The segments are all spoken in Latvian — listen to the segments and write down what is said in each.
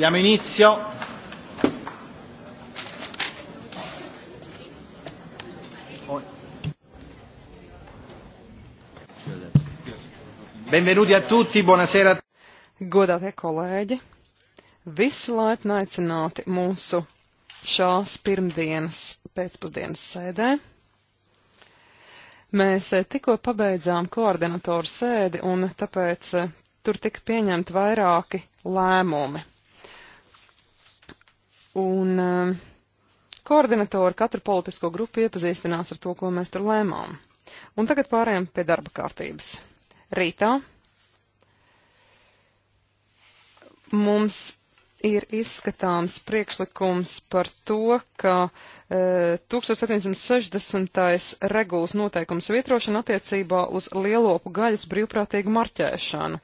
Diamo inizio. Benvenuti a tutti, buonasera. Godātie kolēģi, visi laipni aicināti mūsu šās pirmdienas pēcpusdienas sēdē. Mēs eh, tikko pabeidzām koordinatoru sēdi un tāpēc eh, tur tika pieņemti vairāki lēmumi. Un uh, koordinatori katru politisko grupu iepazīstinās ar to, ko mēs tur lēmām. Un tagad pārējām pie darba kārtības. Rītā mums ir izskatāms priekšlikums par to, ka e, eh, 1760. regulas noteikums vietrošana attiecībā uz lielopu gaļas brīvprātīgu marķēšanu.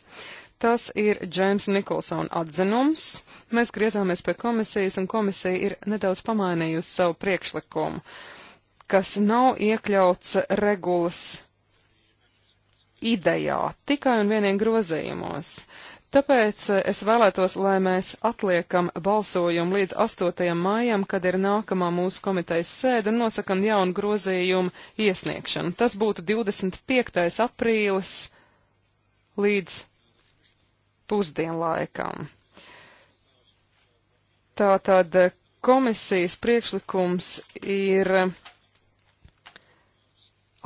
Tas ir Džeims Nikolsona atzinums. Mēs griezāmies pie komisijas, un komisija ir nedaudz pamainījusi savu priekšlikumu, kas nav iekļauts regulas idejā, tikai un vienīgi grozījumos. Tāpēc eh, es vēlētos, lai mēs atliekam balsojumu līdz 8. maijam, kad ir nākamā mūsu komitejas sēde un nosakam jaunu grozījumu iesniegšanu. Tas būtu 25. aprīlis līdz pusdienlaikam. Tātad komisijas priekšlikums ir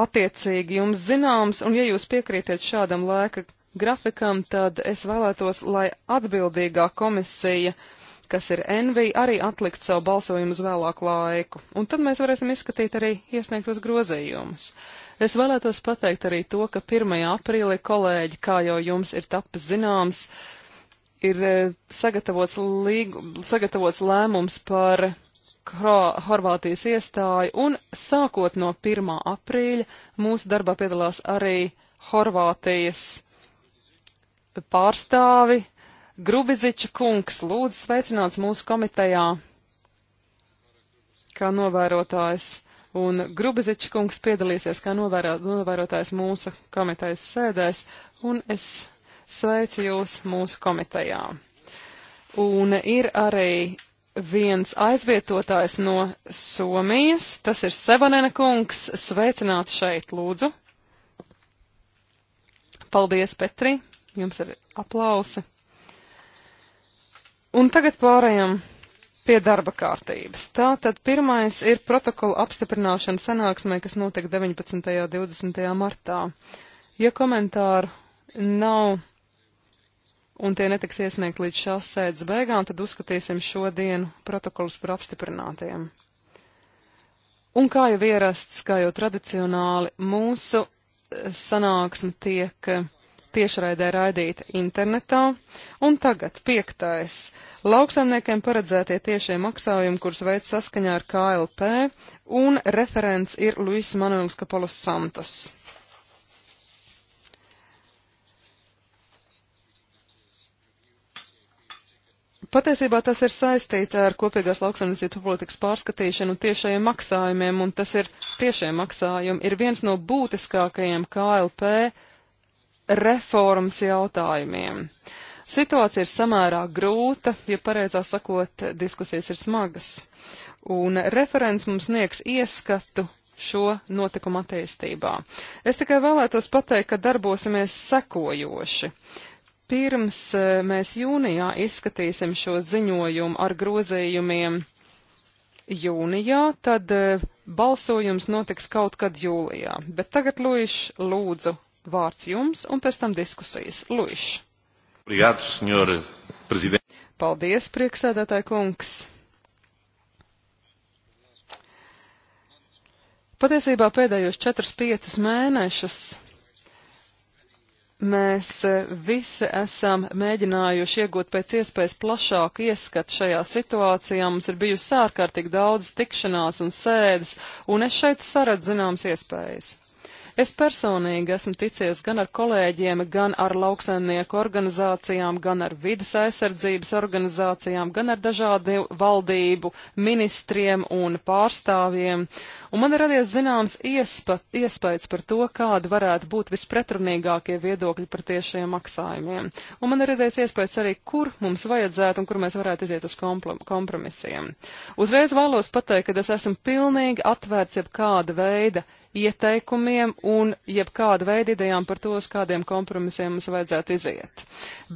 attiecīgi jums zināms, un ja jūs piekrītiet šādam laika grafikam, tad es vēlētos, lai atbildīgā komisija, kas ir NV, arī atlikt savu balsojumu uz vēlāku laiku, un tad mēs varēsim izskatīt arī iesniegtos grozījumus. Es vēlētos pateikt arī to, ka 1. aprīlī kolēģi, kā jau jums ir tapis zināms, uh, ir e, sagatavots, līgu, sagatavots lēmums par Horvātijas iestāju, un sākot no 1. aprīļa mūsu darbā piedalās arī Horvātijas pārstāvi Grubiziča kungs. Lūdzu, sveicināts mūsu komitejā kā novērotājs, un Grubiziča kungs piedalīsies kā novērā, novērotājs mūsu komitejas sēdēs, un es Sveicu jūs mūsu komitejā. Un ir arī viens aizvietotājs no Somijas, tas ir Sevanena kungs. Sveicināt šeit, lūdzu. Paldies, Petri, jums ir aplausi. Un tagad pārējām pie darba kārtības. Tātad pirmais ir protokola apstiprināšana sanāksmē, kas notiek 19. un 20. martā. Ja komentāru nav un tie netiks iesniegt līdz šās sēdes beigām, tad uzskatīsim šodien protokolus par apstiprinātiem. Un kā jau ierasts, kā jau tradicionāli, mūsu eh, sanāksme tiek eh, tiešraidē raidīta internetā. Un tagad piektais. Lauksaimniekiem paredzētie tiešie maksājumi, kurus veids saskaņā ar KLP, un referents ir Luis Manuels Kapolos Santos. Patiesībā tas ir saistīts ar kopīgās lauksaimniecības politikas pārskatīšanu un tiešajiem maksājumiem, un tas ir tiešie maksājumi, ir viens no būtiskākajiem KLP reformas jautājumiem. Situācija ir samērā grūta, ja pareizā sakot, diskusijas ir smagas, un referents mums sniegs ieskatu šo notikumu attīstībā. Es tikai vēlētos pateikt, ka darbosimies sekojoši. Uh, Pirms eh, mēs jūnijā izskatīsim šo ziņojumu ar grozējumiem jūnijā, tad eh, balsojums notiks kaut kad jūlijā. Bet tagad, Luīš, lūdzu, vārds jums un pēc tam diskusijas. Luīš. Paldies, prieksēdētāji kungs. Patiesībā pēdējos 4-5 mēnešus Mēs e, visi esam mēģinājuši iegūt pēc iespējas plašāku ieskatu šajā situācijā. Mums ir bijusi ārkārtīgi daudz tikšanās un sēdes, un es šeit saredzu zināmas iespējas. Es personīgi esmu ticies gan ar kolēģiem, gan ar lauksaimnieku organizācijām, gan ar vidas aizsardzības organizācijām, gan ar dažādu valdību ministriem un pārstāvjiem, un man ir radies zināms iespa, iespējas par to, kādi varētu būt vispretrunīgākie viedokļi par tiešiem maksājumiem. Un man ir radies iespējas arī, kur mums vajadzētu un kur mēs varētu iziet uz kompromisiem. Uzreiz vēlos pateikt, ka es esmu pilnīgi atvērts jeb kāda veida ieteikumiem un jebkāda veida idejām par to, uz kādiem kompromisiem mums vajadzētu iziet.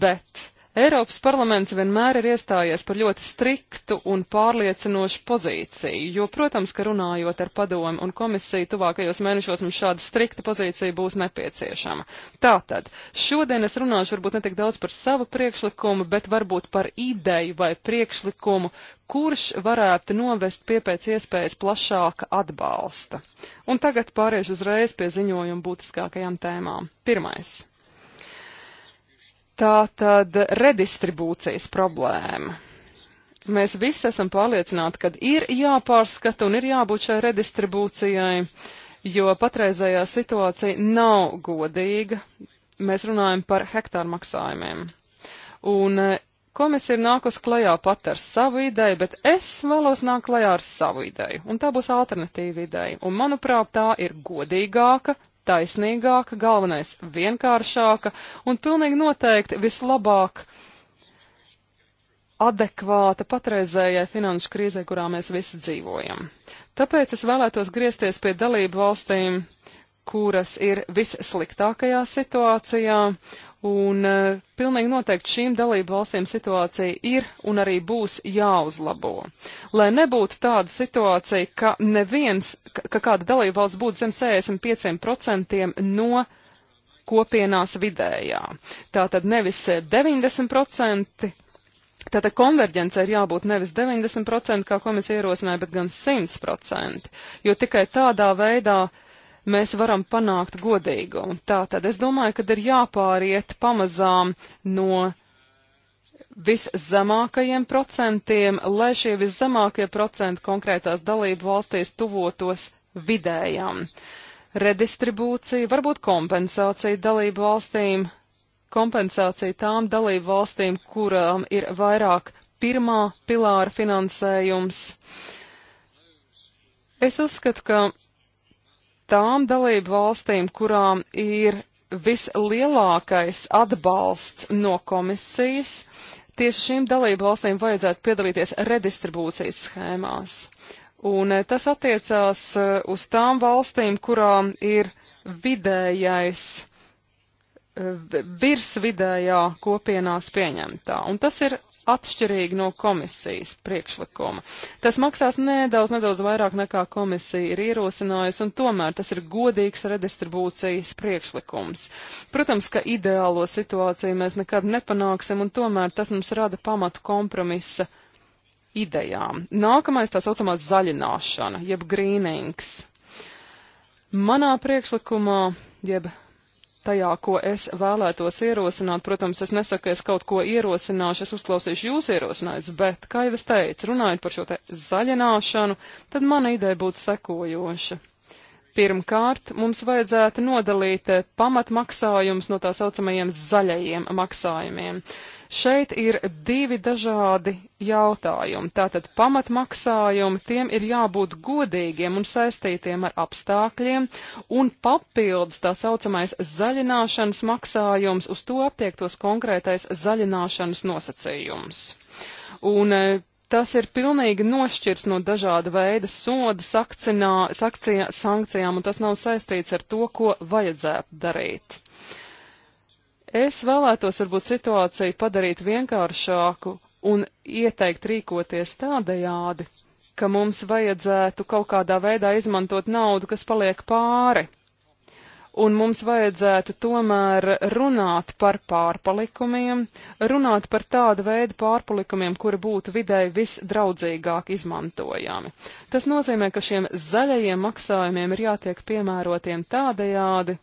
Bet Eiropas parlaments vienmēr ir iestājies par ļoti striktu un pārliecinošu pozīciju, jo, protams, ka runājot ar padomu un komisiju, tuvākajos mēnešos mums šāda strikta pozīcija būs nepieciešama. Tātad, šodien es runāšu varbūt netik daudz par savu priekšlikumu, bet varbūt par ideju vai priekšlikumu, kurš varētu novest pie pēc iespējas plašāka atbalsta. Un tagad pāriešu uzreiz pie ziņojuma būtiskākajām tēmām. Pirmais. Tā tad redistribūcijas problēma. Mēs visi esam pārliecināti, ka ir jāpārskata un ir jābūt šai redistribūcijai, jo patreizējā situācija nav godīga. Mēs runājam par hektāru maksājumiem. Un eh, komisija ir nākus klajā pat ar savu ideju, bet es vēlos nākt klajā ar savu ideju. Un tā būs alternatīva ideja. Un manuprāt, tā ir godīgāka, taisnīgāka, galvenais vienkāršāka un pilnīgi noteikti vislabāk adekvāta patreizējai finanšu krīzē, kurā mēs visi dzīvojam. Tāpēc es vēlētos griezties pie dalību valstīm, kuras ir vissliktākajā situācijā, Un uh, pilnīgi noteikti šīm dalību valstīm situācija ir un arī būs jāuzlabo. Lai nebūtu tāda situācija, ka neviens, ka, ka kāda dalību valsts būtu zem 65% no kopienās vidējā. Tātad nevis 90%, tātad konverģence ir jābūt nevis 90%, kā komisija ierosināja, bet gan 100%, jo tikai tādā veidā uh, mēs varam panākt godīgumu. Tātad es domāju, ka ir jāpāriet pamazām no viszemākajiem procentiem, lai šie viszemākie procenti konkrētās dalību valstīs tuvotos vidējām. Redistribūcija, varbūt kompensācija dalību valstīm, kompensācija tām dalību valstīm, kurām ir vairāk pirmā pilāra finansējums. Es uzskatu, ka tām dalību valstīm, kurām ir vislielākais atbalsts no komisijas, tieši šīm dalību valstīm vajadzētu piedalīties redistribūcijas schēmās. Un eh, tas attiecās eh, uz tām valstīm, kurām ir vidējais eh, virsvidējā kopienās pieņemtā. Un tas ir atšķirīgi no komisijas priekšlikuma. Tas maksās nedaudz, nedaudz vairāk nekā komisija ir ierosinājusi, un tomēr tas ir godīgs redistribūcijas priekšlikums. Protams, ka ideālo situāciju mēs nekad nepanāksim, un tomēr tas mums rada pamatu kompromisa idejām. Nākamais tā saucamā zaļināšana, jeb grīnings. Manā priekšlikumā, jeb tajā, ko es vēlētos ierosināt. Protams, es nesaku, ka es kaut ko ierosināšu, es uzklausīšu jūs ierosinājums, bet, kā jau es teicu, runājot par šo te zaļināšanu, tad mana ideja būtu sekojoša. Pirmkārt, mums vajadzētu nodalīt eh, pamatmaksājumus no tā saucamajiem zaļajiem maksājumiem. Šeit ir divi dažādi jautājumi. Tātad pamatmaksājumi, tiem ir jābūt godīgiem un saistītiem ar apstākļiem, un papildus tā saucamais zaļināšanas maksājums, uz to attiektos konkrētais zaļināšanas nosacījums. Un eh, Tas ir pilnīgi nošķirs no dažāda veida soda sakcinā, sakcija, sankcijām, un tas nav saistīts ar to, ko vajadzētu darīt. Es vēlētos varbūt situāciju padarīt vienkāršāku un ieteikt rīkoties tādējādi, ka mums vajadzētu kaut kādā veidā izmantot naudu, kas paliek pāri un mums vajadzētu tomēr runāt par pārpalikumiem, runāt par tādu veidu pārpalikumiem, kuri būtu vidēji visdraudzīgāk izmantojami. Tas nozīmē, ka šiem zaļajiem maksājumiem ir jātiek piemērotiem tādajādi,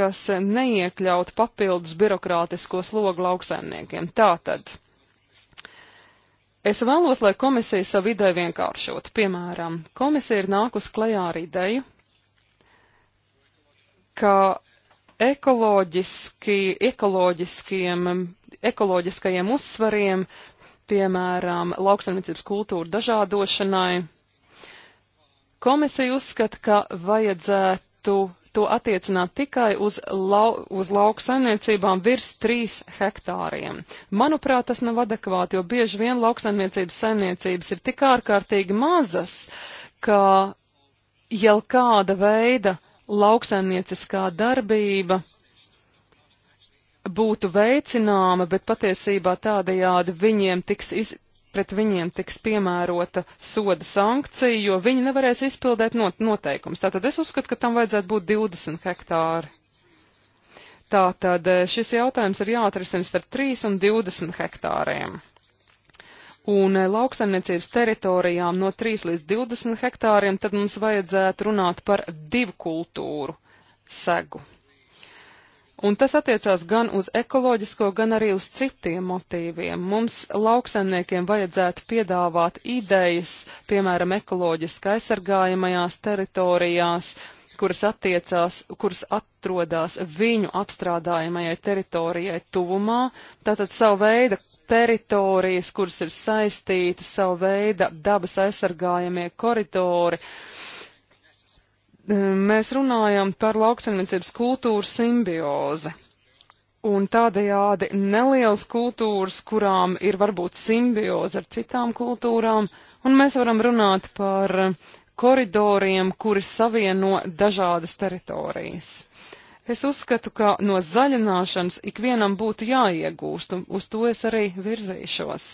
kas neiekļaut papildus birokrātisko slogu lauksaimniekiem. Tātad. Es vēlos, lai komisija savu ideju vienkāršotu. Piemēram, komisija ir nākus klajā ar ideju, ka ekoloģiski, ekoloģiskiem, ekoloģiskajiem uzsvariem, piemēram, lauksaimniecības kultūra dažādošanai, komisija uzskata, ka vajadzētu to attiecināt tikai uz, lau, uz lauksaimniecībām virs 3 hektāriem. Manuprāt, tas nav adekvāti, jo bieži vien lauksaimniecības saimniecības ir tik ārkārtīgi mazas, ka jau kāda veida lauksaimnieciskā darbība būtu veicināma, bet patiesībā tādajādi viņiem tiks iz, pret viņiem tiks piemērota soda sankcija, jo viņi nevarēs izpildēt not, noteikums. Tātad es uzskatu, ka tam vajadzētu būt 20 hektāri. Tātad eh, šis jautājums ir jāatrisina starp 3 un 20 hektāriem un lauksaimniecības teritorijām no 3 līdz 20 hektāriem, tad mums vajadzētu runāt par divu kultūru segu. Un tas attiecās gan uz ekoloģisko, gan arī uz citiem motīviem. Mums lauksaimniekiem vajadzētu piedāvāt idejas, piemēram, ekoloģiski aizsargājamajās teritorijās, kuras attiecās, kuras atrodās viņu apstrādājamajai teritorijai tuvumā, tātad savu veidu teritorijas, kuras ir saistītas, savu veidu dabas aizsargājamie koridori. Ehm, mēs runājam par lauksaimniecības kultūras simbiozi. Un tādējādi nelielas kultūras, kurām ir varbūt simbioze ar citām kultūrām, un mēs varam runāt par koridoriem, kuri savieno dažādas teritorijas. Es uzskatu, ka no zaļināšanas ikvienam būtu jāiegūst, un uz to es arī virzīšos.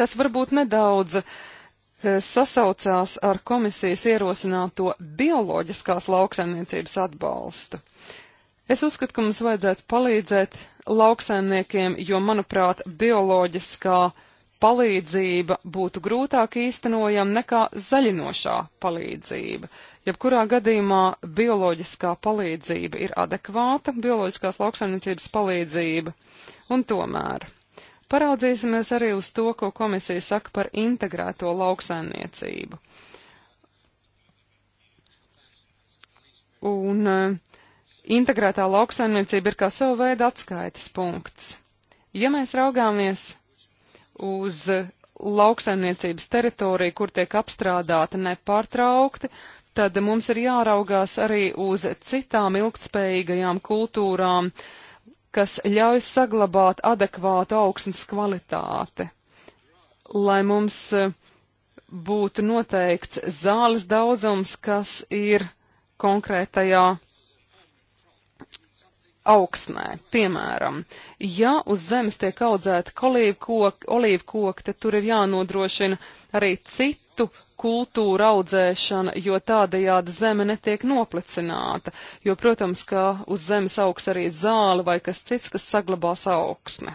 Tas varbūt nedaudz e, sasaucās ar komisijas ierosināto bioloģiskās lauksaimniecības atbalstu. Es uzskatu, ka mums vajadzētu palīdzēt lauksaimniekiem, jo, manuprāt, bioloģiskā lauksaimniecība palīdzība būtu grūtāk īstenojama nekā zaļinošā palīdzība. Jebkurā gadījumā bioloģiskā palīdzība ir adekvāta, bioloģiskās lauksaimniecības palīdzība, un tomēr. Paraudzīsimies arī uz to, ko komisija saka par integrēto lauksaimniecību. Un eh, integrētā lauksaimniecība ir kā sava veida atskaites punkts. Ja mēs raugāmies uz lauksaimniecības teritoriju, kur tiek apstrādāta nepārtraukti, tad mums ir jāraugās arī uz citām ilgtspējīgajām kultūrām, kas ļauj saglabāt adekvātu augsnes kvalitāti. Lai mums eh, būtu noteikts zāles daudzums, kas ir konkrētajā augsnē. Piemēram, ja uz zemes tiek audzēta olīvu koki, tad tur ir jānodrošina arī citu kultūru audzēšana, jo tādējādi zeme netiek noplicināta, jo, protams, ka uz zemes augs arī zāle vai kas cits, kas saglabās augsni.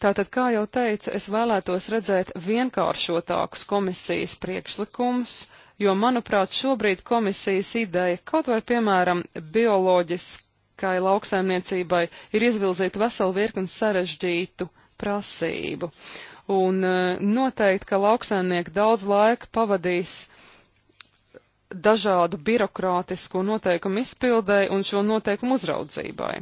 Tātad, kā jau teicu, es vēlētos redzēt vienkāršotākus komisijas priekšlikumus, jo, manuprāt, šobrīd komisijas ideja kaut vai, piemēram, bioloģiski tikai lauksaimniecībai, ir izvilzīta vesela virkni sarežģītu prasību. Un e, noteikti, ka lauksaimnieki daudz laika pavadīs dažādu birokrātisko noteikumu izpildēji un šo noteikumu uzraudzībai.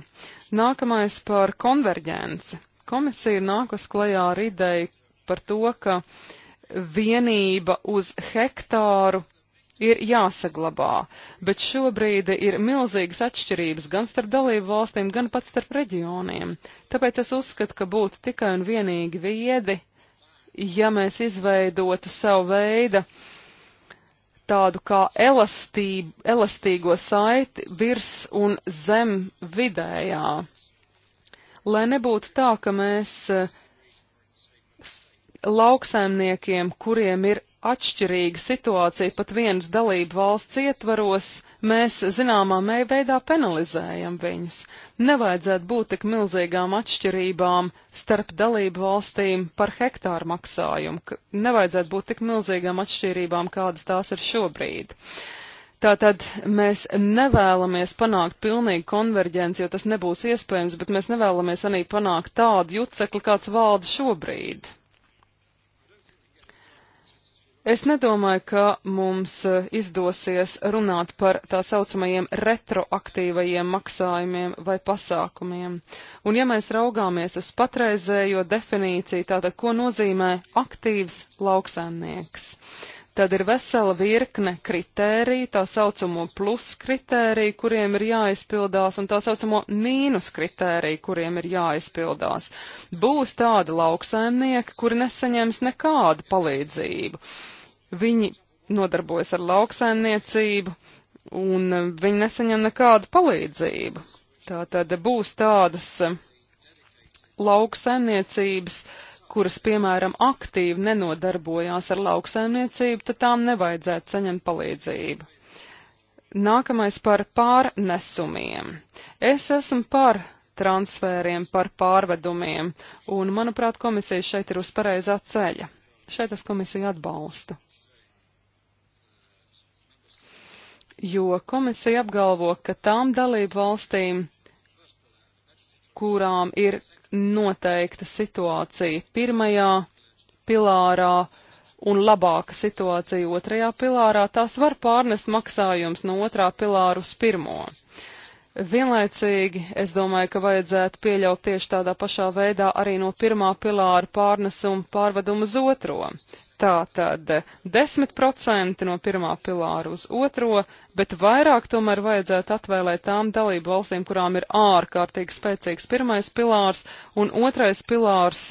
Nākamais par konverģenci. Komisija nākas klajā ar ideju par to, ka vienība uz hektāru ir jāsaglabā, bet šobrīd ir milzīgas atšķirības gan starp dalību valstīm, gan pat starp reģioniem. Tāpēc es uzskatu, ka būtu tikai un vienīgi viedi, ja mēs izveidotu savu veidu tādu kā elastību, elastīgo saiti virs un zem vidējā. Lai nebūtu tā, ka mēs eh, lauksaimniekiem, kuriem ir atšķirīga situācija pat vienas dalību valsts ietvaros, mēs zināmā veidā penalizējam viņus. Nevajadzētu būt tik milzīgām atšķirībām starp dalību valstīm par hektāru maksājumu, nevajadzētu būt tik milzīgām atšķirībām, kādas tās ir šobrīd. Tātad mēs nevēlamies panākt pilnīgu konverģenci, jo tas nebūs iespējams, bet mēs nevēlamies arī panākt tādu jucekli, kāds valda šobrīd. Es nedomāju, ka mums eh, izdosies runāt par tā saucamajiem retroaktīvajiem maksājumiem vai pasākumiem. Un ja mēs raugāmies uz patreizējo definīciju, tātad ko nozīmē aktīvs lauksēmnieks, tad ir vesela virkne kritēriju, tā saucamo plus kritēriju, kuriem ir jāizpildās, un tā saucamo mīnus kritēriju, kuriem ir jāizpildās. Būs tādi lauksaimnieki, kuri nesaņems nekādu palīdzību. Viņi nodarbojas ar lauksaimniecību, un e, viņi nesaņem nekādu palīdzību. Tā tad būs tādas e, lauksaimniecības, kuras, piemēram, aktīvi nenodarbojās ar lauksaimniecību, tad tām nevajadzētu saņemt palīdzību. Nākamais par pārnesumiem. Es esmu par transfēriem, par pārvedumiem, un, manuprāt, komisija šeit ir uz pareizā ceļa. Šeit es komisiju atbalstu. jo komisija apgalvo, ka tām dalību valstīm, kurām ir noteikta situācija pirmajā pilārā un labāka situācija otrajā pilārā, tās var pārnest maksājums no otrā pilāra uz pirmo. Vienlaicīgi es domāju, ka vajadzētu pieļaut tieši tādā pašā veidā arī no pirmā pilāra pārnesumu pārvedumu uz otro. Tātad 10% no pirmā pilāra uz otro, bet vairāk tomēr vajadzētu atvēlēt tām dalību valstīm, kurām ir ārkārtīgi spēcīgs pirmais pilārs un otrais pilārs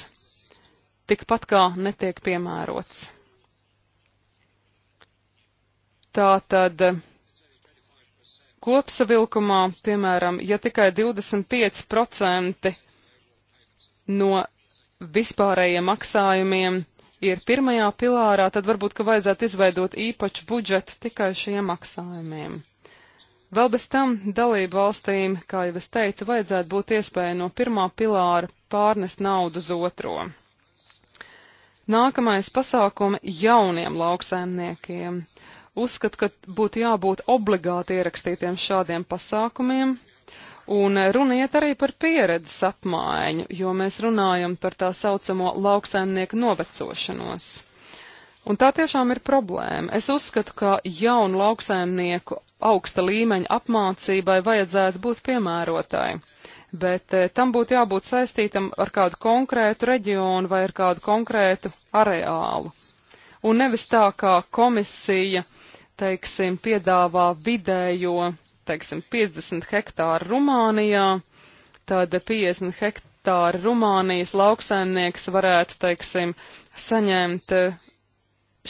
tikpat kā netiek piemērots. Tātad Kopsavilkumā, piemēram, ja tikai 25% no vispārējiem maksājumiem ir pirmajā pilārā, tad varbūt, ka vajadzētu izveidot īpašu budžetu tikai šiem maksājumiem. Vēl bez tam dalību valstīm, kā jau es teicu, vajadzētu būt iespēja no pirmā pilāra pārnest naudu uz otro. Nākamais pasākuma jauniem lauksaimniekiem uzskatu, ka būtu jābūt obligāti ierakstītiem šādiem pasākumiem. Un runiet arī par pieredzes apmaiņu, jo mēs runājam par tā saucamo lauksaimnieku novecošanos. Un tā tiešām ir problēma. Es uzskatu, ka jaunu lauksaimnieku augsta līmeņa apmācībai vajadzētu būt piemērotai. Bet e, tam būtu jābūt saistītam ar kādu konkrētu reģionu vai ar kādu konkrētu areālu. Un nevis tā, kā komisija teiksim, piedāvā vidējo, teiksim, 50 hektāru Rumānijā, tad 50 hektāru Rumānijas lauksaimnieks varētu, teiksim, saņemt eh,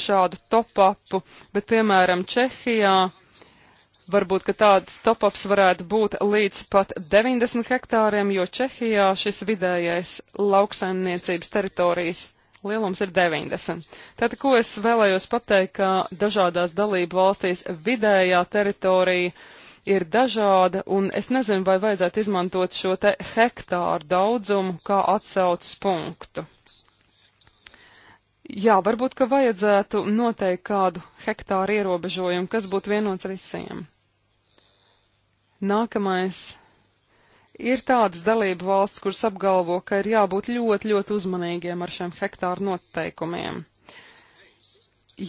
šādu top-upu, bet, piemēram, Čehijā Varbūt, ka tāds top-ups varētu būt līdz pat 90 hektāriem, jo Čehijā šis vidējais lauksaimniecības teritorijas lielums ir 90. Tad, ko es vēlējos pateikt, ka dažādās dalību valstīs vidējā teritorija ir dažāda, un es nezinu, vai vajadzētu izmantot šo te hektāru daudzumu kā atsaucas punktu. Jā, varbūt, ka vajadzētu noteikt kādu hektāru ierobežojumu, kas būtu vienots visiem. Nākamais Ir tādas dalību valsts, kuras apgalvo, ka ir jābūt ļoti, ļoti uzmanīgiem ar šiem hektāru noteikumiem.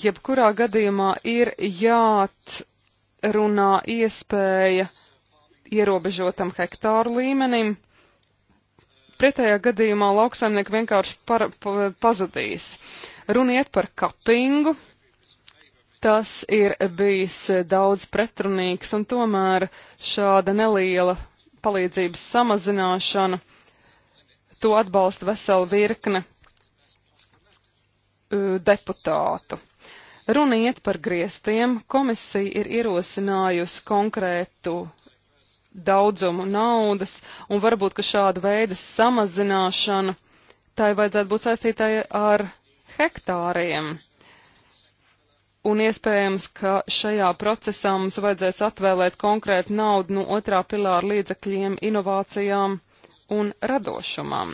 Jebkurā gadījumā ir jāatrunā iespēja ierobežotam hektāru līmenim. Pretējā gadījumā lauksaimnieki vienkārši par, pa, pazudīs. Runiet par kapingu. Tas ir bijis daudz pretrunīgs, un tomēr šāda neliela palīdzības samazināšana, to atbalsta vesela virkne e, deputātu. Runa iet par griestiem, komisija ir ierosinājusi konkrētu daudzumu naudas, un varbūt, ka šāda veida samazināšana tai vajadzētu būt saistītāja ar hektāriem un iespējams, ka šajā procesā mums vajadzēs atvēlēt konkrētu naudu no otrā pilāra līdzekļiem, inovācijām un radošumam.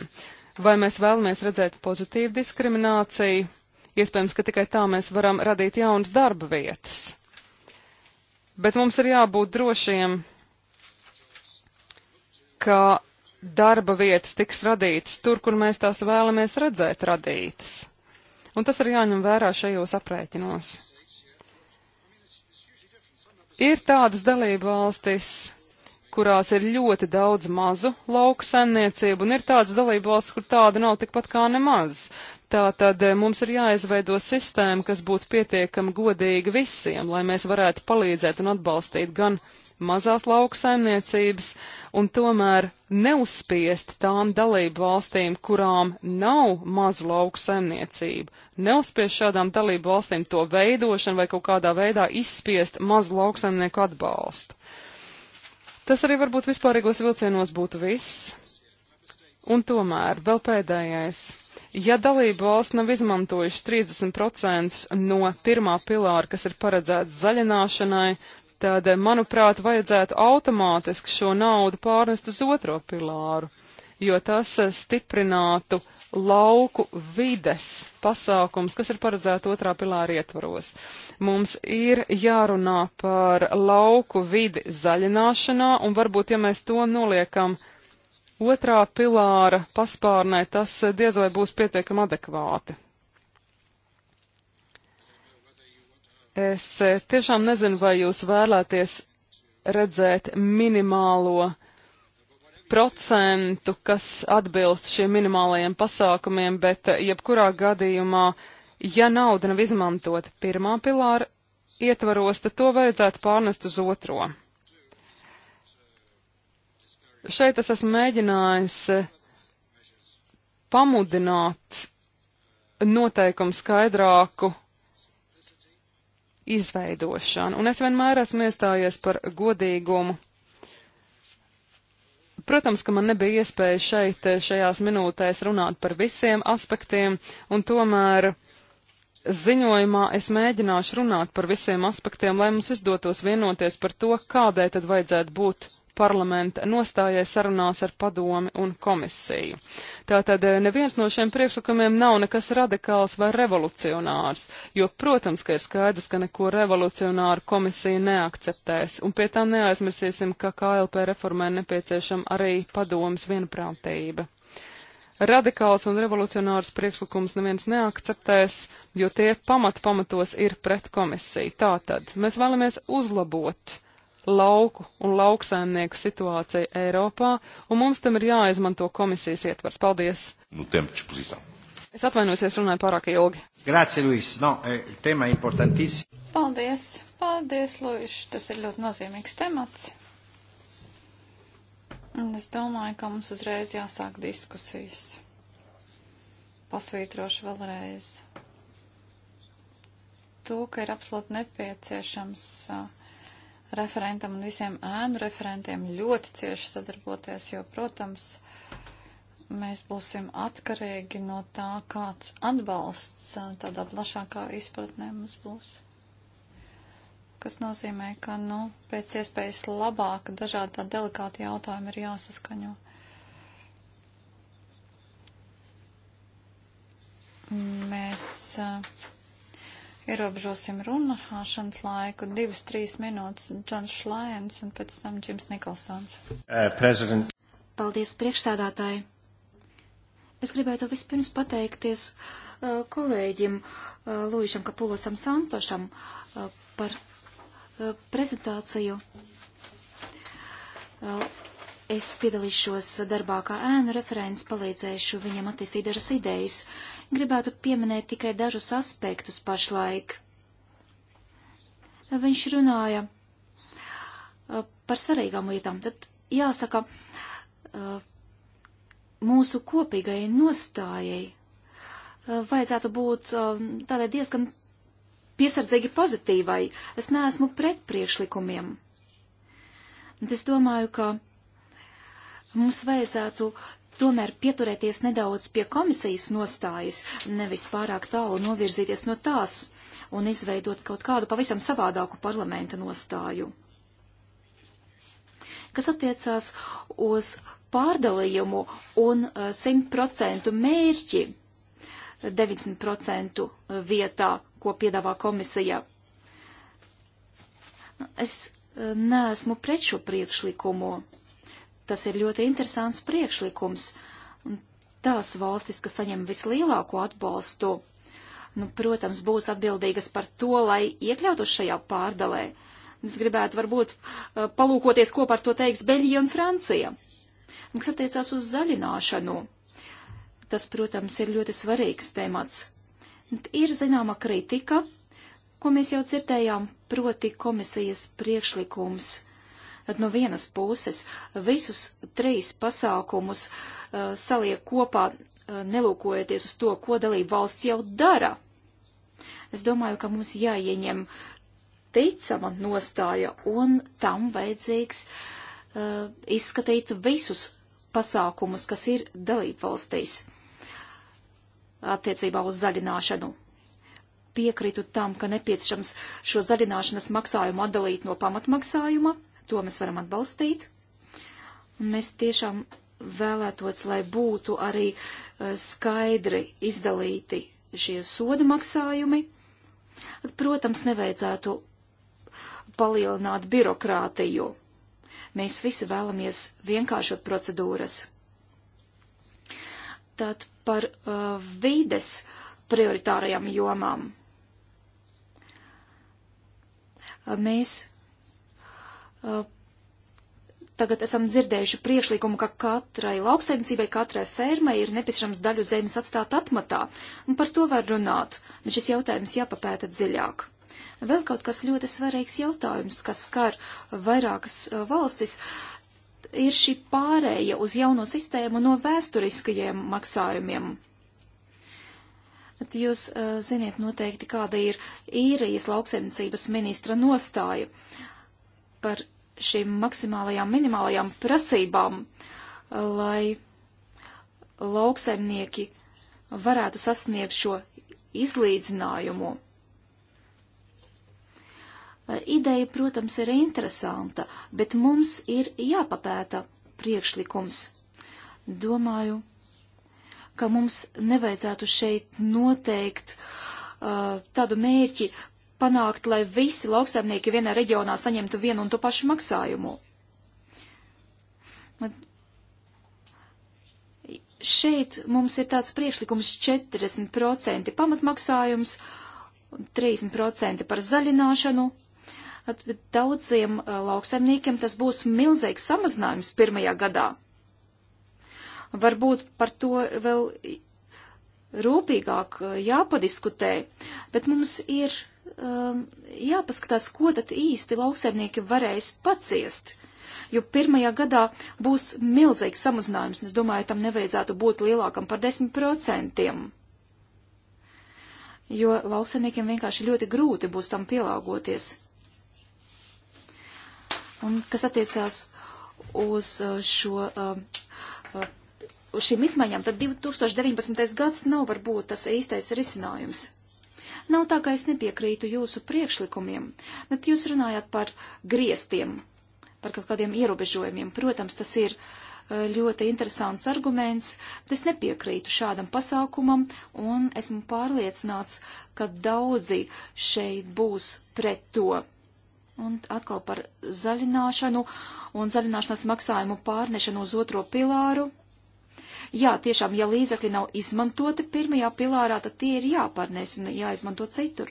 Vai mēs vēlamies redzēt pozitīvu diskrimināciju? Iespējams, ka tikai tā mēs varam radīt jaunas darba vietas. Bet mums ir jābūt drošiem, ka darba vietas tiks radītas tur, kur mēs tās vēlamies redzēt radītas. Un tas ir jāņem vērā šajos aprēķinos. Ir tādas dalība valstis, kurās ir ļoti daudz mazu lauku saimniecību, un ir tādas dalība valsts, kur tāda nav tikpat kā nemaz. Tātad eh, mums ir jāizveido sistēma, kas būtu pietiekami godīga visiem, lai mēs varētu palīdzēt un atbalstīt gan mazās lauksaimniecības un tomēr neuzspiest tām dalību valstīm, kurām nav mazu lauksaimniecību, neuzspiest šādām dalību valstīm to veidošanu vai kaut kādā veidā izspiest mazu lauksaimnieku atbalstu. Tas arī varbūt vispārīgos vilcienos būtu viss. Un tomēr vēl pēdējais. Ja dalība valsts nav izmantojuši 30% no pirmā pilāra, kas ir paredzēts zaļināšanai, tad, eh, manuprāt, vajadzētu automātiski šo naudu pārnest uz otro pilāru, jo tas eh, stiprinātu lauku vides pasākums, kas ir paredzēta otrā pilāra ietvaros. Mums ir jārunā par lauku vidi zaļināšanā, un varbūt, ja mēs to noliekam otrā pilāra paspārnē, tas eh, diez vai būs pietiekami adekvāti. Es eh, tiešām nezinu, vai jūs vēlēties redzēt minimālo procentu, kas atbilst šiem minimālajiem pasākumiem, bet eh, jebkurā gadījumā, ja nauda nav izmantota pirmā pilāra ietvaros, tad to vajadzētu pārnest uz otro. Šeit es esmu mēģinājis eh, pamudināt noteikumu skaidrāku izveidošanu. Un es vienmēr esmu iestājies par godīgumu. Protams, ka man nebija iespēja šeit eh, šajās minūtēs runāt par visiem aspektiem, un tomēr ziņojumā es mēģināšu runāt par visiem aspektiem, lai mums izdotos vienoties par to, kādai tad vajadzētu būt parlamenta nostājai sarunās ar padomi un komisiju. Tātad eh, neviens no šiem priekšlikumiem nav nekas radikāls vai revolucionārs, jo, protams, ka ir skaidrs, ka neko revolucionāru komisija neakceptēs, un pie tām neaizmirsīsim, ka KLP reformai nepieciešama arī padomas vienprātība radikāls un revolucionārs priekšlikums neviens neakceptēs, jo tie pamat pamatos ir pret komisiju. Tātad mēs vēlamies uzlabot lauku un lauksaimnieku situāciju Eiropā, un mums tam ir jāizmanto komisijas ietvars. Paldies! Nu, Es atvainojos, ja runāju pārāk ilgi. Grāci, Luis. No, eh, tēma importantīsima. Paldies, paldies, Luis. Tas ir ļoti nozīmīgs temats. Un es domāju, ka mums uzreiz jāsāk diskusijas. Pasvītrošu vēlreiz to, ka ir absolūti nepieciešams uh, referentam un visiem ēnu referentiem ļoti cieši sadarboties, jo, protams, mēs būsim atkarīgi no tā, kāds atbalsts uh, tādā plašākā izpratnē mums būs. Kas nozīmē, ka, nu, pēc iespējas labāk dažādi tā delikāti jautājumi ir jāsaskaņo. Mēs uh, Ierobežosim runāšanas laiku divas, trīs minūtes. Džons Šlājens un pēc tam Džims Nikolsons. Uh, president. Paldies priekšsēdātāji. Es gribētu vispirms pateikties uh, kolēģim uh, Lūjušam Kapulocam Santošam uh, par uh, prezentāciju. Uh, Es piedalīšos darbā kā ēnu referents, palīdzēšu viņam attīstīt dažas idejas. Gribētu pieminēt tikai dažus aspektus pašlaik. Viņš runāja uh, par svarīgām lietām. Tad jāsaka, uh, mūsu kopīgai nostājai uh, vajadzētu būt tādai diezgan piesardzīgi pozitīvai. Es neesmu pret priekšlikumiem. Bet es domāju, ka Mums vajadzētu tomēr pieturēties nedaudz pie komisijas nostājas, nevis pārāk tālu novirzīties no tās un izveidot kaut kādu pavisam savādāku parlamenta nostāju. Kas attiecās uz pārdalījumu un 100% eh, mērķi 90% eh, vietā, ko piedāvā komisija. Nu, es eh, neesmu pret šo priekšlikumu Tas ir ļoti interesants priekšlikums. Tās valstis, kas saņem vislielāko atbalstu, nu, protams, būs atbildīgas par to, lai iekļautu šajā pārdalē. Es gribētu varbūt uh, palūkoties, ko par to teiks Beļģija un Francija. Kas attiecās uz zaļināšanu, tas, protams, ir ļoti svarīgs temats. Ir zināma kritika, ko mēs jau dzirdējām, proti komisijas priekšlikums Tad no vienas puses visus trīs pasākumus uh, saliek kopā, uh, nelūkojoties uz to, ko dalība valsts jau dara. Es domāju, ka mums jāieņem ticama nostāja un tam vajadzīgs uh, izskatīt visus pasākumus, kas ir dalība valstīs attiecībā uz zaļināšanu piekrītu tam, ka nepieciešams šo zaļināšanas maksājumu atdalīt no pamatmaksājuma. To mēs varam atbalstīt. Un mēs tiešām vēlētos, lai būtu arī eh, skaidri izdalīti šie soda maksājumi. Protams, nevajadzētu palielināt birokrātiju. Mēs visi vēlamies vienkāršot procedūras. Tad par uh, vides prioritārajām jomām. Mēs Tagad esam dzirdējuši priekšlikumu, ka katrai lauksaimniecībai, katrai fermai ir nepieciešams daļu zemes atstāt atmatā, un par to var runāt, bet šis jautājums jāpapēta dziļāk. Vēl kaut kas ļoti svarīgs jautājums, kas skar vairākas valstis, ir šī pārēja uz jauno sistēmu no vēsturiskajiem maksājumiem. Bet jūs uh, ziniet noteikti, kāda ir īrijas lauksaimniecības ministra nostāja par šīm maksimālajām minimālajām prasībām, lai lauksaimnieki varētu sasniegt šo izlīdzinājumu. Ideja, protams, ir interesanta, bet mums ir jāpapēta priekšlikums. Domāju, ka mums nevajadzētu šeit noteikt uh, tādu mērķi, panākt, lai visi lauksaimnieki vienā reģionā saņemtu vienu un to pašu maksājumu. Man šeit mums ir tāds priekšlikums 40% pamatmaksājums, 30% par zaļināšanu. At, daudziem uh, lauksaimniekiem tas būs milzīgs samazinājums pirmajā gadā. Varbūt par to vēl rūpīgāk uh, jāpadiskutē, bet mums ir um, jāpaskatās, ko tad īsti lauksaimnieki varēs paciest. Jo pirmajā gadā būs milzīgs samazinājums, un es domāju, tam nevajadzētu būt lielākam par 10%. Jo lauksaimniekiem vienkārši ļoti grūti būs tam pielāgoties. Un kas attiecās uz uh, šo. Uh, uh, uz šīm izmaiņām, tad 2019. gads nav varbūt tas īstais risinājums. Nav tā, ka es nepiekrītu jūsu priekšlikumiem, bet jūs runājat par griestiem, par kaut kādiem ierobežojumiem. Protams, tas ir eh, ļoti interesants arguments, bet es nepiekrītu šādam pasākumam un esmu pārliecināts, ka daudzi šeit būs pret to. Un atkal par zaļināšanu un zaļināšanas maksājumu pārnešanu uz otro pilāru Jā, tiešām, ja līdzekļi nav izmantoti pirmajā pilārā, tad tie ir jāpārnēs un jāizmanto citur.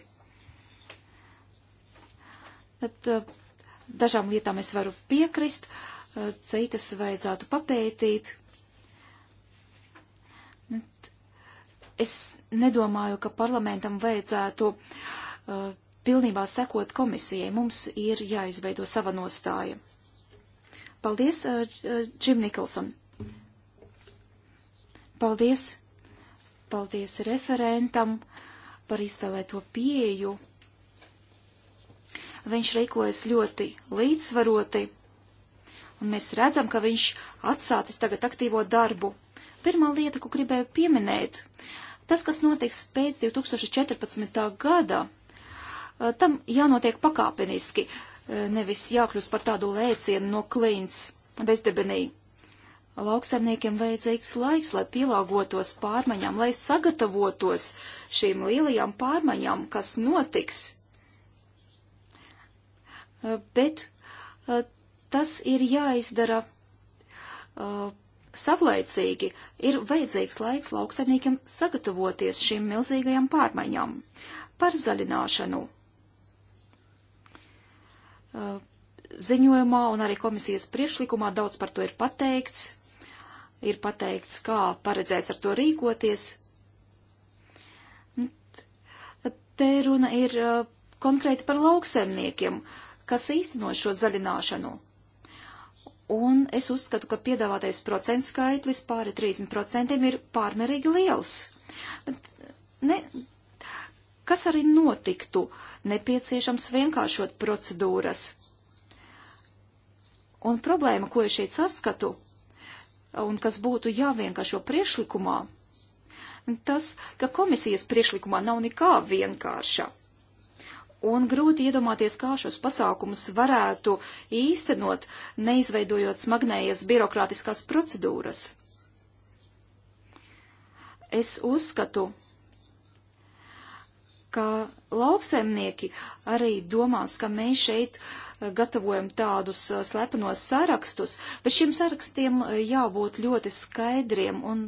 Tad, eh, dažām lietām es varu piekrist, eh, citas vajadzētu papētīt. Es nedomāju, ka parlamentam vajadzētu uh, pilnībā sekot komisijai. Mums ir jāizveido sava nostāja. Paldies, Džim uh, Nikolson. Paldies! Paldies referentam par izvēlēto pieju. Viņš rīkojas ļoti līdzsvaroti, un mēs redzam, ka viņš atsācis tagad aktīvo darbu. Pirmā lieta, ko gribēju pieminēt, tas, kas notiks pēc 2014. gada, eh, tam jānotiek pakāpeniski, eh, nevis jākļūst par tādu lēcienu no klints bezdebenī. Lauksaimniekiem vajadzīgs laiks, lai pielāgotos pārmaiņām, lai sagatavotos šīm lielajām pārmaiņām, kas notiks. Eh, bet eh, tas ir jāizdara eh, savlaicīgi. Ir vajadzīgs laiks lauksaimniekiem sagatavoties šīm milzīgajām pārmaiņām. Par zaļināšanu ziņojumā un arī komisijas priekšlikumā daudz par to ir pateikts ir pateikts, kā paredzēts ar to rīkoties. Te runa ir uh, konkrēti par lauksemniekiem, kas īsteno šo zaļināšanu. Un es uzskatu, ka piedāvātais procents skaitlis pāri 30% ir pārmērīgi liels. Bet uh, ne, kas arī notiktu, nepieciešams vienkāršot procedūras. Un problēma, ko es šeit saskatu, un kas būtu jāvienkāršo priešlikumā, tas, ka komisijas priešlikumā nav nekā vienkārša. Un grūti iedomāties, kā šos pasākumus varētu īstenot, neizveidojot smagnējas birokrātiskās procedūras. Es uzskatu, ka lauksaimnieki arī domās, ka mēs šeit uh, gatavojam tādus uh, slepenos sarakstus, bet šiem sarakstiem uh, jābūt ļoti skaidriem un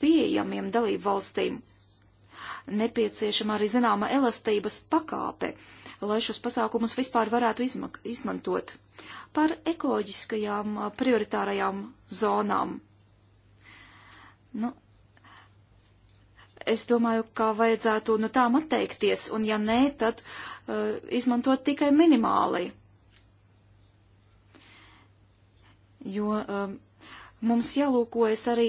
pieejamiem dalību valstīm. Nepieciešama arī zināma elastības pakāpe, lai šos pasākumus vispār varētu izmantot par ekoloģiskajām uh, prioritārajām zonām. Nu, es domāju, ka vajadzētu no tām atteikties, un ja nē, tad uh, izmantot tikai minimāli. jo um, mums jālūkojas arī,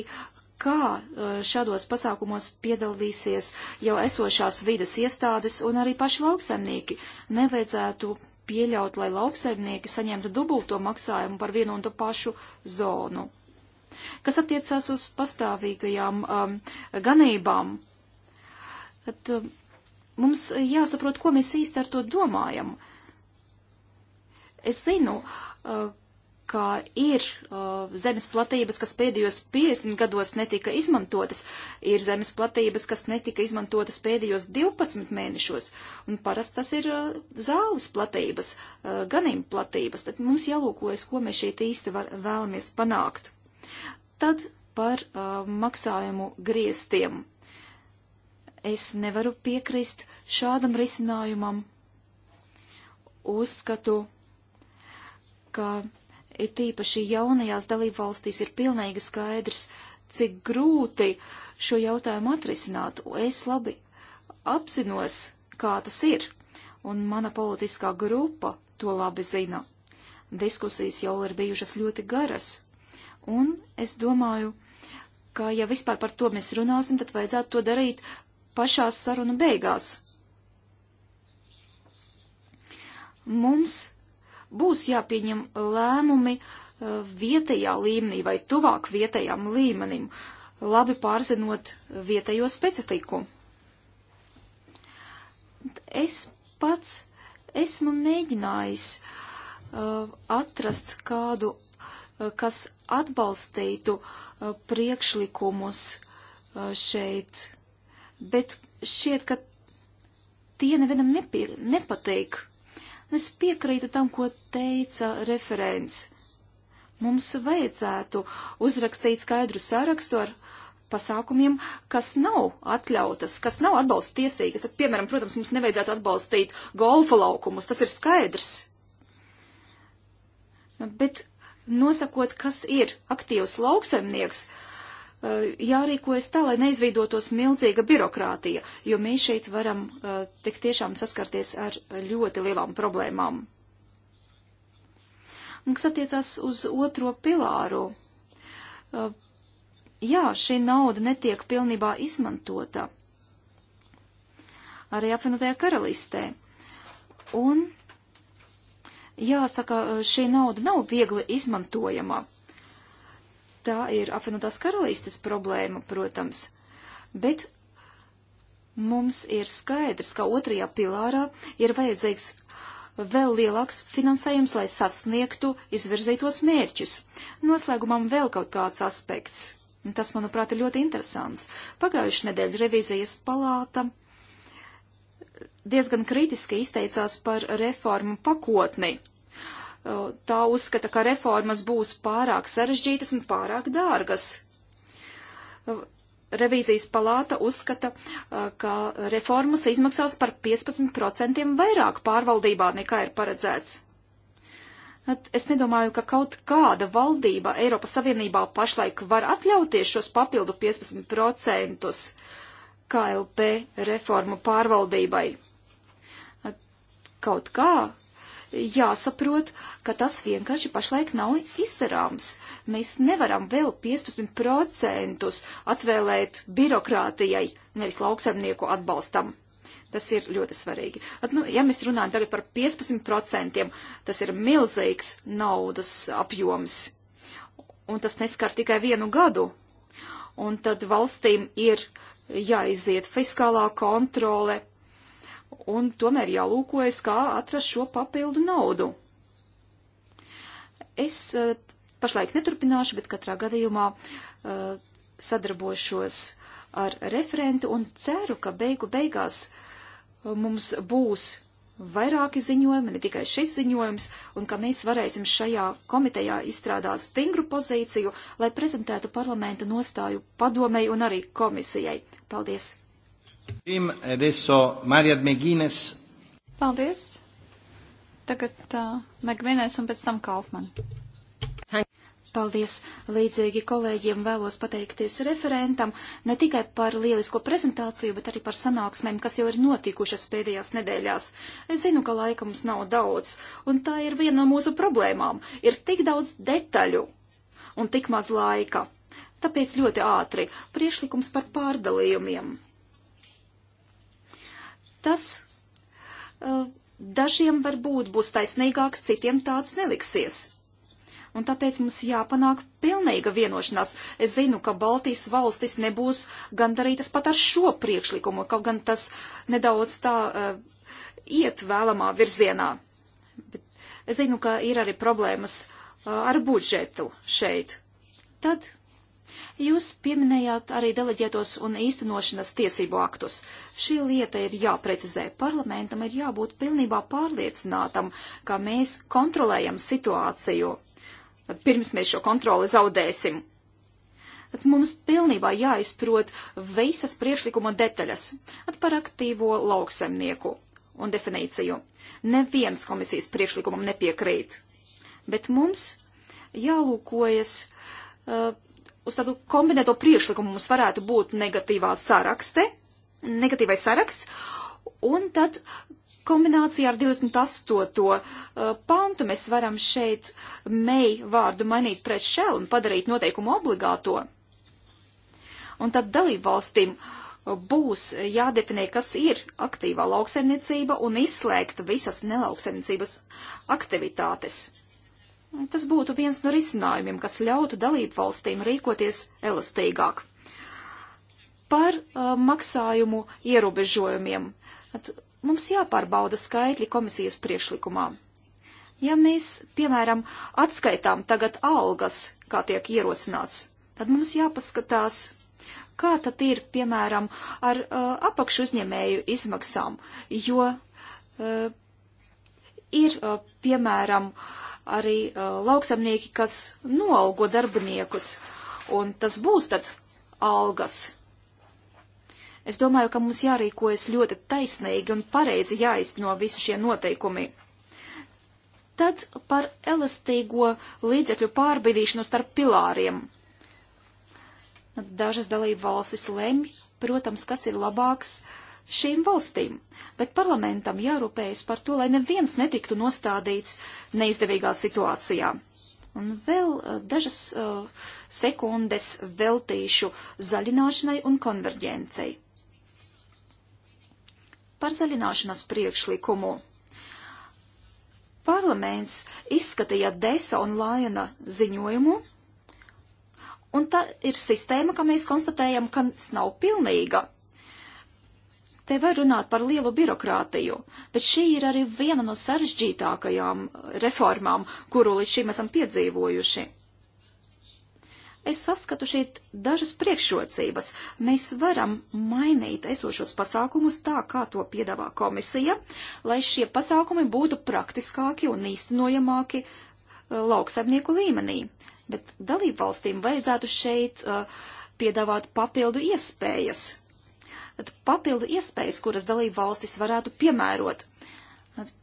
kā uh, šādos pasākumos piedalīsies jau esošās vidas iestādes un arī paši lauksaimnieki. Nevajadzētu pieļaut, lai lauksaimnieki saņemtu dubulto maksājumu par vienu un to pašu zonu. Kas attiecās uz pastāvīgajām um, ganībām, tad um, mums jāsaprot, ko mēs īsti ar to domājam. Es zinu, uh, ka ir uh, zemes platības, kas pēdējos 50 gados netika izmantotas, ir zemes platības, kas netika izmantotas pēdējos 12 mēnešos, un parasti tas ir uh, zāles platības, uh, ganīm platības, tad mums jālūkojas, ko mēs šeit īsti var, vēlamies panākt. Tad par uh, maksājumu griestiem. Es nevaru piekrist šādam risinājumam. Uzskatu, ka it tīpaši jaunajās dalībvalstīs ir pilnīgi skaidrs, cik grūti šo jautājumu atrisināt. Es labi apzinos, kā tas ir, un mana politiskā grupa to labi zina. Diskusijas jau ir bijušas ļoti garas, un es domāju, ka ja vispār par to mēs runāsim, tad vajadzētu to darīt pašās sarunu beigās. Mums būs jāpieņem lēmumi uh, vietējā līmenī vai tuvāk vietējām līmenim, labi pārzinot vietējo specifiku. Es pats esmu mēģinājis uh, atrast kādu, uh, kas atbalstītu uh, priekšlikumus uh, šeit, bet šķiet, ka tie nevienam nepie, nepateik. Es piekrītu tam, ko teica referents. Mums vajadzētu uzrakstīt skaidru sarakstu ar pasākumiem, kas nav atļautas, kas nav atbalsta tiesīgas. Tad, piemēram, protams, mums nevajadzētu atbalstīt golfa laukumus, tas ir skaidrs. Nu, bet nosakot, kas ir aktīvs lauksaimnieks, uh, Eh, jārīkojas tā, lai neizveidotos milzīga birokrātija, jo mēs šeit varam eh, tik tiešām saskarties ar ļoti lielām problēmām. Un, kas attiecas uz otro pilāru, eh, jā, šī nauda netiek pilnībā izmantota arī apvienotajā karalistē. Un, jāsaka, šī nauda nav viegli izmantojama tā ir apvienotās karalistes problēma, protams, bet mums ir skaidrs, ka otrajā pilārā ir vajadzīgs vēl lielāks finansējums, lai sasniegtu izvirzītos mērķus. Noslēgumam vēl kaut kāds aspekts. Tas, manuprāt, ir ļoti interesants. Pagājuši nedēļa revīzijas palāta diezgan kritiski izteicās par reformu pakotni, tā uzskata, ka reformas būs pārāk sarežģītas un pārāk dārgas. Revīzijas palāta uzskata, ka reformas izmaksās par 15% vairāk pārvaldībā nekā ir paredzēts. Es nedomāju, ka kaut kāda valdība Eiropas Savienībā pašlaik var atļauties šos papildu 15% KLP reformu pārvaldībai. Kaut kā jāsaprot, ka tas vienkārši pašlaik nav izdarāms. Mēs nevaram vēl 15% atvēlēt birokrātijai, nevis lauksaimnieku atbalstam. Tas ir ļoti svarīgi. At, nu, ja mēs runājam tagad par 15%, tas ir milzīgs naudas apjoms. Un tas neskar tikai vienu gadu. Un tad valstīm ir jāiziet fiskālā kontrole, un tomēr jālūkojas, kā atrast šo papildu naudu. Es eh, pašlaik neturpināšu, bet katrā gadījumā eh, sadarbošos ar referentu un ceru, ka beigu beigās eh, mums būs vairāki ziņojumi, ne tikai šis ziņojums, un ka mēs varēsim šajā komitejā izstrādāt stingru pozīciju, lai prezentētu parlamenta nostāju padomēji un arī komisijai. Paldies! Paldies! Tagad uh, Megvinēs un pēc tam Kaufman. Paldies! Līdzīgi kolēģiem vēlos pateikties referentam ne tikai par lielisko prezentāciju, bet arī par sanāksmēm, kas jau ir notikušas pēdējās nedēļās. Es zinu, ka laika mums nav daudz, un tā ir viena no mūsu problēmām. Ir tik daudz detaļu un tik maz laika. Tāpēc ļoti ātri priešlikums par pārdalījumiem tas uh, dažiem varbūt būs taisnīgāks, citiem tāds neliksies. Un tāpēc mums jāpanāk pilnīga vienošanās. Es zinu, ka Baltijas valstis nebūs gandarītas pat ar šo priekšlikumu, kaut gan tas nedaudz tā uh, iet vēlamā virzienā. Bet es zinu, ka ir arī problēmas uh, ar budžetu šeit. Tad Jūs pieminējāt arī deleģētos un īstenošanas tiesību aktus. Šī lieta ir jāprecizē. Parlamentam ir jābūt pilnībā pārliecinātam, ka mēs kontrolējam situāciju. Tad pirms mēs šo kontroli zaudēsim. Tad mums pilnībā jāizprot visas priekšlikuma detaļas At par aktīvo lauksemnieku un definīciju. Neviens komisijas priekšlikumam nepiekrīt, bet mums jālūkojas uh, uz tādu kombinēto priekšlikumu mums varētu būt negatīvā sarakste, negatīvais saraksts, un tad kombinācijā ar 28. Uh, pantu mēs varam šeit mei vārdu mainīt pret shell un padarīt noteikumu obligāto. Un tad dalību valstīm uh, būs jādefinē, kas ir aktīvā lauksaimniecība un izslēgt visas nelauksaimniecības aktivitātes. Tas būtu viens no risinājumiem, kas ļautu dalību valstīm rīkoties elastīgāk. Par uh, maksājumu ierobežojumiem. At, mums jāpārbauda skaitļi komisijas priekšlikumā. Ja mēs, piemēram, atskaitām tagad algas, kā tiek ierosināts, tad mums jāpaskatās, kā tad ir, piemēram, ar uh, apakšu uzņēmēju izmaksām, jo uh, ir, uh, piemēram, uh, arī uh, lauksamnieki, kas noalgo darbiniekus, un tas būs tad algas. Es domāju, ka mums jārīkojas ļoti taisnīgi un pareizi jāizno visi šie noteikumi. Tad par elastīgo līdzekļu pārbīdīšanu starp pilāriem. Dažas dalību valstis lemj, protams, kas ir labāks uh, šīm valstīm. Bet parlamentam jārūpējas par to, lai neviens netiktu nostādīts neizdevīgā situācijā. Un vēl uh, dažas uh, sekundes veltīšu zaļināšanai un konverģencei. Par zaļināšanas priekšlikumu. Parlaments izskatīja Desa un Lajona ziņojumu, un tā ir sistēma, ka mēs konstatējam, ka tas nav pilnīga. Te var runāt par lielu birokrātiju, bet šī ir arī viena no sarežģītākajām eh, reformām, kuru līdz šim esam piedzīvojuši. Es saskatu šeit dažas priekšrocības. Mēs varam mainīt esošos pasākumus tā, kā to piedāvā komisija, lai šie pasākumi būtu praktiskāki un īstenojamāki eh, lauksaimnieku līmenī. Bet dalību valstīm vajadzētu šeit uh, piedāvāt papildu iespējas papildu iespējas, kuras dalību valstis varētu piemērot.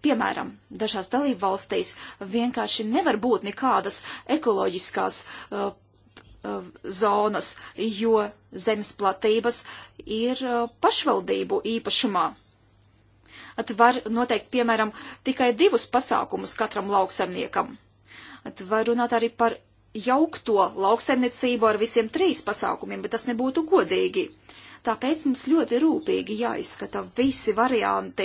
Piemēram, dažās dalību valstīs vienkārši nevar būt nekādas ekoloģiskās uh, uh, zonas, jo zemes platības ir uh, pašvaldību īpašumā. At var noteikt, piemēram, tikai divus pasākumus katram lauksemniekam. At var runāt arī par jaukto lauksemniecību ar visiem trīs pasākumiem, bet tas nebūtu godīgi. Uh, Tāpēc mums ļoti rūpīgi jāizskata visi varianti,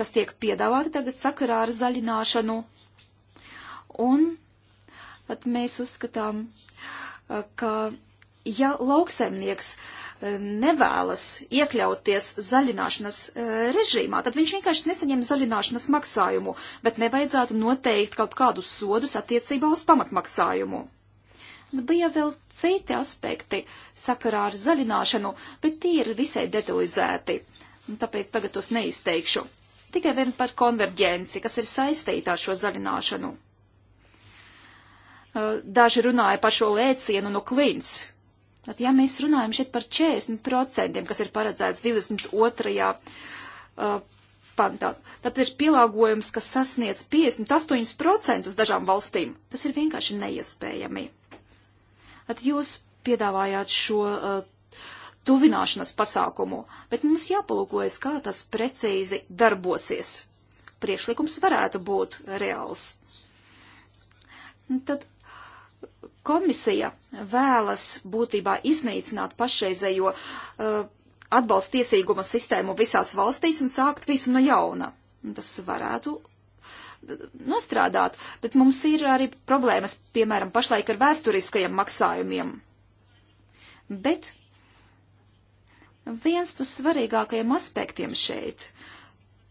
kas tiek piedāvāti tagad sakarā ar zaļināšanu. Un tad mēs uzskatām, ka ja lauksaimnieks nevēlas iekļauties zaļināšanas režīmā, tad viņš vienkārši nesaņem zaļināšanas maksājumu, bet nevajadzētu noteikt kaut kādus sodus attiecībā uz pamatmaksājumu. Bija vēl citi aspekti sakarā ar zaļināšanu, bet tie ir visai detalizēti, tāpēc tagad tos neizteikšu. Tikai vien par konverģenci, kas ir saistīta ar šo zaļināšanu. Daži runāja par šo lēcienu no klints, Tad, ja mēs runājam šeit par 40%, kas ir paredzēts 22. Uh, pantā, tad ir pielāgojums, kas sasniedz 58% dažām valstīm. Tas ir vienkārši neiespējami. At jūs piedāvājāt šo uh, tuvināšanas pasākumu, bet mums jāpalūkojas, kā tas precīzi darbosies. Priekšlikums varētu būt reāls. Tad komisija vēlas būtībā iznīcināt pašreizējo uh, atbalsta tiesīguma sistēmu visās valstīs un sākt visu no jauna. Tas varētu nostrādāt, bet mums ir arī problēmas, piemēram, pašlaik ar vēsturiskajiem maksājumiem. Bet viens no svarīgākajiem aspektiem šeit,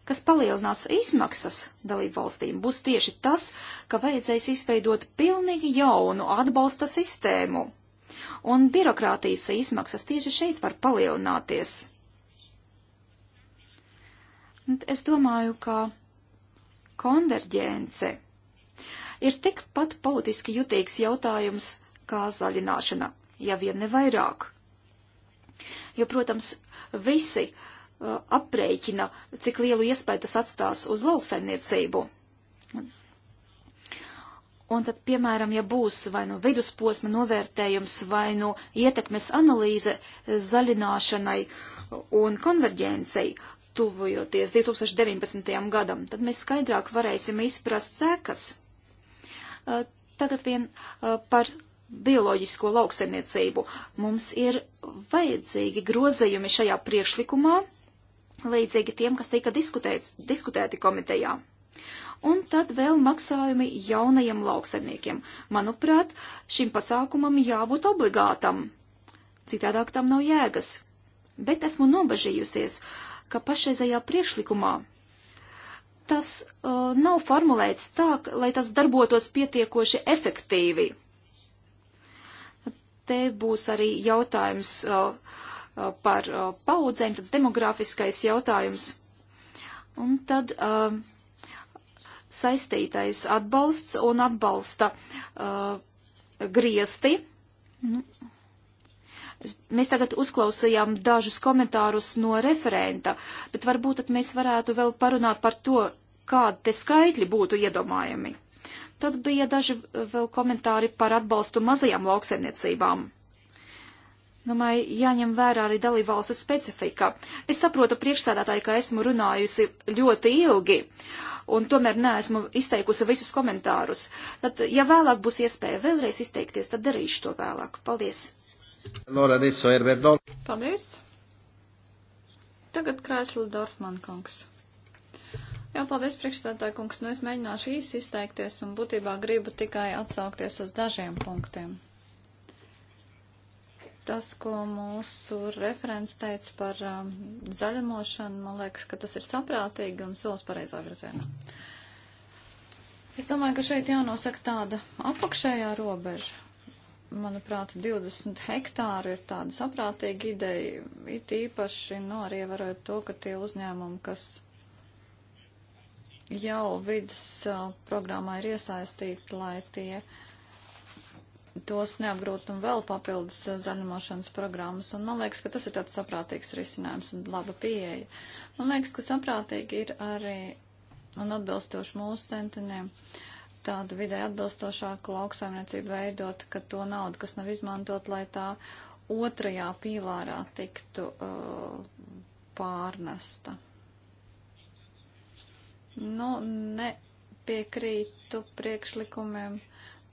kas palielinās izmaksas dalību valstīm, būs tieši tas, ka vajadzēs izveidot pilnīgi jaunu atbalsta sistēmu. Un birokrātijas izmaksas tieši šeit var palielināties. Es domāju, ka konverģence ir tikpat politiski jutīgs jautājums kā zaļināšana, ja vien ne vairāk. Jo, protams, visi uh, aprēķina, cik lielu iespēju tas atstās uz lauksaimniecību. Un tad, piemēram, ja būs vai nu no vidusposma novērtējums, vai nu no ietekmes analīze zaļināšanai un konverģencei, tuvojoties 2019. gadam, tad mēs skaidrāk varēsim izprast sekas. Uh, tagad vien uh, par bioloģisko lauksaimniecību. Mums ir vajadzīgi grozējumi šajā priekšlikumā, līdzīgi tiem, kas tika diskutēti komitejā. Un tad vēl maksājumi jaunajiem lauksaimniekiem. Manuprāt, šim pasākumam jābūt obligātam. Citādāk tam nav jēgas. Bet esmu nobežījusies, uh, ka pašreizējā priekšlikumā tas uh, nav formulēts tā, ka, lai tas darbotos pietiekoši efektīvi. Te būs arī jautājums uh, uh par uh, paudzēm, tāds demografiskais jautājums. Un tad uh, saistītais atbalsts un atbalsta uh, griesti. Nu, Mēs tagad uzklausījām dažus komentārus no referenta, bet varbūt tad mēs varētu vēl parunāt par to, kādi te skaitļi būtu iedomājami. Tad bija daži eh, vēl komentāri par atbalstu mazajām lauksaimniecībām. Domāju, nu, jāņem vērā arī dalībvalstu specifika. Es saprotu priekšsādātāji, ka esmu runājusi ļoti ilgi, un tomēr neesmu izteikusi visus komentārus. Tad, ja vēlāk būs iespēja vēlreiz izteikties, tad darīšu to vēlāk. Paldies! Lora Diso Erberdo. Paldies. Tagad Krēsla Dorfman kungs. Jā, paldies, priekšstādātāji kungs. Nu, es mēģināšu īsi izteikties un būtībā gribu tikai atsaukties uz dažiem punktiem. Tas, ko mūsu referents teica par um, zaļumošanu, man liekas, ka tas ir saprātīgi un solis pareizā virzienā. Es domāju, ka šeit jānosaka tāda apakšējā robeža manuprāt, 20 hektāri ir tāda saprātīga ideja, it īpaši, nu, arī varētu to, ka tie uzņēmumi, kas jau vidas uh, programmā ir iesaistīti, lai tie tos neapgrūtu un vēl papildus zaļumošanas programmas. Un man liekas, ka tas ir tāds saprātīgs risinājums un laba pieeja. Man liekas, ka saprātīgi ir arī un atbilstoši mūsu centieniem. Uh, tādu vidē atbilstošāku lauksaimniecību veidot, ka to naudu, kas nav izmantot, lai tā otrajā pīlārā tiktu uh, pārnesta. Nu, nepiekrītu priekšlikumiem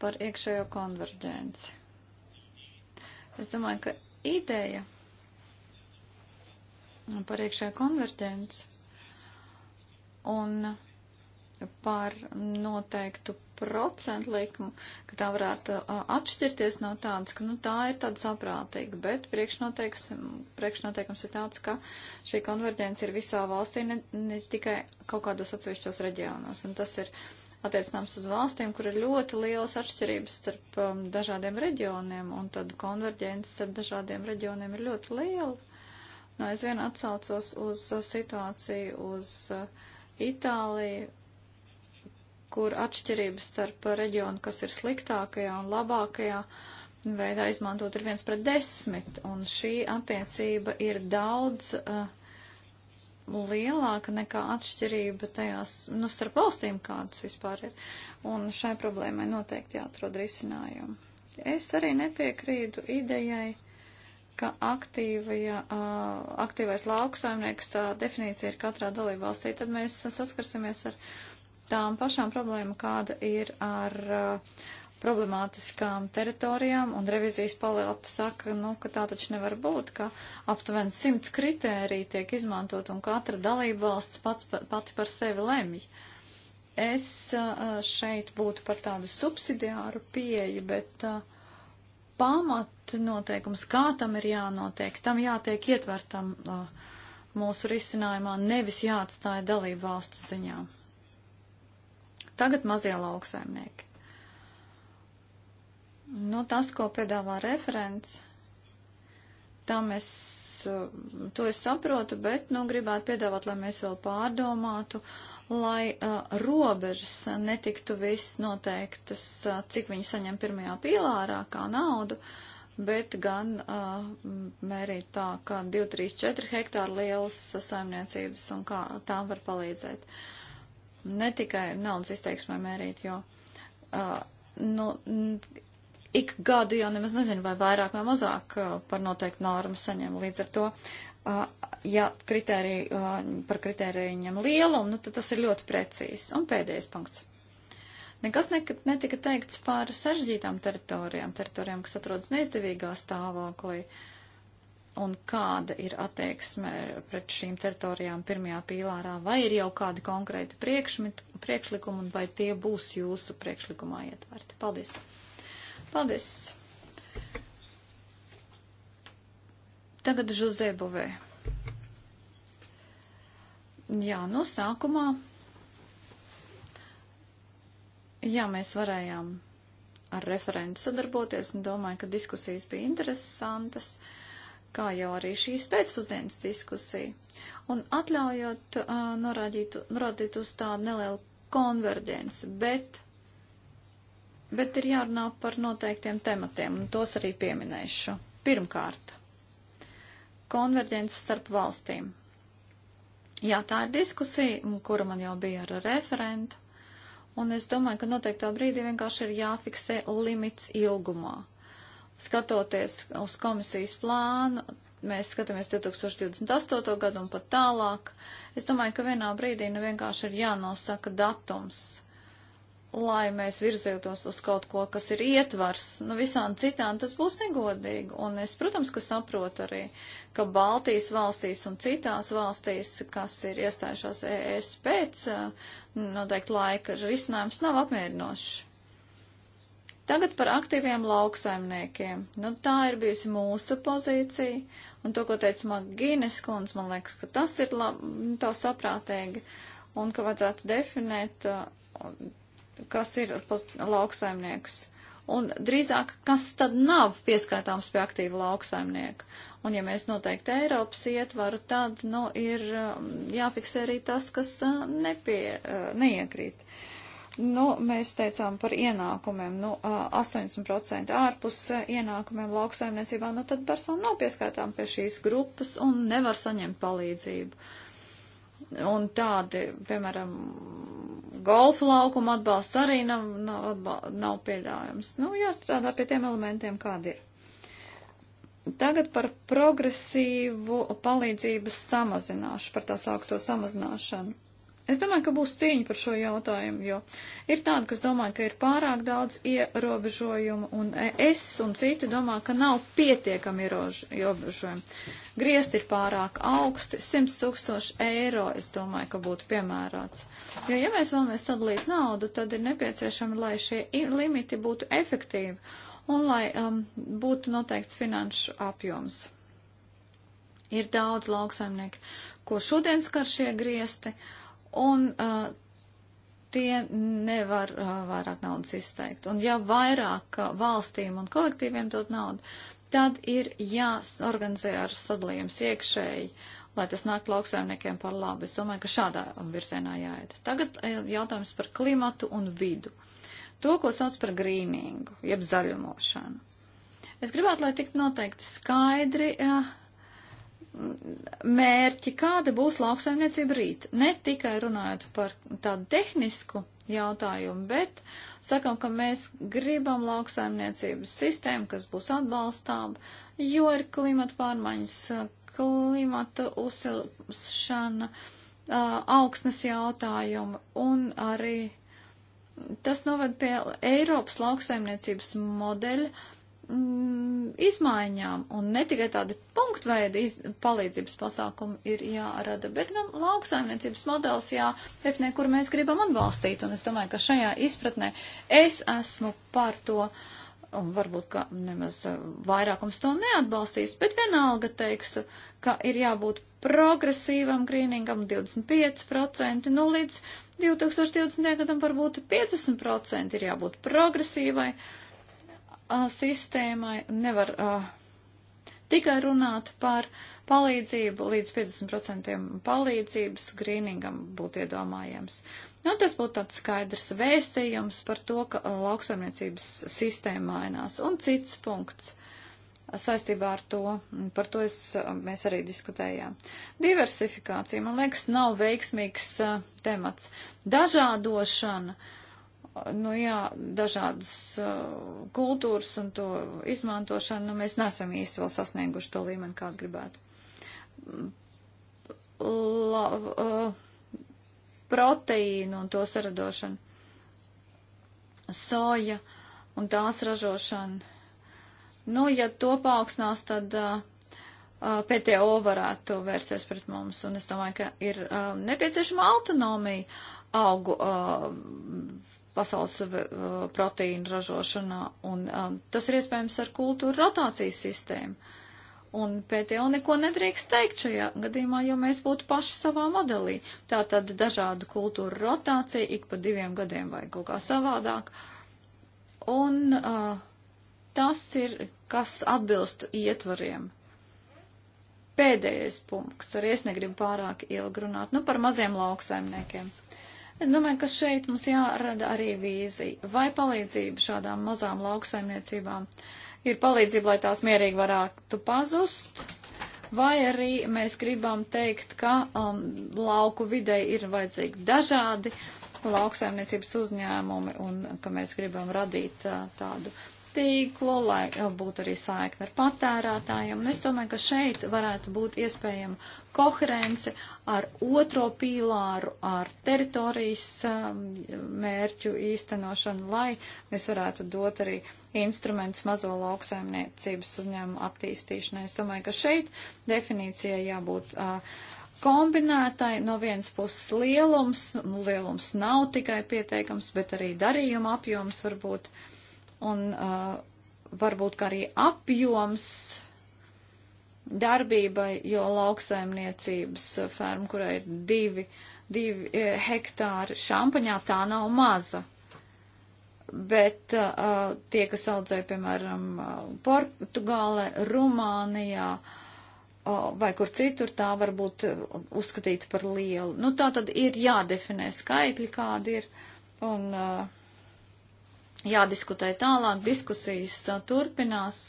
par iekšējo konverģenci. Es domāju, ka ideja par iekšējo konverģenci un uh, par noteiktu procentu likumu, ka tā varētu uh, atšķirties no tādas, ka nu, tā ir tāda saprātīga, bet priekšnoteikums ir tāds, ka šī konverģence ir visā valstī, ne, ne tikai kaut kādos atsevišķos reģionos. Un tas ir attiecināms uz valstīm, kur ir ļoti lielas atšķirības starp um, dažādiem reģioniem, un tad konverģence starp dažādiem reģioniem ir ļoti liela. Nu, es vien atsaucos uz uh, situāciju, uz uh, Itāliju, kur atšķirības starp reģionu, kas ir sliktākajā un labākajā veidā izmantot, ir viens pret desmit, un šī attiecība ir daudz uh, lielāka nekā atšķirība tajās, nu, starp valstīm, kādas vispār ir. Un šai problēmai noteikti jāatrod risinājumu. Es arī nepiekrītu idejai, ka aktīvajā, uh, aktīvais lauksaimnieks tā definīcija ir katrā dalībvalstī, tad mēs saskarsimies ar tām pašām problēmām, kāda ir ar uh, problemātiskām teritorijām, un revizijas palēta saka, nu, ka tā taču nevar būt, ka aptuveni simts kritēriju tiek izmantot, un katra dalība valsts pats, pati par sevi lemj. Es uh, šeit būtu par tādu subsidiāru pieeju, bet uh, pamatnoteikums, kā tam ir jānotiek, tam jātiek ietvertam uh, mūsu risinājumā, nevis jāatstāja dalību valstu ziņām. Tagad mazie lauksaimnieki. Nu, tas, ko piedāvā referents, tam es, uh, to es saprotu, bet, nu, gribētu piedāvāt, lai mēs vēl pārdomātu, lai uh, robežas netiktu viss noteiktas, uh, cik viņi saņem pirmajā pīlārā kā naudu, bet gan uh, mērīt tā, kā 2, 3, 4 hektāru lielas saimniecības un kā tām var palīdzēt. Uh, ne tikai naudas izteiksmē mērīt, jo, uh, nu, ik gadu jau nemaz nezinu, vai vairāk vai mazāk uh, par noteiktu normu saņem. Līdz ar to, uh, ja kritēriju, uh, par kritēriju ņem lielumu, nu, tad tas ir ļoti precīzi. Un pēdējais punkts. Nekas nekad netika teikts par sarežģītām teritorijām, teritorijām, kas atrodas neizdevīgā stāvoklī. Uh, un kāda ir attieksme pret šīm teritorijām pirmajā pīlārā, vai ir jau kādi konkrēti priekšlikumi un vai tie būs jūsu priekšlikumā ietverti. Paldies! Paldies! Tagad Žuzebovē. Jā, nu sākumā. Jā, mēs varējām ar referentu sadarboties un domāju, ka diskusijas bija interesantas kā jau arī šīs pēcpusdienas diskusija. Un atļaujot uh, norādīt, norādīt uz tādu nelielu konverģenci, bet, bet ir jārunā par noteiktiem tematiem, un tos arī pieminēšu. Pirmkārt, konverģence starp valstīm. Jā, tā ir diskusija, kura man jau bija ar referentu, un es domāju, ka noteiktā brīdī vienkārši ir jāfiksē limits ilgumā skatoties uz komisijas plānu, mēs skatāmies 2028. gadu un pat tālāk, es domāju, ka vienā brīdī nu vienkārši ir jānosaka datums, lai mēs virzītos uz kaut ko, kas ir ietvars, nu visām citām tas būs negodīgi. Un es, protams, ka saprotu arī, ka Baltijas valstīs un citās valstīs, kas ir iestājušās ES pēc eh, noteikti laika, risinājums nav apmierinošs. Tagad par aktīviem lauksaimniekiem. Nu, tā ir bijusi mūsu pozīcija, un to, ko teica Magīnes kundze, man liekas, ka tas ir lab, nu, tā saprātīgi, un ka vajadzētu definēt, uh, kas ir lauksaimnieks. Un drīzāk, kas tad nav pieskaitāms pie aktīva lauksaimnieka. Un ja mēs noteikti Eiropas ietvaru, tad, nu, ir um, jāfiksē arī tas, kas uh, nepie, uh, neiekrīt. Uh, Nu, mēs teicām par ienākumiem, nu, 80% ārpus ienākumiem lauksaimniecībā, nu, tad persona nav pieskaitām pie šīs grupas un nevar saņemt palīdzību. Un tādi, piemēram, golfa laukuma atbalsts arī nav, nav, atbal, nav pieļaujams. Nu, jāstrādā pie tiem elementiem, kādi ir. Tagad par progresīvu palīdzības samazināšanu, par tā saukto samazināšanu Es domāju, ka būs cīņa par šo jautājumu, jo ir tāda, kas domā, ka ir pārāk daudz ierobežojumu, un e, es un citi domā, ka nav pietiekami ierobežojumi. Griezti ir pārāk augsti, 100 tūkstoši eiro, es domāju, ka būtu piemērots. Jo, ja mēs vēlamies sadalīt naudu, tad ir nepieciešami, lai šie limiti būtu efektīvi un lai um, būtu noteikts finanšu apjoms. Ir daudz lauksaimnieku, ko šodien skar šie griezti. Uh, un uh, tie nevar uh, vairāk naudas izteikt. Un ja vairāk uh, valstīm un kolektīviem dot naudu, tad ir jāorganizē ar sadalījums iekšēji, lai tas nāk lauksaimniekiem par labu. Es domāju, ka šādā virzienā jāiet. Tagad ir uh, jautājums par klimatu un vidu. To, ko sauc par grīningu, jeb zaļumošanu. Es gribētu, lai tiktu noteikti skaidri. Uh, mērķi, kāda būs lauksaimniecība rīt. Ne tikai runājot par tādu tehnisku jautājumu, bet sakam, ka mēs gribam lauksaimniecības sistēmu, kas būs atbalstām, jo ir klimata pārmaiņas, klimata uzsilšana, augsnes jautājumi un arī tas noved pie Eiropas lauksaimniecības modeļa, mm, izmaiņām, un ne tikai tādi punktveidi iz, palīdzības pasākumi ir jārada, bet gan lauksaimniecības modelis jādefinē, kur mēs gribam atbalstīt, un es domāju, ka šajā izpratnē es esmu par to. Un varbūt, ka nemaz eh, vairākums to neatbalstīs, bet vienalga teiksu, ka ir jābūt progresīvam grīningam 25%, nu līdz 2020. gadam varbūt 50% ir jābūt progresīvai uh, uh, sistēmai nevar uh, tikai runāt par palīdzību, līdz 50% palīdzības grīningam būtu iedomājams. Nu, tas būtu tāds skaidrs vēstījums par to, ka uh, lauksaimniecības sistēma mainās. Un cits punkts saistībā ar to, par to es, mēs arī diskutējām. Diversifikācija, man liekas, nav veiksmīgs uh, temats. Dažādošana. Uh, nu jā, dažādas uh, kultūras un to izmantošanu, nu mēs nesam īsti vēl sasnieguši to līmeni, kādu gribētu. La, uh, proteīnu un to saradošanu, soja un tās ražošanu. Nu, ja to paaugstinās, tad uh, uh PTO varētu vērsties pret mums, un es domāju, ka ir uh, nepieciešama autonomija augu uh, pasaules uh, proteīnu ražošanā. Un um, tas ir iespējams ar kultūra rotācijas sistēmu. Un PTO neko nedrīkst teikt šajā gadījumā, jo mēs būtu paši savā modelī. Tā tad dažādu kultūru rotācija ik pa diviem gadiem vai kaut kā savādāk. Un uh, tas ir, kas atbilstu ietvariem. Pēdējais punkts, arī es negribu pārāk ilgi runāt, nu par maziem lauksaimniekiem. Uh, Es domāju, ka šeit mums jārada arī vīzija. Vai palīdzība šādām mazām lauksaimniecībām ir palīdzība, lai tās mierīgi varētu pazust, vai arī mēs gribam teikt, ka um, lauku videi ir vajadzīgi dažādi lauksaimniecības uzņēmumi un ka mēs gribam radīt uh, tādu tīklu, lai uh, būtu arī saikne ar patērētājiem. Un es domāju, ka šeit varētu būt iespējama koherence ar otro pīlāru, ar teritorijas um, mērķu īstenošanu, lai mēs varētu dot arī instrumentus mazo lauksaimniecības uzņēmumu attīstīšanai. Es domāju, ka šeit definīcijai jābūt uh, kombinētai no vienas puses lielums, nu, lielums nav tikai pieteikams, bet arī darījuma apjoms varbūt, un uh, varbūt arī apjoms darbībai, jo lauksaimniecības ferma, kurai ir divi, divi eh, hektāri šampaņā, tā nav maza. Bet uh, tie, kas audzē, piemēram, Portugālē, Rumānijā, uh, vai kur citur tā var būt uzskatīta par lielu. Nu, tā tad ir jādefinē skaitļi, kādi ir, un uh, jādiskutē tālāk, diskusijas uh, turpinās,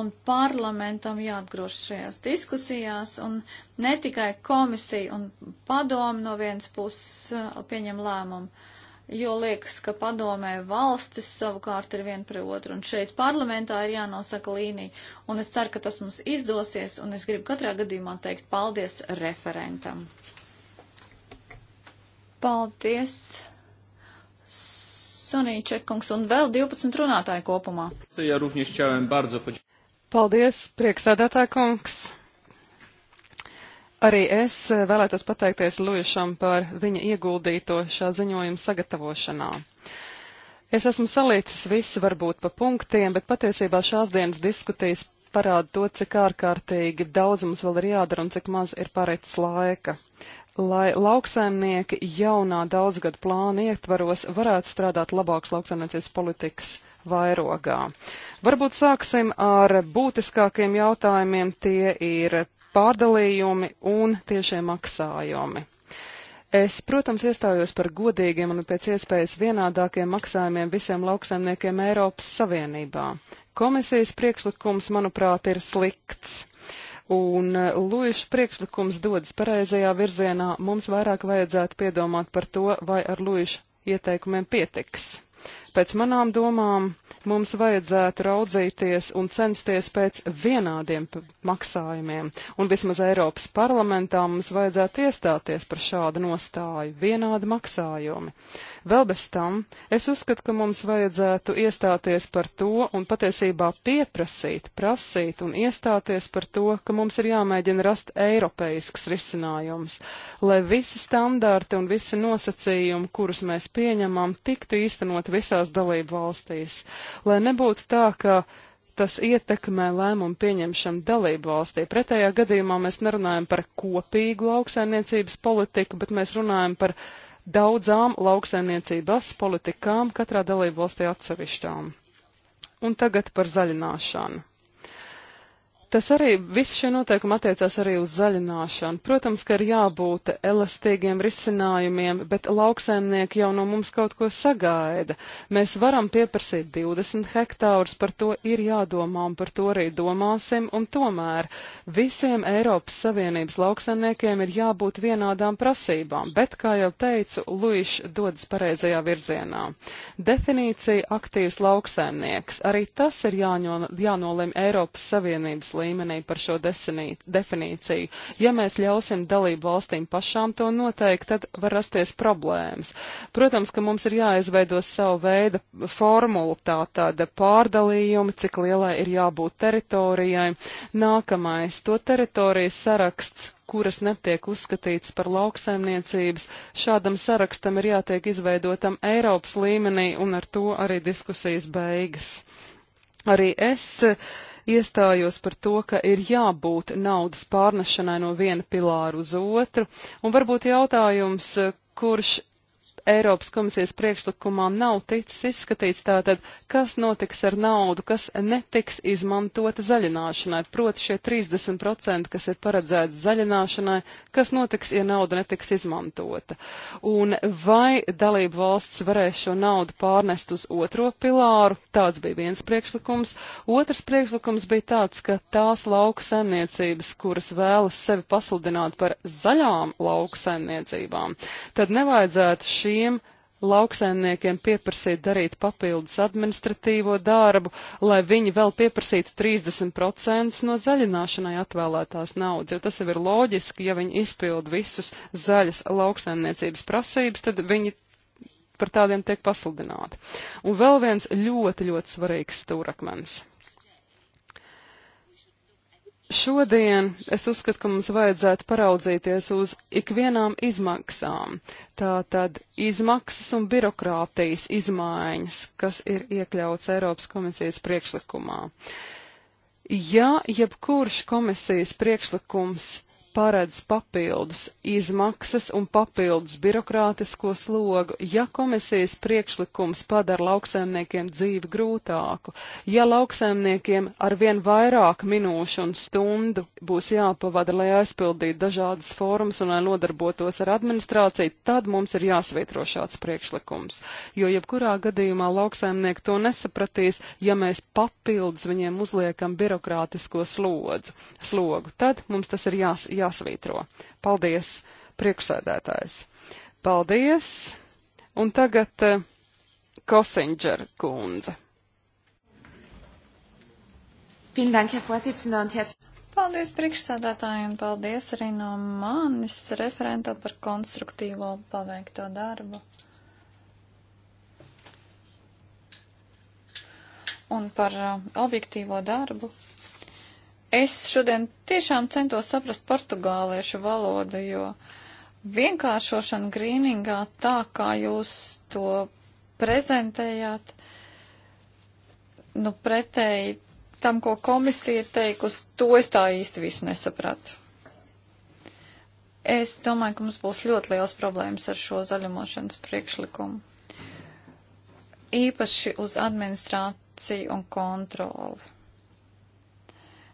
un parlamentam jāatgrūž šajās diskusijās, un ne tikai komisija un padomu no vienas puses uh, pieņem lēmumu, jo liekas, ka padomē valstis savukārt ir viena pret otru, un šeit parlamentā ir jānosaka līnija, un es ceru, ka tas mums izdosies, un es gribu katrā gadījumā teikt paldies referentam. Paldies! Sonīčekungs un vēl 12 runātāji kopumā. Ja Paldies, prieksēdētā kungs! Arī es eh, vēlētos pateikties Lujušam par viņa ieguldīto šā ziņojuma sagatavošanā. Es esmu salīdzis visu varbūt pa punktiem, bet patiesībā šās dienas diskutīs parāda to, cik ārkārtīgi daudz mums vēl ir jādara un cik maz ir pareicis laika. Lai lauksaimnieki jaunā daudzgad plāna ietvaros varētu strādāt labāks lauksaimniecības politikas vairogā. Varbūt sāksim ar būtiskākiem jautājumiem. Tie ir pārdalījumi un tiešie maksājumi. Es, protams, iestājos par godīgiem un pēc iespējas vienādākiem maksājumiem visiem lauksaimniekiem Eiropas Savienībā. Komisijas priekšlikums, manuprāt, ir slikts. Un eh, Lujuša priekšlikums dodas pareizajā virzienā. Mums vairāk vajadzētu piedomāt par to, vai ar Lujuša ieteikumiem pietiks. Pēc manām domām mums vajadzētu raudzīties un censties pēc vienādiem maksājumiem, un vismaz Eiropas parlamentā mums vajadzētu iestāties par šādu nostāju - vienādi maksājumi. Vēl bez tam es uzskatu, ka mums vajadzētu iestāties par to un patiesībā pieprasīt, prasīt un iestāties par to, ka mums ir jāmēģina rast eiropeisks risinājums, lai visi standarti un visi nosacījumi, kurus mēs pieņemam, tiktu īstenot visās dalību valstīs lai nebūtu tā, ka tas ietekmē lēmumu pieņemšanu dalību valstī. Pretējā gadījumā mēs nerunājam par kopīgu lauksaimniecības politiku, bet mēs runājam par daudzām lauksaimniecības politikām, katrā dalību valstī atsevišķām. Un tagad par zaļināšanu. Tas arī, visi šie noteikumi attiecās arī uz zaļināšanu. Protams, ka ir jābūt elastīgiem risinājumiem, bet lauksēmnieki jau no mums kaut ko sagaida. Mēs varam pieprasīt 20 hektārus, par to ir jādomā un par to arī domāsim, un tomēr visiem Eiropas Savienības lauksēmniekiem ir jābūt vienādām prasībām, bet, kā jau teicu, Luīšs dodas pareizajā virzienā. Definīcija aktīvs lauksēmnieks, arī tas ir jāņo, jānolem Eiropas Savienības līmenī līmenī par šo definīciju. Ja mēs ļausim dalību valstīm pašām to noteikt, tad var rasties problēmas. Protams, ka mums ir jāizveido savu veidu formulu tā tāda pārdalījuma, cik lielai ir jābūt teritorijai. Nākamais to teritorijas saraksts kuras netiek uzskatītas par lauksaimniecības, šādam sarakstam ir jātiek izveidotam Eiropas līmenī, un ar to arī diskusijas beigas. Arī es uh, iestājos par to, ka ir jābūt naudas pārnešanai no viena pilāra uz otru, un varbūt jautājums, kurš Eiropas komisijas priekšlikumā nav ticis izskatīts tātad, kas notiks ar naudu, kas netiks izmantota zaļināšanai, proti šie 30%, kas ir paredzēts zaļināšanai, kas notiks, ja nauda netiks izmantota. Un vai dalību valsts varēs šo naudu pārnest uz otro pilāru, tāds bija viens priekšlikums. Otrs priekšlikums bija tāds, ka tās lauksaimniecības, kuras vēlas sevi pasludināt par zaļām lauksaimniecībām, tad nevajadzētu šī tiem lauksaimniekiem pieprasīt darīt papildus administratīvo darbu, lai viņi vēl pieprasītu 30% no zaļināšanai atvēlētās naudas, jo tas jau ir loģiski, ja viņi izpild visus zaļas lauksaimniecības prasības, tad viņi par tādiem tiek pasludināti. Un vēl viens ļoti, ļoti svarīgs stūrakmens. Šodien es uzskatu, ka mums vajadzētu paraudzīties uz ikvienām izmaksām. Tātad izmaksas un birokrātijas izmaiņas, kas ir iekļauts Eiropas komisijas priekšlikumā. Ja jebkurš komisijas priekšlikums paredz papildus izmaksas un papildus birokrātisko slogu, ja komisijas priekšlikums padara lauksaimniekiem dzīvi grūtāku, ja lauksaimniekiem ar vien vairāk minūšu un stundu būs jāpavada, lai aizpildītu dažādas formas un lai nodarbotos ar administrāciju, tad mums ir jāsvietro šāds priekšlikums. Jo jebkurā gadījumā lauksaimnieki to nesapratīs, ja mēs papildus viņiem uzliekam birokrātisko slodzu, slogu. Tad mums tas ir jās, jā jāsvītro. Paldies, priekšsēdētājs. Paldies. Un tagad eh, Kosinģer kundze. Paldies priekšsādātāji un paldies arī no manis referentā par konstruktīvo paveikto darbu. Un par eh, objektīvo darbu, Es šodien tiešām centos saprast portugāliešu valodu, jo vienkāršošana grīningā tā, kā jūs to prezentējāt, nu pretēji tam, ko komisija ir teikusi, to es tā īsti visu nesapratu. Es domāju, ka mums būs ļoti liels problēmas ar šo zaļumošanas priekšlikumu. Īpaši uz administrāciju un kontroli.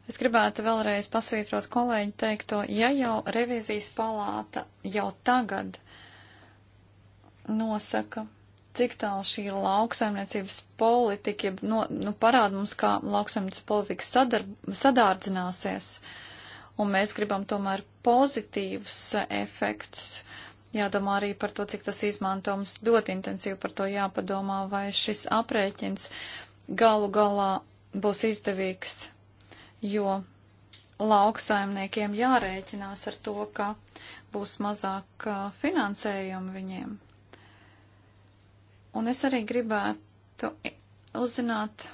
Es gribētu vēlreiz pasvītrot kolēģi teikto, ja jau revizijas palāta jau tagad nosaka, cik tālu šī lauksaimniecības politika, ja no, nu, parāda mums, kā lauksaimniecības politika sadar, sadārdzināsies, un mēs gribam tomēr pozitīvus efektus, jādomā arī par to, cik tas izmanto mums ļoti intensīvi par to jāpadomā, vai šis aprēķins galu galā būs izdevīgs jo lauksaimniekiem jārēķinās ar to, ka būs mazāk uh, finansējumu viņiem. Un es arī gribētu uzzināt,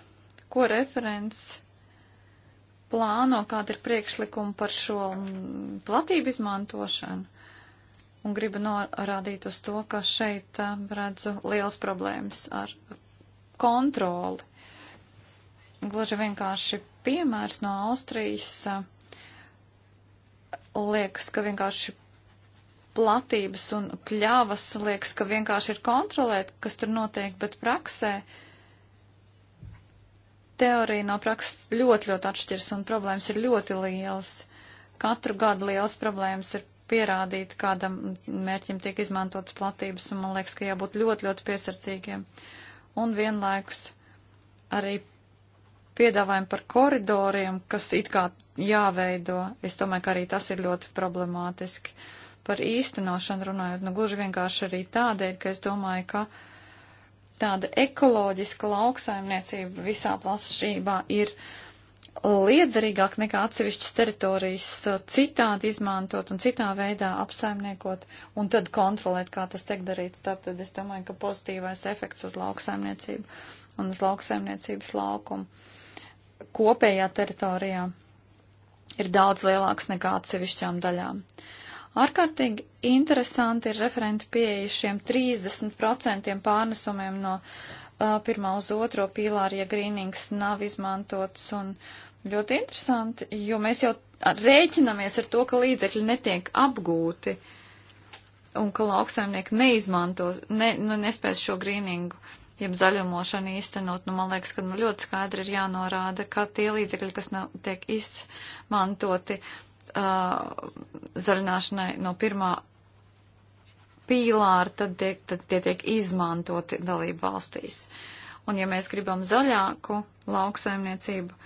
ko referents plāno, kāda ir priekšlikuma par šo mm, platību izmantošanu. Un gribu norādīt uz to, ka šeit uh, redzu liels problēmas ar kontroli Gluži vienkārši piemērs no Austrijas liekas, ka vienkārši platības un pļavas liekas, ka vienkārši ir kontrolēt, kas tur notiek, bet praksē teorija no prakses ļoti, ļoti atšķiras un problēmas ir ļoti lielas. Katru gadu liels problēmas ir pierādīt, kādam mērķim tiek izmantotas platības, un man liekas, ka jābūt ļoti, ļoti piesardzīgiem. Un vienlaikus arī piedāvājumu par koridoriem, kas it kā jāveido, es domāju, ka arī tas ir ļoti problemātiski. Par īstenošanu runājot, nu gluži vienkārši arī tādēļ, ka es domāju, ka tāda ekoloģiska lauksaimniecība visā plašībā ir liederīgāk nekā atsevišķas teritorijas uh, citādi izmantot un citā veidā apsaimniekot un tad kontrolēt, kā tas tiek darīts. Tātad es domāju, ka pozitīvais efekts uz lauksaimniecību un uz lauksaimniecības laukumu kopējā teritorijā ir daudz lielāks nekā atsevišķām daļām. Ārkārtīgi interesanti ir referenti pieeja šiem 30% pārnesumiem no uh, pirmā uz otro pīlāra, ja grīnings nav izmantots. Un ļoti interesanti, jo mēs jau rēķinamies ar to, ka līdzekļi netiek apgūti un ka lauksaimnieki neizmanto, ne, nu, nespēs šo grīningu uh, jeb zaļumošanu īstenot, nu, man liekas, ka nu, ļoti skaidri ir jānorāda, ka tie līdzekļi, kas nav, tiek izmantoti uh, zaļināšanai no pirmā pīlāra, tad, tiek, tad tie tiek izmantoti dalību valstīs. Un ja mēs gribam zaļāku lauksaimniecību,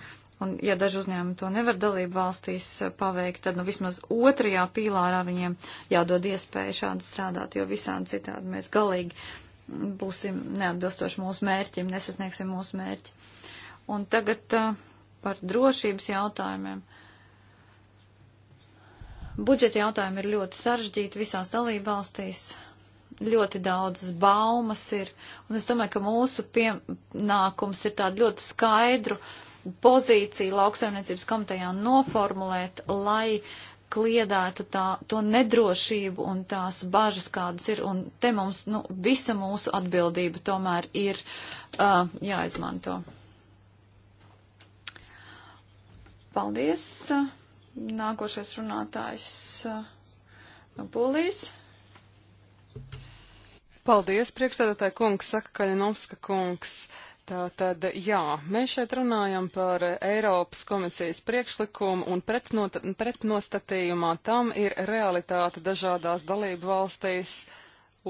un ja daži uzņēmumi to nevar dalību valstīs paveikt, tad nu vismaz otrajā pīlārā viņiem jādod iespēja šādi strādāt, jo visādi citādi mēs galīgi būsim neatbilstoši mūsu mērķim, nesasniegsim mūsu mērķi. Un tagad uh, par drošības jautājumiem. Budžeta jautājumi ir ļoti sarežģīti visās dalībvalstīs. Ļoti daudzas baumas ir, un es domāju, ka mūsu pienākums ir tādu ļoti skaidru pozīciju lauksaimniecības komitejā noformulēt, lai uh, kliedētu tā, to nedrošību un tās bažas, kādas ir. Un te mums nu, visa mūsu atbildība tomēr ir uh, jāizmanto. Paldies. Nākošais runātājs uh, no nu, Polijas. Paldies, priekšsēdētāji kungs, saka Kaļinovska kungs. Uh, Tātad, jā, mēs šeit runājam par Eiropas komisijas priekšlikumu un pretnostatījumā tam ir realitāte dažādās dalību valstīs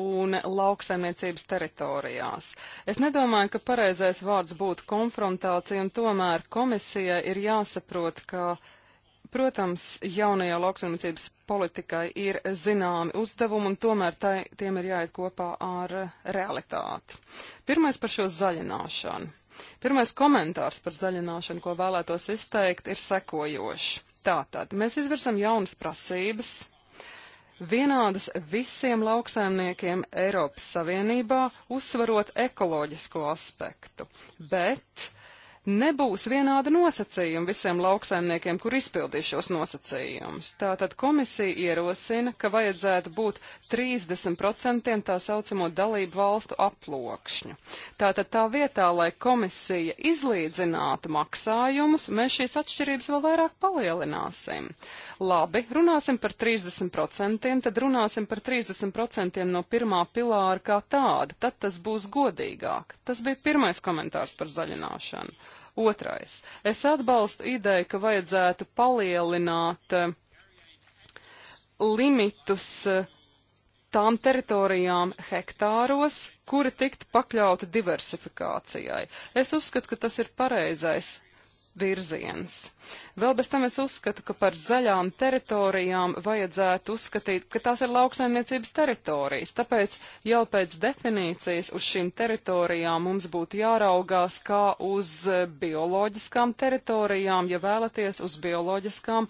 un lauksaimniecības teritorijās. Es nedomāju, ka pareizais vārds būtu konfrontācija, un tomēr komisijai ir jāsaprot, ka Protams, jaunajā lauksaimniecības politikai ir zināmi uzdevumi, un tomēr tai, tiem ir jāiet kopā ar realitāti. Pirmais par šo zaļināšanu. Pirmais komentārs par zaļināšanu, ko vēlētos izteikt, ir sekojošs. Tātad, mēs izvirsam jaunas prasības, vienādas visiem lauksaimniekiem Eiropas Savienībā, uzsvarot ekoloģisko aspektu, bet nebūs vienāda nosacījuma visiem lauksaimniekiem, kur izpildīs šos nosacījumus. Tātad komisija ierosina, ka vajadzētu būt 30% tā saucamo dalību valstu aploksņu. Tātad tā vietā, lai komisija izlīdzinātu maksājumus, mēs šīs atšķirības vēl vairāk palielināsim. Labi, runāsim par 30%, tad runāsim par 30% no pirmā pilāra kā tāda, tad tas būs godīgāk. Tas bija pirmais komentārs par zaļināšanu. Otrais. Es atbalstu ideju, ka vajadzētu palielināt eh, limitus eh, tām teritorijām hektāros, kuri tiktu pakļauti diversifikācijai. Es uzskatu, ka tas ir pareizais virziens. Vēl bez tam es uzskatu, ka par zaļām teritorijām vajadzētu uzskatīt, ka tās ir lauksaimniecības teritorijas, tāpēc jau pēc definīcijas uz šīm teritorijām mums būtu jāraugās kā uz bioloģiskām teritorijām, ja vēlaties uz bioloģiskām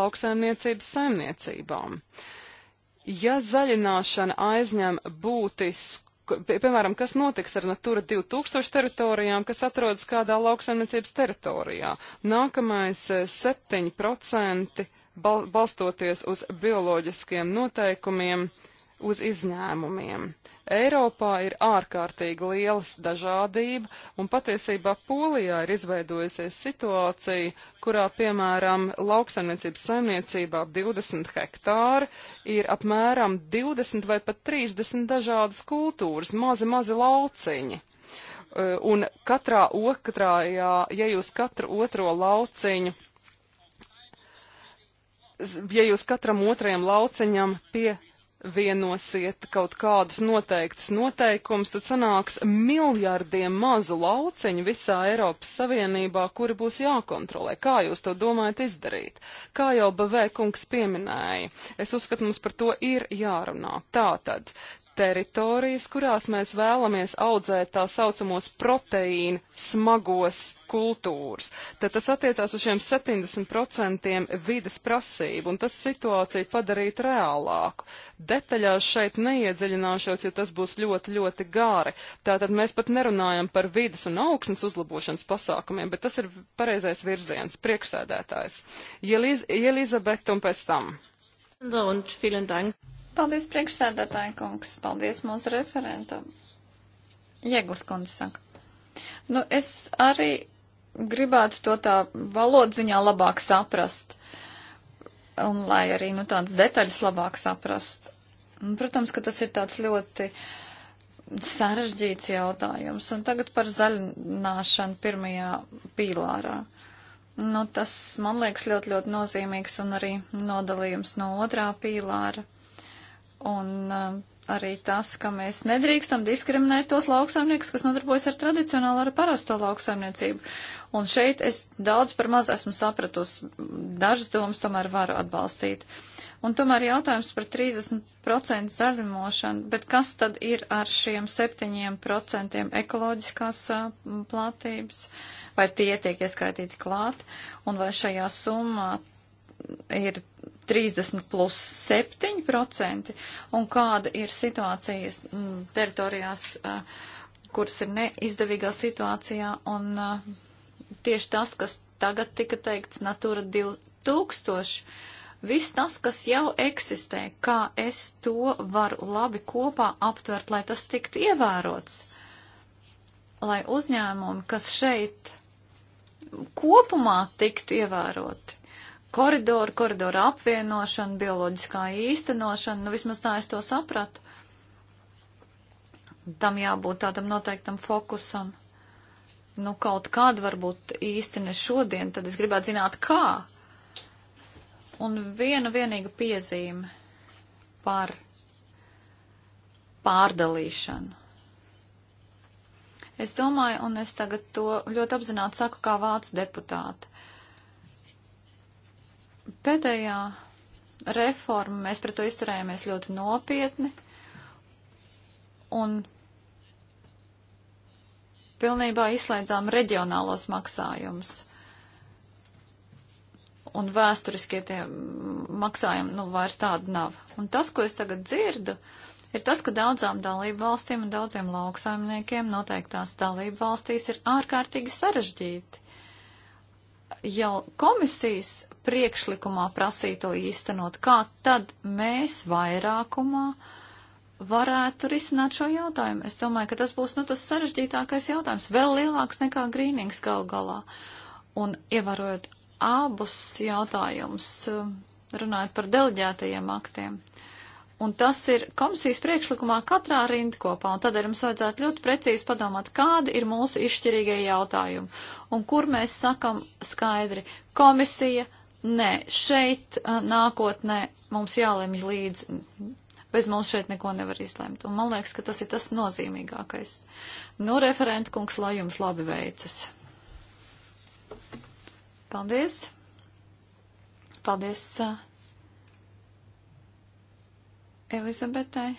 lauksaimniecības saimniecībām. Ja zaļināšana aizņem būtisku piemēram, kas notiks ar Natura 2000 teritorijām, kas atrodas kādā lauksaimniecības teritorijā. Nākamais 7% eh, bal balstoties uz bioloģiskiem noteikumiem uz izņēmumiem. Eiropā ir ārkārtīgi lielas dažādība, un patiesībā Polijā ir izveidojusies situācija, kurā, piemēram, lauksaimniecības saimniecībā 20 hektāri ir apmēram 20 vai pat 30 dažādas kultūras, mazi, mazi lauciņi. E, un katrā otrā, ja jūs katru otro lauciņu ja jūs katram otrajam lauciņam pie vienosiet kaut kādus noteiktus noteikumus, tad sanāks miljardiem mazu lauciņu visā Eiropas Savienībā, kuri būs jākontrolē. Kā jūs to domājat izdarīt? Kā jau Bavē kungs pieminēja, es uzskatu, mums par to ir jārunā. Tātad, teritorijas, kurās mēs vēlamies audzēt tā saucamos proteīnu smagos kultūras. Tad tas attiecās uz šiem 70% vides prasību, un tas situāciju padarīt reālāku. Detaļās šeit neiedziļināšos, jo tas būs ļoti, ļoti gāri. Tātad mēs pat nerunājam par vides un augsnes uzlabošanas pasākumiem, bet tas ir pareizais virziens, priekšsēdētājs. Ieliz Ielizabete un pēc tam. Un, un, Paldies priekšsēdētāji kungs, paldies mūsu referentam. Jēglas kundze saka. Nu, es arī gribētu to tā valodziņā labāk saprast. Un lai arī, nu, tādas detaļas labāk saprast. Un, protams, ka tas ir tāds ļoti sarežģīts jautājums. Un tagad par zaļināšanu pirmajā pīlārā. Nu, tas, man liekas, ļoti, ļoti nozīmīgs un arī nodalījums no otrā pīlāra Un uh, arī tas, ka mēs nedrīkstam diskriminēt tos lauksaimniekus, kas nodarbojas ar tradicionālu, ar parasto lauksaimniecību. Un šeit es daudz par maz esmu sapratusi, dažas domas tomēr varu atbalstīt. Un tomēr jautājums par 30% zaļumošanu, bet kas tad ir ar šiem 7% ekoloģiskās uh, platības? Vai tie tiek ieskaitīti klāt? Un vai šajā summā ir 30 plus 7%, un kāda ir situācijas m, mm, teritorijās, a, kuras ir neizdevīgā situācijā, un a, tieši tas, kas tagad tika teikts Natura 2000, viss tas, kas jau eksistē, kā es to varu labi kopā aptvert, lai tas tiktu ievērots, lai uzņēmumi, kas šeit kopumā tiktu ievēroti koridoru, koridoru apvienošanu, bioloģiskā īstenošanu, nu vismaz tā es to sapratu. Tam jābūt tādam noteiktam fokusam. Nu, kaut kādu varbūt īsti ne šodien, tad es gribētu zināt, kā. Un viena vienīga piezīme par pārdalīšanu. Es domāju, un es tagad to ļoti apzināti saku kā vācu deputāti Pēdējā reforma, mēs pret to izturējāmies ļoti nopietni un pilnībā izslēdzām reģionālos maksājumus. Un vēsturiskie tie maksājumi, nu, vairs tādi nav. Un tas, ko es tagad dzirdu, ir tas, ka daudzām dalību valstīm un daudziem lauksaimniekiem noteiktās dalību valstīs ir ārkārtīgi sarežģīti jau komisijas priekšlikumā prasīto īstenot, kā tad mēs vairākumā varētu risināt šo jautājumu. Es domāju, ka tas būs nu, tas sarežģītākais jautājums, vēl lielāks nekā grīnings gal galā. Un ievērojot abus jautājumus, runājot par deleģētajiem aktiem, uh, Un tas ir komisijas priekšlikumā katrā rindkopā, un tādēļ mums vajadzētu ļoti precīzi padomāt, kādi ir mūsu izšķirīgie jautājumi, un kur mēs sakam skaidri - komisija, nē, šeit nākotnē mums jālemj līdzi, bez mums šeit neko nevar izlemt. Un man liekas, ka tas ir tas nozīmīgākais. Nu, referenta kungs, lai jums labi veicas. Paldies! Paldies! Uh, Elizabetai.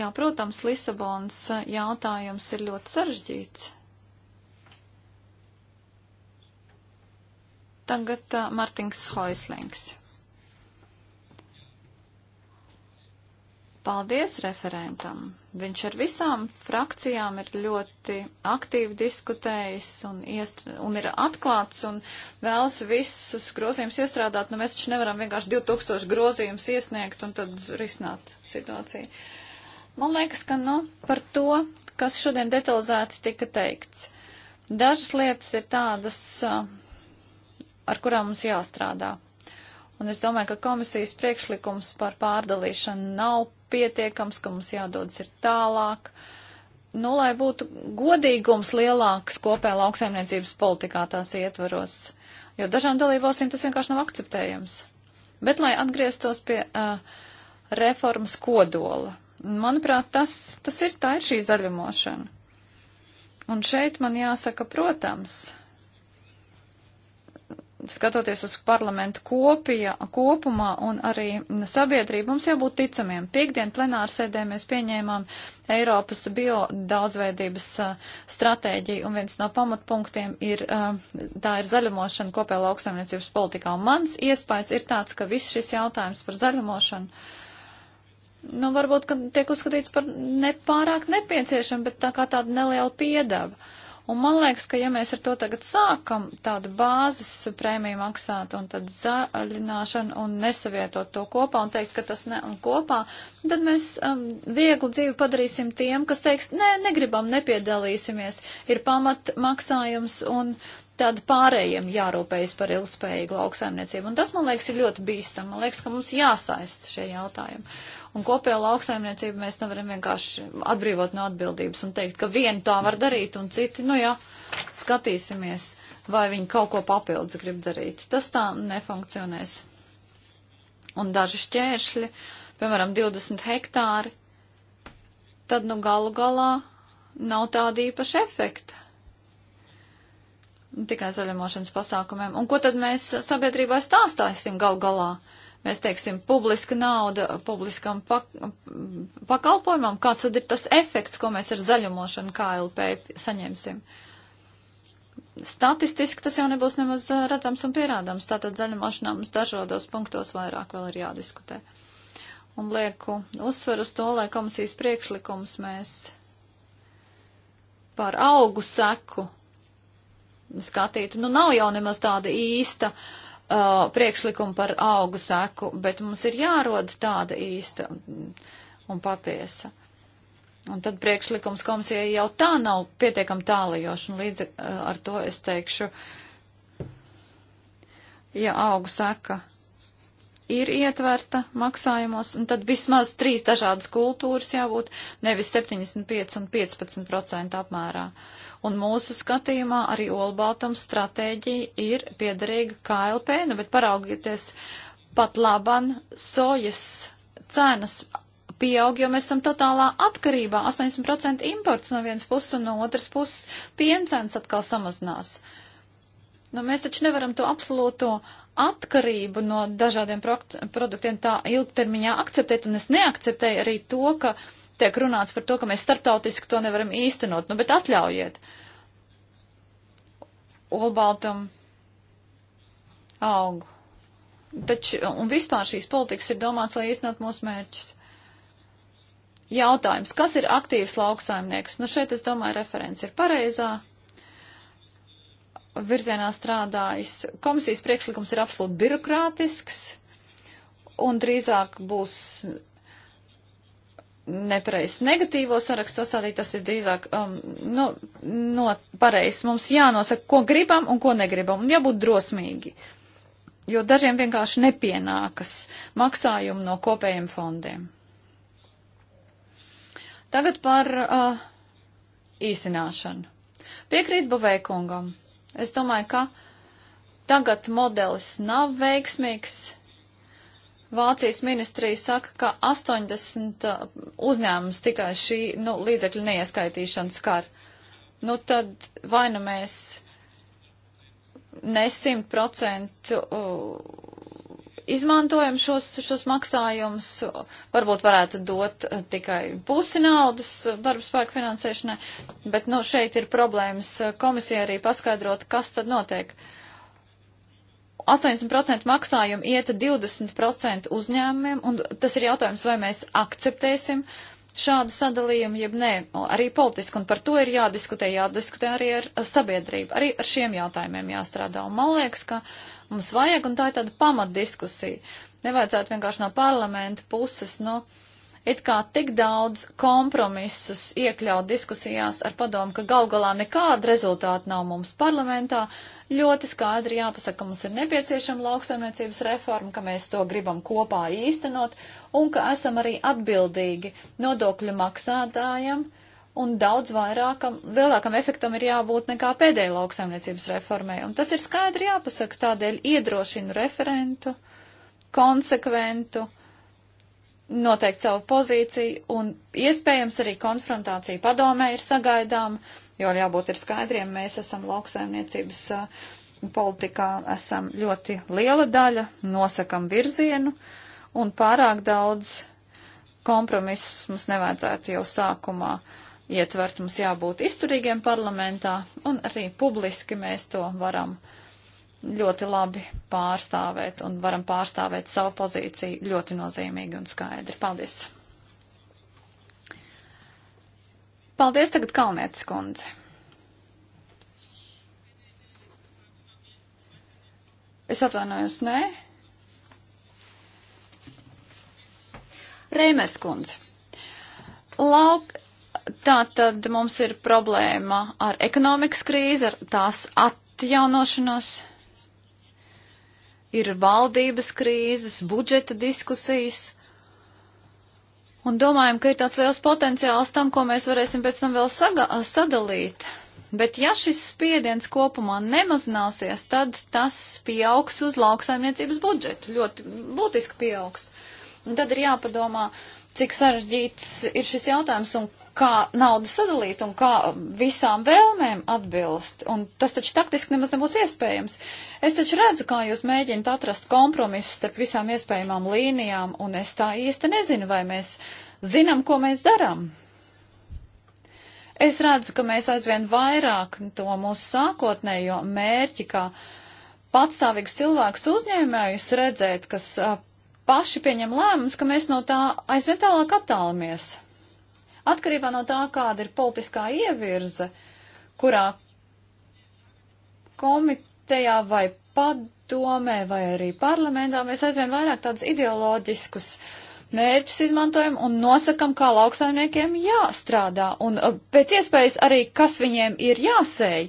Jā, protams, Lisabonas jautājums ir ļoti sarežģīts. Tagad uh, Martins Hoislings. Paldies referentam. Viņš ar visām frakcijām ir ļoti aktīvi diskutējis un, iestra, un ir atklāts un vēlas visus grozījumus iestrādāt. Nu, mēs taču nevaram vienkārši 2000 grozījumus iesniegt un tad risināt situāciju. Man liekas, ka nu, par to, kas šodien detalizēti tika teikts. Dažas lietas ir tādas, ar kurām mums jāstrādā. Un es domāju, ka komisijas priekšlikums par pārdalīšanu nav pietiekams, ka mums jādodas ir tālāk. Nu, lai būtu godīgums lielāks kopē lauksaimniecības politikā tās ietvaros, jo dažām dalībvalstīm tas vienkārši nav akceptējams. Bet, lai atgrieztos pie uh, reformas kodola, manuprāt, tas, tas ir tā ir šī zaļumošana. Un šeit man jāsaka, protams, uh, skatoties uz parlamentu kopija, kopumā un arī sabiedrību, mums jābūt ticamiem. Piektdien plenārsēdē mēs pieņēmām Eiropas biodaudzveidības stratēģiju, un viens no pamatpunktiem ir, tā ir zaļumošana kopējā lauksaimniecības politikā. Un mans iespējas ir tāds, ka viss šis jautājums par zaļumošanu. Nu, varbūt, ka tiek uzskatīts par nepārāk nepieciešam, bet tā kā tāda neliela piedeva. Uh, Un man liekas, ka ja mēs ar to tagad sākam tādu bāzes prēmiju maksāt un tad zaļināšanu un nesavietot to kopā un teikt, ka tas ne un kopā, tad mēs um, vieglu dzīvi padarīsim tiem, kas teiks, nē, ne, negribam, nepiedalīsimies, ir pamat maksājums un tad pārējiem jārūpējas par ilgspējīgu lauksaimniecību. Un tas, man liekas, ir ļoti bīstam. Man liekas, ka mums jāsaist šie jautājumi. Un kopējo lauksaimniecību mēs nevaram vienkārši atbrīvot no atbildības un teikt, ka vieni tā var darīt un citi, nu jā, skatīsimies, vai viņi kaut ko papildus grib darīt. Tas tā nefunkcionēs. Un daži šķēršļi, piemēram, 20 hektāri, tad nu galu galā nav tāda īpaša efekta tikai zaļumošanas pasākumiem. Un ko tad mēs sabiedrībā stāstāsim gal galā? mēs teiksim, publiska nauda publiskam pak pakalpojumam, kāds tad ir tas efekts, ko mēs ar zaļumošanu KLP saņemsim. Statistiski tas jau nebūs nemaz redzams un pierādams, tātad zaļumošanā mums dažādos punktos vairāk vēl ir jādiskutē. Un lieku uzsveru uz to, lai komisijas priekšlikums mēs par augu seku skatītu. Nu, nav jau nemaz tāda īsta uh, uh, priekšlikumu par augu seku, bet mums ir jāroda tāda īsta un patiesa. Un tad priekšlikums komisijai jau tā nav pietiekami tālajoši, un līdz uh, ar to es teikšu, ja augu seka ir ietverta maksājumos, un tad vismaz trīs dažādas kultūras jābūt, nevis 75 un 15 procentu apmērā. Uh, Un mūsu skatījumā arī olbaltums stratēģija ir piederīga KLP, nu, bet paraugieties pat laban sojas cenas pieaug, jo mēs esam totālā atkarībā. 80% imports no vienas puses un no otras puses piencens atkal samazinās. Nu, mēs taču nevaram to absolūto atkarību no dažādiem produktiem tā ilgtermiņā akceptēt, un es neakceptēju arī to, ka uh, tiek runāts par to, ka mēs starptautiski to nevaram īstenot. Nu, bet atļaujiet. Olbaltam augu. Taču, un vispār šīs politikas ir domāts, lai īstenot mūsu mērķus. Jautājums, kas ir aktīvs lauksaimnieks? Nu, šeit, es domāju, referents ir pareizā virzienā strādājis. Komisijas priekšlikums ir absolūti birokrātisks un drīzāk būs nepareizs negatīvo sarakstu sastādīt, tas ir drīzāk um, no, nu, no pareizs. Mums jānosaka, ko gribam un ko negribam, un jābūt drosmīgi, jo dažiem vienkārši nepienākas maksājumi no kopējiem fondiem. Tagad par uh, īsināšanu. Piekrīt Buvēkungam. Es domāju, ka tagad modelis nav veiksmīgs Vācijas ministrija saka, ka 80 uh, uzņēmums tikai šī nu, līdzekļu neieskaitīšana skar. Nu tad vai nu mēs ne simt procentu uh, izmantojam šos, šos maksājumus, varbūt varētu dot uh, tikai pusi naudas darba spēku finansēšanai, bet nu, šeit ir problēmas komisija arī paskaidrot, kas tad notiek. Uh, 80% maksājumu iet 20% uzņēmumiem, un tas ir jautājums, vai mēs akceptēsim šādu sadalījumu, jeb nē, arī politiski, un par to ir jādiskutē, jādiskutē arī ar sabiedrību, arī ar šiem jautājumiem jāstrādā. Un man liekas, ka mums vajag, un tā ir tāda pamatdiskusija. Nevajadzētu vienkārši no parlamenta puses, nu, it kā tik daudz kompromisus iekļaut diskusijās ar padomu, ka gal galā nekāda rezultāta nav mums parlamentā, ļoti skaidri jāpasaka, ka mums ir nepieciešama lauksaimniecības reforma, ka mēs to gribam kopā īstenot un ka esam arī atbildīgi nodokļu maksātājiem un daudz vairākam, lielākam efektam ir jābūt nekā pēdējai lauksaimniecības reformai. Un tas ir skaidri jāpasaka, tādēļ iedrošinu referentu, konsekventu, noteikt savu pozīciju un iespējams arī konfrontācija padomē ir sagaidām. Uh, jo jābūt ir skaidriem, mēs esam lauksaimniecības uh, politikā, esam ļoti liela daļa, nosakam virzienu un pārāk daudz kompromisus mums nevajadzētu jau sākumā ietvert, mums jābūt izturīgiem parlamentā un arī publiski mēs to varam ļoti labi pārstāvēt un varam pārstāvēt savu pozīciju ļoti nozīmīgi un skaidri. Paldies! Paldies tagad Kalnietis kundze. Es atvainojos, nē. Reimers kundze. Lauk, tā tad mums ir problēma ar ekonomikas krīzi, ar tās atjaunošanos. Ir valdības krīzes, budžeta diskusijas, un domājam, ka ir tāds liels potenciāls tam, ko mēs varēsim pēc tam vēl saga, sadalīt. Bet ja šis spiediens kopumā nemazināsies, tad tas pieaugs uz lauksaimniecības budžetu, ļoti būtiski pieaugs. Un tad ir jāpadomā, cik sarežģīts ir šis jautājums un kā naudu sadalīt un kā visām vēlmēm atbilst. Un tas taču taktiski nemaz nebūs iespējams. Es taču redzu, kā jūs mēģināt atrast kompromisu starp visām iespējamām līnijām, un es tā īsti nezinu, vai mēs zinām, ko mēs darām. Es redzu, ka mēs aizvien vairāk to mūsu sākotnējo mērķi, kā patstāvīgs cilvēks uzņēmējus redzēt, kas paši pieņem lēmumus, ka mēs no tā aizvien tālāk attālamies. Atkarībā no tā, kāda ir politiskā ievirze, kurā komitejā vai padomē vai arī parlamentā mēs aizvien vairāk tādus ideoloģiskus mērķus izmantojam un nosakam, kā lauksaimniekiem jāstrādā un uh, pēc iespējas arī, kas viņiem ir jāsēj.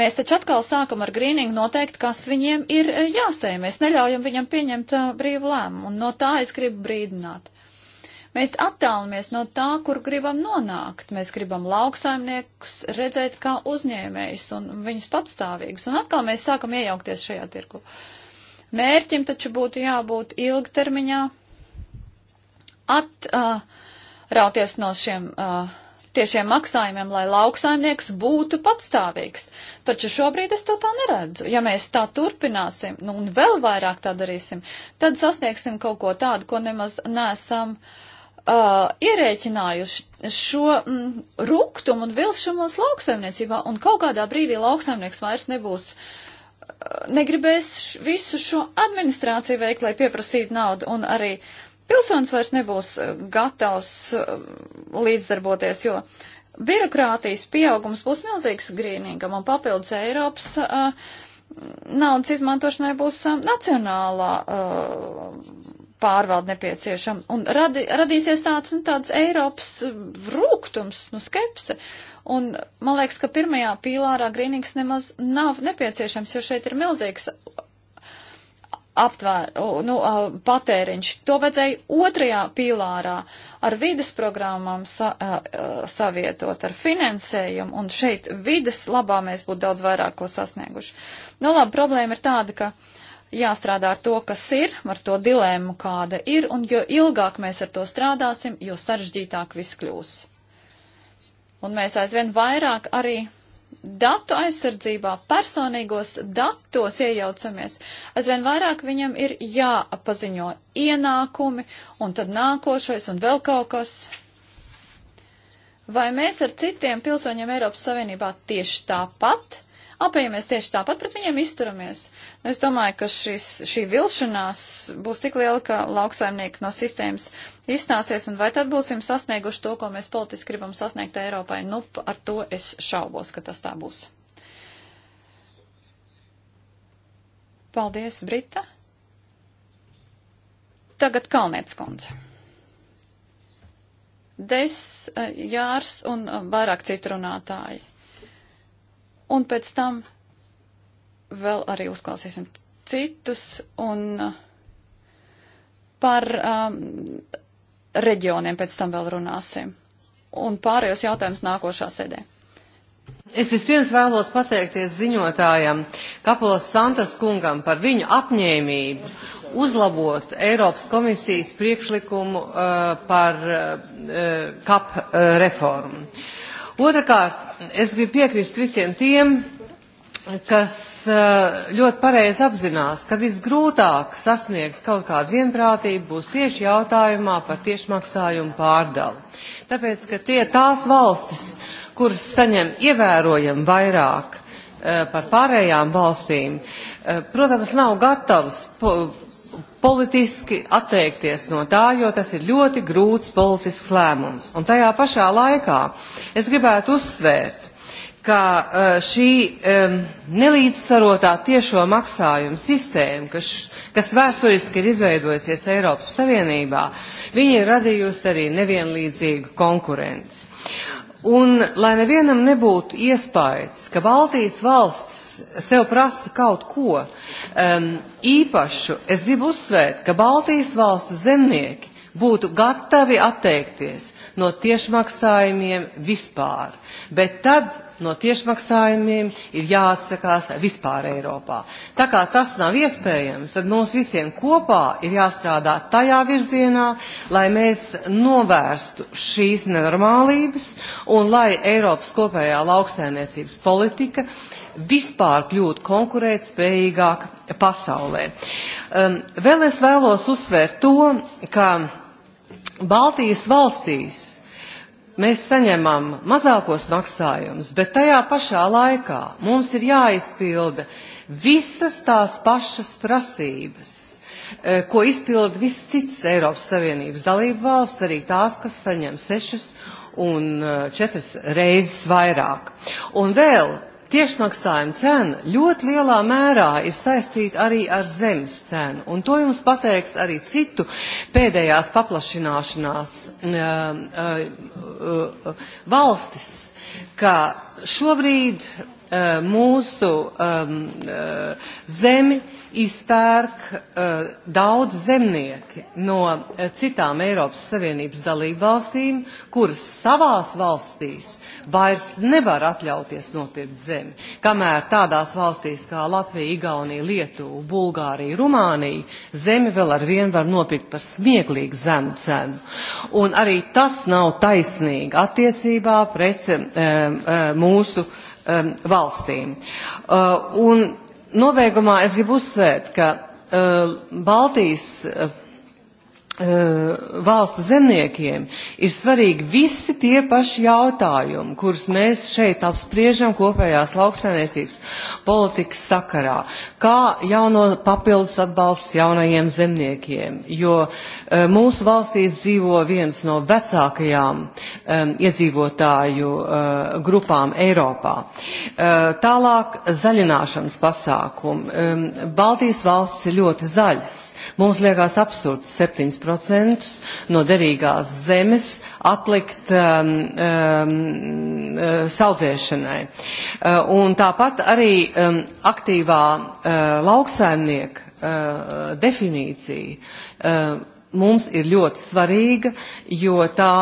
Mēs taču atkal sākam ar grīningu noteikt, kas viņiem ir uh, jāsēj. Mēs neļaujam viņam pieņemt uh, brīvu lēmumu un no tā es gribu brīdināt. Mēs attālamies no tā, kur gribam nonākt. Mēs gribam lauksaimniekus redzēt kā uzņēmējus un viņus patstāvīgus. Un atkal mēs sākam iejaukties šajā tirgu. Mērķim taču būtu jābūt ilgtermiņā atrauties uh, no šiem. Uh, tiešiem maksājumiem, lai lauksaimnieks būtu patstāvīgs. Taču šobrīd es to tā neredzu. Ja mēs tā turpināsim, nu un vēl vairāk tā darīsim, tad sasniegsim kaut ko tādu, ko nemaz nesam uh, Uh, ierēķinājuši šo mm, ruktumu un vilšanos lauksaimniecībā, un kaut kādā brīdī lauksaimnieks vairs nebūs, uh, negribēs š, visu šo administrāciju veikt, lai pieprasītu naudu, un arī pilsonis vairs nebūs uh, gatavs uh, līdzdarboties, jo birokrātijas pieaugums būs milzīgs grīnīgam, un papildus Eiropas uh, naudas izmantošanai būs uh, nacionālā pārvalde nepieciešama. Un radi, radīsies tāds, nu, tāds Eiropas eh, rūgtums, nu, skepse. Un man liekas, ka pirmajā pīlārā grīnīgs nemaz nav nepieciešams, jo šeit ir milzīgs aptvēr, nu, patēriņš. To vajadzēja otrajā pīlārā ar vides programmām sa, savietot, ar finansējumu, un šeit vides labā mēs būtu daudz vairāk ko sasnieguši. Nu, labi, problēma ir tāda, ka jāstrādā ar to, kas ir, ar to dilēmu, kāda ir, un jo ilgāk mēs ar to strādāsim, jo sarežģītāk viss kļūs. Un mēs aizvien vairāk arī datu aizsardzībā, personīgos datos iejaucamies, aizvien vairāk viņam ir jāpaziņo ienākumi, un tad nākošais un vēl kaut kas. Vai mēs ar citiem pilsoņiem Eiropas Savienībā tieši tāpat? apējamies tieši tāpat pret viņiem izturamies. Es domāju, ka šis, šī vilšanās būs tik liela, ka lauksaimnieki no sistēmas izstāsies, un vai tad būsim sasnieguši to, ko mēs politiski gribam sasniegt Eiropai? Nu, ar to es šaubos, ka tas tā būs. Paldies, Brita. Tagad Kalnietis kundze. Des, eh, Jārs un eh, vairāk citu runātāji. Un pēc tam vēl arī uzklausīsim citus un uh, par um, reģioniem pēc tam vēl runāsim. Un pārējos jautājumus nākošā sēdē. Es vispirms vēlos pateikties ziņotājam Kapolas Santos kungam par viņu apņēmību uzlabot Eiropas komisijas priekšlikumu uh, par uh, uh kap uh, reformu. Uh, Otrakārt, es gribu piekrist visiem tiem, kas eh, ļoti pareizi apzinās, ka visgrūtāk sasniegt kaut kādu vienprātību būs tieši jautājumā par tiešmaksājumu pārdalu. Tāpēc, ka tie tās valstis, kuras saņem ievērojami vairāk eh, par pārējām valstīm, eh, protams, nav gatavas politiski atteikties no tā, jo tas ir ļoti grūts politisks lēmums. Un tajā pašā laikā es gribētu uzsvērt, ka e, šī um, nelīdzsvarotā tiešo maksājumu sistēma, kas, kas vēsturiski ir izveidojusies Eiropas Savienībā, viņa ir radījusi arī nevienlīdzīgu konkurenci. Un, lai nevienam nebūtu iespējas, ka Baltijas valsts sev prasa kaut ko um, īpašu, es gribu uzsvērt, ka Baltijas valstu zemnieki būtu gatavi atteikties no tiešmaksājumiem vispār. Bet tad no tiešmaksājumiem ir jāatsakās vispār Eiropā. Tā kā tas nav iespējams, tad mums visiem kopā ir jāstrādā tajā virzienā, lai mēs novērstu šīs nenormālības un lai Eiropas kopējā lauksainiecības politika vispār kļūt konkurētspējīgāk pasaulē. Um, vēl es vēlos uzsvērt to, ka Baltijas valstīs mēs saņemam mazākos maksājumus, bet tajā pašā laikā mums ir jāizpilda visas tās pašas prasības, eh, ko izpilda viss cits Eiropas Savienības dalību valsts, arī tās, kas saņem sešas un eh, četras reizes vairāk. Un vēl Tiešmaksājuma cena ļoti lielā mērā ir saistīta arī ar zemes cenu, un to jums pateiks arī citu pēdējās paplašināšanās um, uh, uh, uh, valstis, ka šobrīd Uh, mūsu um, uh, zemi izpērk uh, daudz zemnieki no citām Eiropas Savienības dalībvalstīm, kuras savās valstīs vairs nevar atļauties nopirkt zemi, kamēr tādās valstīs kā Latvija, Igaunija, Lietuva, Bulgārija, Rumānija zemi vēl ar vienu var nopirkt par smieklīgu zemu cenu. Un arī tas nav taisnīgi attiecībā pret um, um, mūsu uh, um, valstīm. Uh, un novēgumā es gribu uzsvērt, ka uh, Baltijas uh, Eh, valstu zemniekiem ir svarīgi visi tie paši jautājumi, kurus mēs šeit apspriežam kopējās lauksainiecības politikas sakarā, kā jauno papildus atbalsts jaunajiem zemniekiem, jo eh, mūsu valstīs dzīvo viens no vecākajām um, iedzīvotāju uh, grupām Eiropā. Uh, tālāk zaļināšanas pasākumi. Um, Baltijas valsts ir ļoti zaļas. Mums liekas absurds 7% 50% no derīgās zemes atlikt um, um, uh, saudzēšanai. Uh, un tāpat arī um, aktīvā uh, lauksaimnieka uh, definīcija uh, mums ir ļoti svarīga, jo tā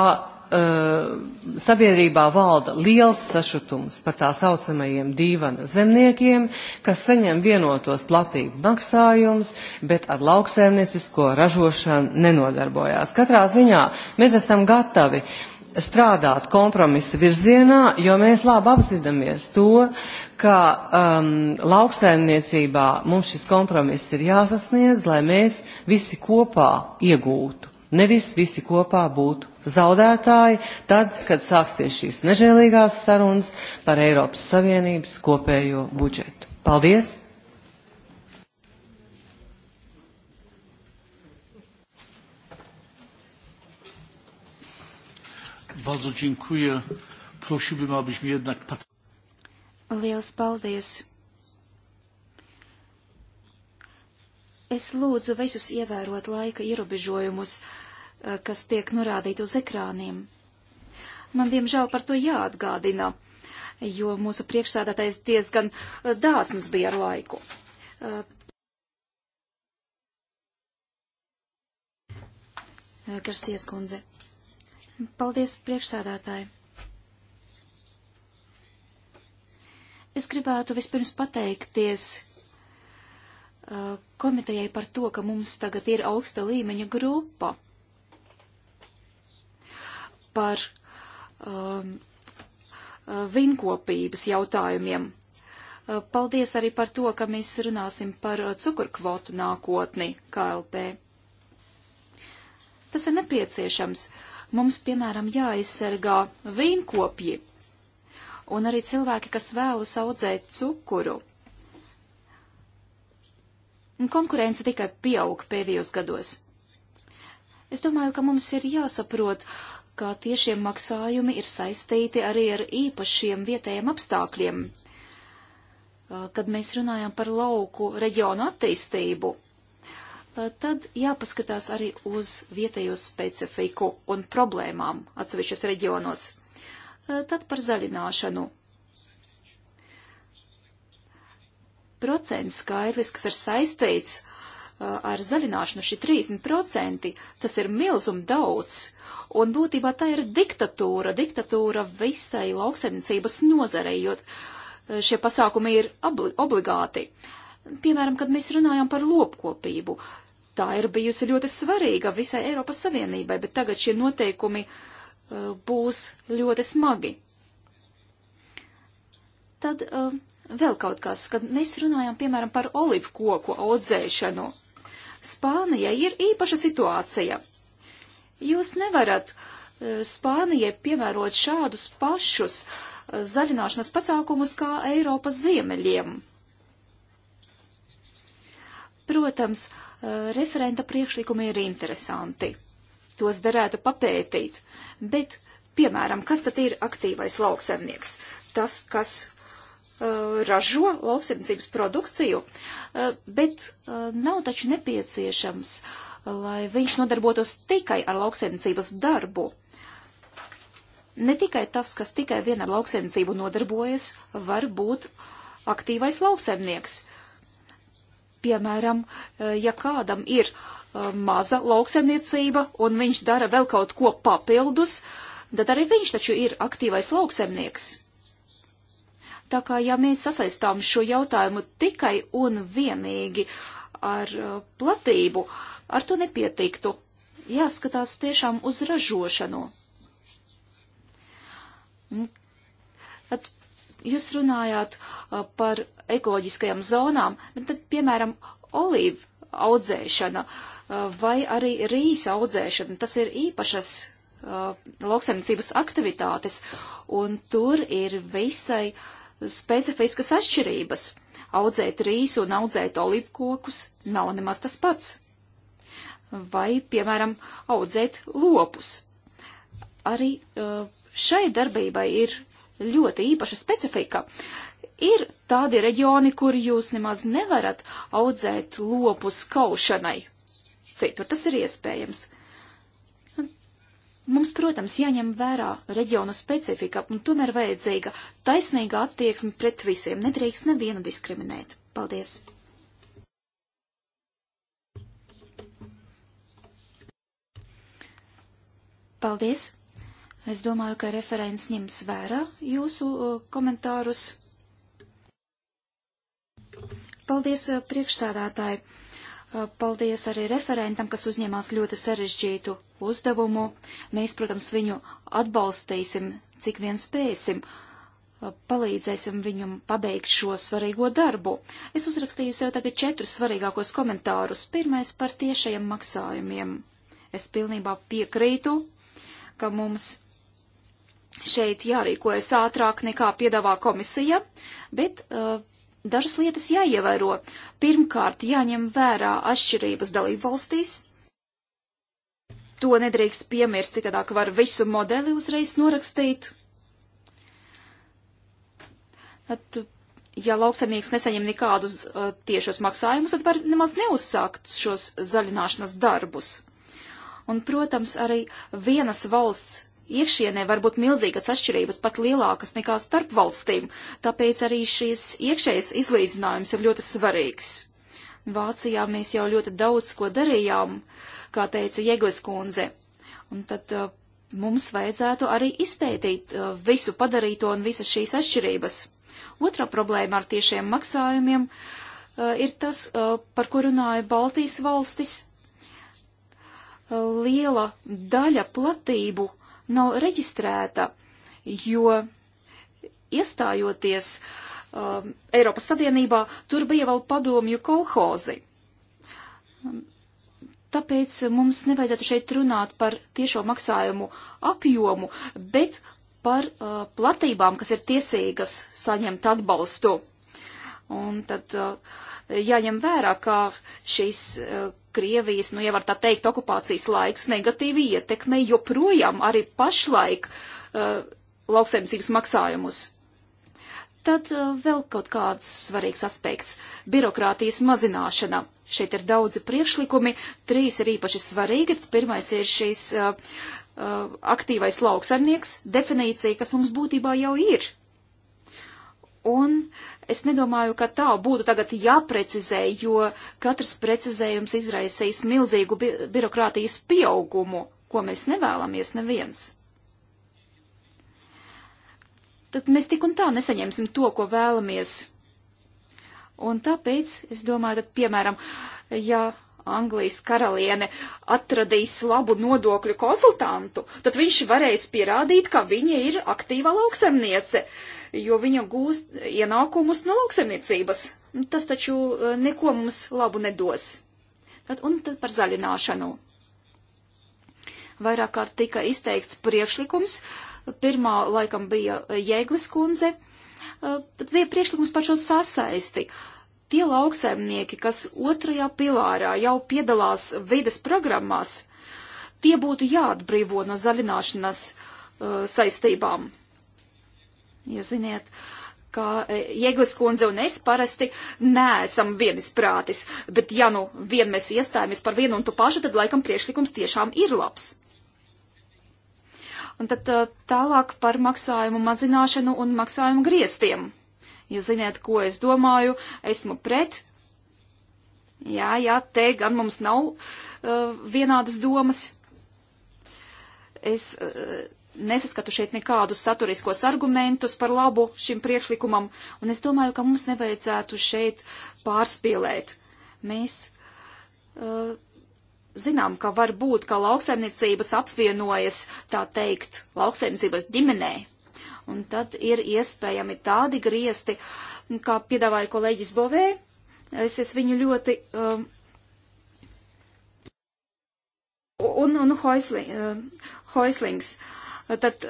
uh, sabiedrībā valda liels sašutums par tā saucamajiem dīvana zemniekiem, kas saņem vienotos platību maksājumus, bet ar lauksēmniecisko ražošanu nenodarbojās. Katrā ziņā mēs esam gatavi strādāt kompromisa virzienā, jo mēs labi apzināmies to, ka um, lauksaimniecībā mums šis kompromiss ir jāsasniedz, lai mēs visi kopā iegūtu. Nevis visi kopā būtu zaudētāji tad, kad sāksies šīs nežēlīgās sarunas par Eiropas Savienības kopējo budžetu. Paldies! Bardzo dziękuję. Prosiłbym, abyśmy jednak... Liels paldies! Es lūdzu visus ievērot laika ierobežojumus, eh, kas tiek norādīti uz ekrāniem. Man, diemžēl, par to jāatgādina, jo mūsu priekšsēdētais diezgan eh, dāsns bija ar laiku. Eh, Garsies kundze. Paldies, priekšsādātāji. Es gribētu vispirms pateikties komitejai par to, ka mums tagad ir augsta līmeņa grupa par um, uh, vinkopības jautājumiem. Uh, paldies arī par to, ka mēs runāsim par cukurkvotu nākotni KLP. Tas ir nepieciešams. Mums, piemēram, jāaizsargā vīnkopji un arī cilvēki, kas vēlas audzēt cukuru un konkurence tikai pieauga pēdējos gados. Es domāju, ka mums ir jāsaprot, ka tiešie maksājumi ir saistīti arī ar īpašiem vietējiem apstākļiem. Uh, kad mēs runājam par lauku reģionu attīstību, uh, tad jāpaskatās arī uz vietējo specifiku un problēmām atsevišķos reģionos. Uh, tad par zaļināšanu. procents skaidrs, kas ir saistīts uh, ar zaļināšanu, šī 30%, tas ir milzum daudz, un būtībā tā ir diktatūra, diktatūra visai lauksaimniecības nozarei, jo uh, šie pasākumi ir obligāti. Piemēram, kad mēs runājam par lopkopību, tā ir bijusi ļoti svarīga visai Eiropas Savienībai, bet tagad šie noteikumi uh, būs ļoti smagi. Tad uh, Vēl kaut kas, kad mēs runājam, piemēram, par olivu koku audzēšanu. Spānijai ir īpaša situācija. Jūs nevarat e, Spānijai piemērot šādus pašus e, zaļināšanas pasākumus kā Eiropas ziemeļiem. Protams, e, referenta priekšlikumi ir interesanti. Tos darētu papētīt, bet, piemēram, kas tad ir aktīvais lauksemnieks? Tas, kas Uh, ražo lauksaimniecības produkciju, uh, bet uh, nav taču nepieciešams, lai viņš nodarbotos tikai ar lauksaimniecības darbu. Ne tikai tas, kas tikai vien ar lauksaimniecību nodarbojas, var būt aktīvais lauksaimnieks. Piemēram, ja kādam ir maza lauksaimniecība un viņš dara vēl kaut ko papildus, tad arī viņš taču ir aktīvais lauksaimnieks Tā kā, ja mēs sasaistām šo jautājumu tikai un vienīgi ar uh, platību, ar to nepietiktu. Jāskatās tiešām uz ražošanu. Mm. Tad jūs runājāt uh, par ekoloģiskajām zonām, bet tad, piemēram, olīvu audzēšana uh, vai arī rīsa audzēšana, tas ir īpašas lauksaimniecības aktivitātes, un tur ir visai uh, specifiskas atšķirības. Audzēt rīsu un audzēt olivkokus nav nemaz tas pats. Vai, piemēram, audzēt lopus. Arī eh, šai darbībai ir ļoti īpaša specifika. Ir tādi reģioni, kur jūs nemaz nevarat audzēt lopus kaušanai. Citur tas ir iespējams. Mums, protams, jāņem vērā reģionu specifika un tomēr vajadzīga taisnīga attieksme pret visiem. Nedrīkst nevienu diskriminēt. Paldies! Paldies! Es domāju, ka referents ņems vērā jūsu uh, komentārus. Paldies, uh, priekšsādātāji! Eh, paldies arī referentam, kas uzņemās ļoti sarežģītu uzdevumu. Mēs, protams, viņu atbalstīsim, cik vien spēsim. Eh, palīdzēsim viņam pabeigt šo svarīgo darbu. Es uzrakstīju jau tagad četrus svarīgākos komentārus. Pirmais par tiešajiem maksājumiem. Es pilnībā piekrītu, ka mums šeit jārīkojas ātrāk nekā piedāvā komisija, bet uh, dažas lietas jāievēro. Pirmkārt, jāņem vērā atšķirības dalību valstīs. To nedrīkst piemirst, citādāk var visu modeli uzreiz norakstīt. At, ja lauksaimnieks nesaņem nekādus uh, tiešos maksājumus, tad var nemaz neuzsākt šos zaļināšanas darbus. Un, protams, arī vienas valsts iekšienē var būt milzīgas atšķirības, pat lielākas nekā starp valstīm, tāpēc arī šīs iekšējas izlīdzinājums ir ļoti svarīgs. Vācijā mēs jau ļoti daudz ko darījām, kā teica Jeglis kundze, un tad uh, mums vajadzētu arī izpētīt uh, visu padarīto un visas šīs atšķirības. Otra problēma ar tiešiem maksājumiem uh, ir tas, uh, par ko runāja Baltijas valstis. Uh, liela daļa platību nav reģistrēta, jo iestājoties um, Eiropas Savienībā, tur bija vēl padomju kolhozi. Tāpēc mums nevajadzētu šeit runāt par tiešo maksājumu apjomu, bet par uh, platībām, kas ir tiesīgas saņemt atbalstu. Un tad uh, jāņem vērā, ka šīs uh, Krievijas, nu, ja var tā teikt, okupācijas laiks negatīvi ietekmē joprojām arī pašlaik uh, lauksaimniecības maksājumus. Tad uh, vēl kaut kāds svarīgs aspekts - birokrātijas mazināšana. Šeit ir daudzi priekšlikumi, trīs ir īpaši svarīgi. Pirmais ir šīs uh, uh, aktīvais lauksaimnieks definīcija, kas mums būtībā jau ir. Un uh, Es nedomāju, ka tā būtu tagad jāprecizē, jo katrs precizējums izraisīs milzīgu bi birokrātijas pieaugumu, ko mēs nevēlamies neviens. Tad mēs tik un tā nesaņemsim to, ko vēlamies. Un tāpēc, es domāju, tad, piemēram, ja Anglijas karaliene atradīs labu nodokļu konsultantu, tad viņš varēs pierādīt, ka viņa ir aktīva lauksemniece, jo viņa gūst ienākumus no lauksemniecības. Tas taču eh, neko mums labu nedos. Tad, un tad par zaļināšanu. Vairāk kārt tika izteikts priekšlikums. Pirmā laikam bija Jēglis kundze. Eh, tad bija priekšlikums par šo sasaisti. Uh, Tie lauksaimnieki, kas otrajā pilārā jau piedalās vides programmās, tie būtu jāatbrīvo no zaļināšanas uh, saistībām. Jūs ziniet, ka uh, Jēglis kundze un es parasti neesam vienisprātis, bet ja nu vien mēs iestājamies par vienu un to pašu, tad laikam priešlikums tiešām ir labs. Un tad uh, tālāk par maksājumu mazināšanu un maksājumu griestiem. Jūs zināt, ko es domāju, esmu pret. Jā, jā, te gan mums nav uh, vienādas domas. Es uh, nesaskatu šeit nekādus saturiskos argumentus par labu šim priekšlikumam, un es domāju, ka mums nevajadzētu šeit pārspīlēt. Mēs uh, zinām, ka var būt, ka lauksaimniecības apvienojas, tā teikt, lauksaimniecības ģimenei, Un tad ir iespējami tādi griesti, kā piedāvāja kolēģis Bovē. Es, es viņu ļoti. Um, un un hoisling, uh, um, hoislings. Tad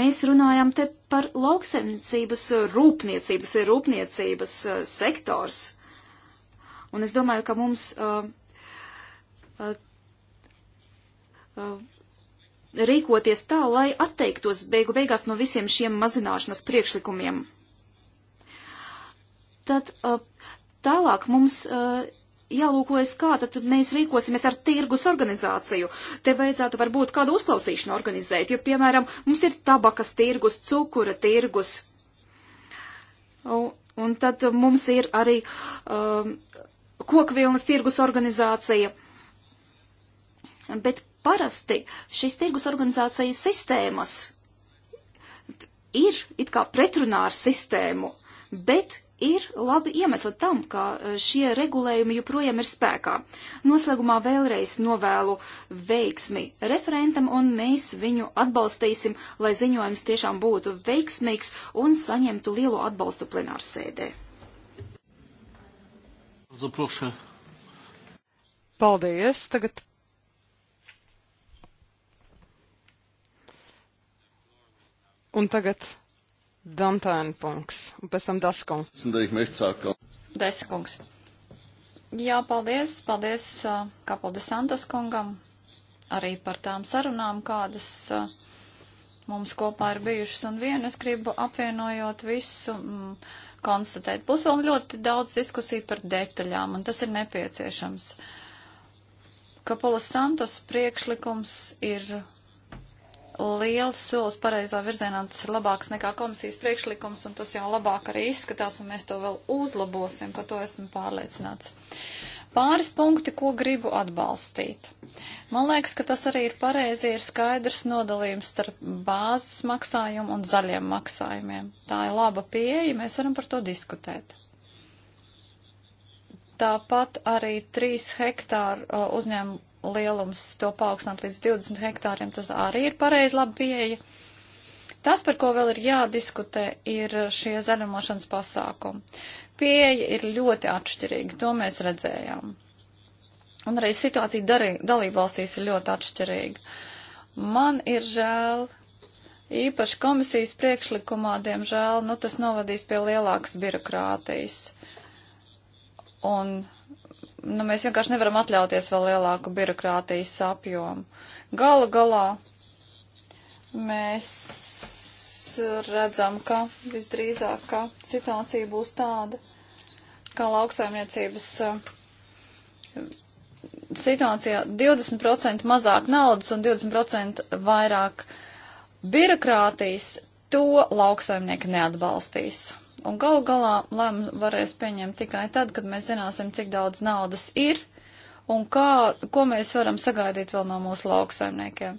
mēs runājam te par lauksaimniecības rūpniecības, ir rūpniecības uh, sektors. Un es domāju, ka mums. Uh, uh, uh, rīkoties tā, lai atteiktos beigu beigās no visiem šiem mazināšanas priekšlikumiem. Tad uh, tālāk mums uh, jālūkojas, kā tad mēs rīkosimies ar tirgus organizāciju. Te vajadzētu varbūt kādu uzklausīšanu organizēt, jo, piemēram, mums ir tabakas tirgus, cukura tirgus. Un, un tad mums ir arī um, kokvilnas tirgus organizācija. Bet Parasti šīs tirgus organizācijas sistēmas ir it kā pretrunā ar sistēmu, bet ir labi iemesli tam, ka e, šie regulējumi joprojām ir spēkā. Noslēgumā vēlreiz novēlu veiksmi referentam, un mēs viņu atbalstīsim, lai ziņojums tiešām būtu veiksmīgs un saņemtu lielu atbalstu plenārsēdē. Paldies! Tagad Un tagad Dantēna kungs, un pēc tam Daskungs. Deskungs. Jā, paldies, paldies uh, Kapalde Santos kungam arī par tām sarunām, kādas uh, mums kopā ir bijušas. Un vienu es gribu apvienojot visu. Mm, konstatēt. Būs vēl ļoti daudz diskusiju par detaļām, un tas ir nepieciešams. Kapolas Santos priekšlikums ir liels solis pareizā virzienā, tas ir labāks nekā komisijas priekšlikums, un tas jau labāk arī izskatās, un mēs to vēl uzlabosim, par to esmu pārliecināts. Pāris punkti, ko gribu atbalstīt. Man liekas, ka tas arī ir pareizi, ir skaidrs nodalījums starp bāzes maksājumu un zaļiem maksājumiem. Tā ir laba pieeja, mēs varam par to diskutēt. Tāpat arī trīs hektāru uh, uzņēmumu lielums, to paaugstināt līdz 20 hektāriem, tas arī ir pareizi laba pieeja. Tas, par ko vēl ir jādiskutē, ir šie zaļumošanas pasākumi. Pieeja ir ļoti atšķirīga, to mēs redzējām. Un arī situācija dalībvalstīs ir ļoti atšķirīga. Man ir žēl, īpaši komisijas priekšlikumā, diemžēl, nu tas novadīs pie lielākas birokrātijas. Un nu, mēs vienkārši nevaram atļauties vēl lielāku birokrātijas apjomu. Gala galā mēs redzam, ka visdrīzāk ka situācija būs tāda, ka lauksaimniecības eh, situācijā 20% mazāk naudas un 20% vairāk birokrātijas, to lauksaimnieki neatbalstīs. Un gal galā lēmumu varēs pieņemt tikai tad, kad mēs zināsim, cik daudz naudas ir un kā, ko mēs varam sagaidīt vēl no mūsu lauksaimniekiem.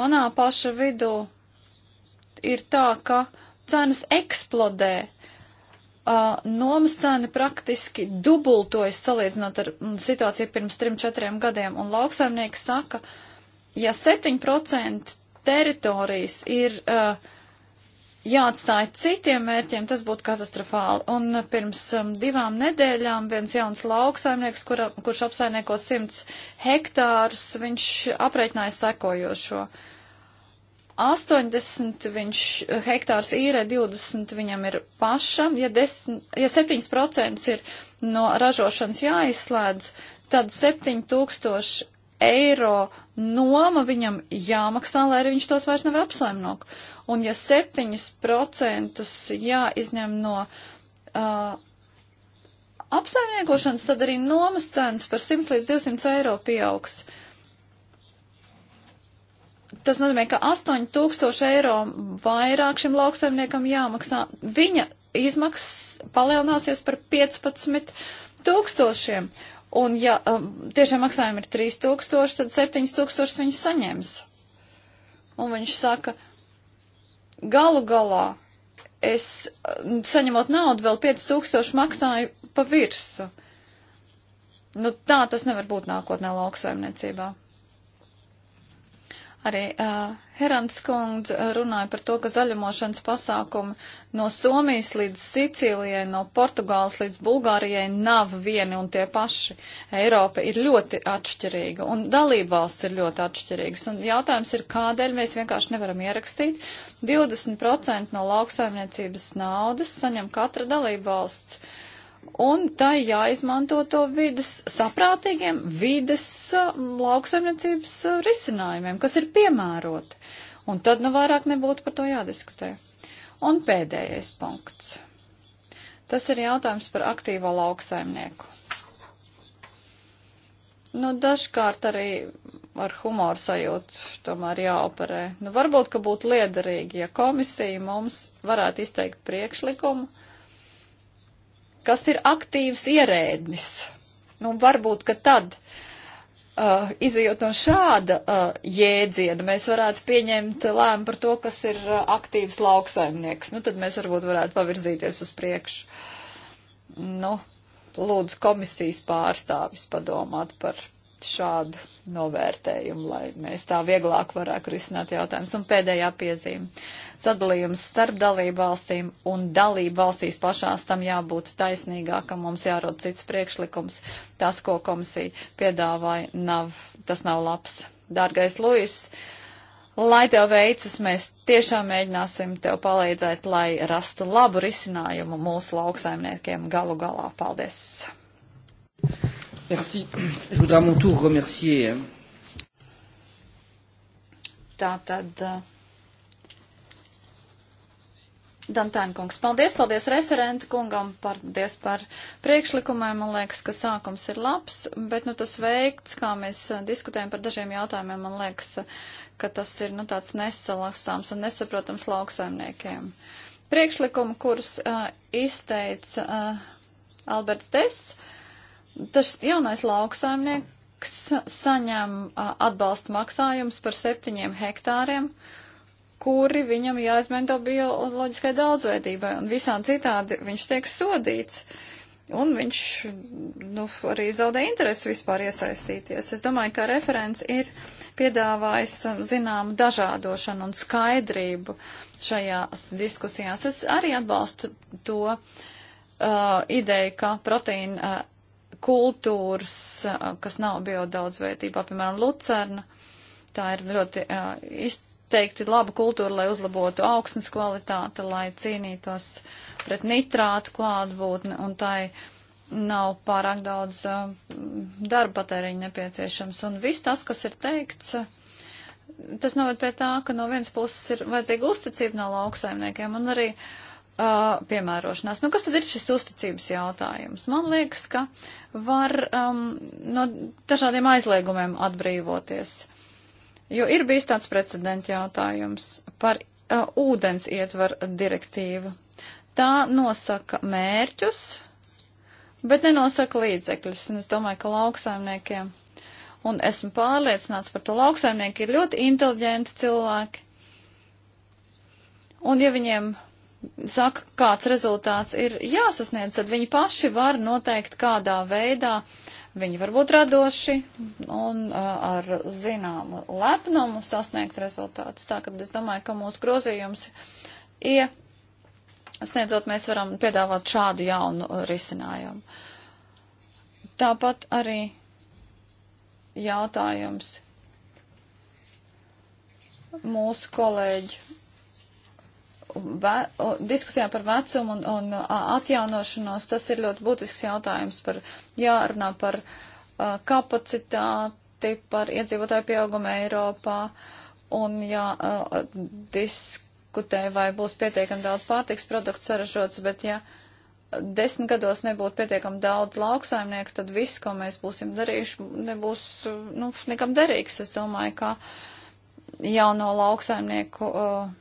Manā paša vidū ir tā, ka cenas eksplodē. Uh, nomas cena praktiski dubultojas salīdzinot ar situāciju pirms 3-4 gadiem, un lauksaimnieki saka, ja 7% teritorijas ir uh, jāatstāja citiem mērķiem, tas būtu katastrofāli. Un eh, pirms um, divām nedēļām viens jauns lauksaimnieks, kura, kurš apsaimnieko 100 hektārus, viņš apreitināja sekojošo. 80 viņš eh, hektārs īrē, 20 viņam ir pašam, ja, 10, ja 7% ir no ražošanas jāizslēdz, tad 7000 eiro noma viņam jāmaksā, lai arī viņš tos vairs nevar apsaimnok. Un ja 7% jāizņem no uh, apsaimniekošanas, tad arī nomas cenas par 100 līdz 200 eiro pieaugs. Tas nozīmē, ka 8000 eiro vairāk šim lauksaimniekam jāmaksā. Viņa izmaksas palielināsies par 15 tūkstošiem. Un ja um, tiešām maksājumi ir 3000, tad 7000 viņš saņems. Un viņš saka, Galu galā es eh, saņemot naudu vēl 5000 maksāju pa virsu. Nu tā tas nevar būt nākotnē lauksaimniecībā. Arī uh, Herants kundze runāja par to, ka zaļumošanas pasākumi no Somijas līdz Sicīlijai, no Portugāles līdz Bulgārijai nav vieni un tie paši. Eiropa ir ļoti atšķirīga un dalība valsts ir ļoti atšķirīgas. Un jautājums ir, kādēļ mēs vienkārši nevaram ierakstīt. 20% no lauksaimniecības naudas saņem katra dalība valsts. Uh, un tai jāizmanto to vidas saprātīgiem vidas uh, lauksaimniecības uh, risinājumiem, kas ir piemēroti. Un tad nu vairāk nebūtu par to jādiskutē. Un pēdējais punkts. Tas ir jautājums par aktīvo lauksaimnieku. Nu, dažkārt arī ar humoru sajūtu tomēr jāoperē. Nu, varbūt, ka būtu liederīgi, ja komisija mums varētu izteikt priekšlikumu, kas ir aktīvs ierēdnis. Nu, varbūt, ka tad, uh, izējot no šāda uh, jēdziena, mēs varētu pieņemt lēmu par to, kas ir uh, aktīvs lauksaimnieks. Nu, tad mēs varbūt varētu pavirzīties uz priekšu. Nu, lūdzu komisijas pārstāvis padomāt par šādu novērtējumu, lai mēs tā vieglāk varētu risināt jautājumus. Un pēdējā piezīme - sadalījums starp dalību valstīm un dalību valstīs pašās tam jābūt taisnīgākam, mums jārod cits priekšlikums. Tas, ko komisija piedāvāja, nav, tas nav labs. Dārgais Luis, lai tev veicas, mēs tiešām mēģināsim tev palīdzēt, lai rastu labu risinājumu mūsu lauksaimniekiem galu galā. Paldies! Thank you. Merci. Je voudrais à mon tour remercier. Tātad. Eh, Dantēna kungs, paldies, paldies referenta kungam, paldies par priekšlikumiem. Man liekas, ka sākums ir labs, bet nu, tas veikts, kā mēs eh, diskutējam par dažiem jautājumiem, man liekas, eh, ka tas ir nu, tāds nesalaksāms un nesaprotams lauksaimniekiem. Priekšlikumu, kurus uh, izteica uh, Alberts Dess, Tas jaunais lauksaimnieks saņem atbalsta maksājums par septiņiem hektāriem, kuri viņam jāizmanto bioloģiskai daudzveidībai, un visām citādi viņš tiek sodīts. Un viņš nu, arī zaudē interesi vispār iesaistīties. Es domāju, ka referents ir piedāvājis zināmu dažādošanu un skaidrību šajās diskusijās. Es arī atbalstu to uh, ideju, ka proteīna uh, kultūras, kas nav biodaudzveidībā, piemēram, lucerna. Tā ir ļoti uh, izteikti laba kultūra, lai uzlabotu augsnes kvalitāti, lai cīnītos pret nitrātu klātbūtni, un tai nav pārāk daudz uh, darba patēriņa nepieciešams. Un viss tas, kas ir teikts, tas noved pie tā, ka no vienas puses ir vajadzīga uzticība no lauksaimniekiem, un arī uh, uh, piemērošanās. Nu, kas tad ir šis uzticības jautājums? Man liekas, ka var um, no dažādiem aizliegumiem atbrīvoties. Jo ir bijis tāds precedenta jautājums par uh, ūdens ietvaru direktīvu. Tā nosaka mērķus, bet nenosaka līdzekļus. Un es domāju, ka lauksaimniekiem, un esmu pārliecināts par to, lauksaimnieki ir ļoti inteliģenti cilvēki. Un ja viņiem saka, kāds rezultāts ir jāsasniedz, tad viņi paši var noteikt, kādā veidā viņi var būt radoši un uh, ar zināmu lepnumu sasniegt rezultātus. Tā kā es domāju, ka mūsu grozījums iesniedzot, mēs varam piedāvāt šādu jaunu risinājumu. Tāpat arī jautājums mūsu kolēģu ve, diskusijām par vecumu un, un atjaunošanos, tas ir ļoti būtisks jautājums par jārunā par uh, kapacitāti, par iedzīvotāju pieaugumu Eiropā un jā, uh, diskutē, vai būs pietiekami daudz pārtiks produktu saražots, bet ja desmit gados nebūtu pietiekami daudz lauksaimnieku, tad viss, ko mēs būsim darījuši, nebūs, nu, nekam derīgs. Es domāju, ka jauno lauksaimnieku. Uh,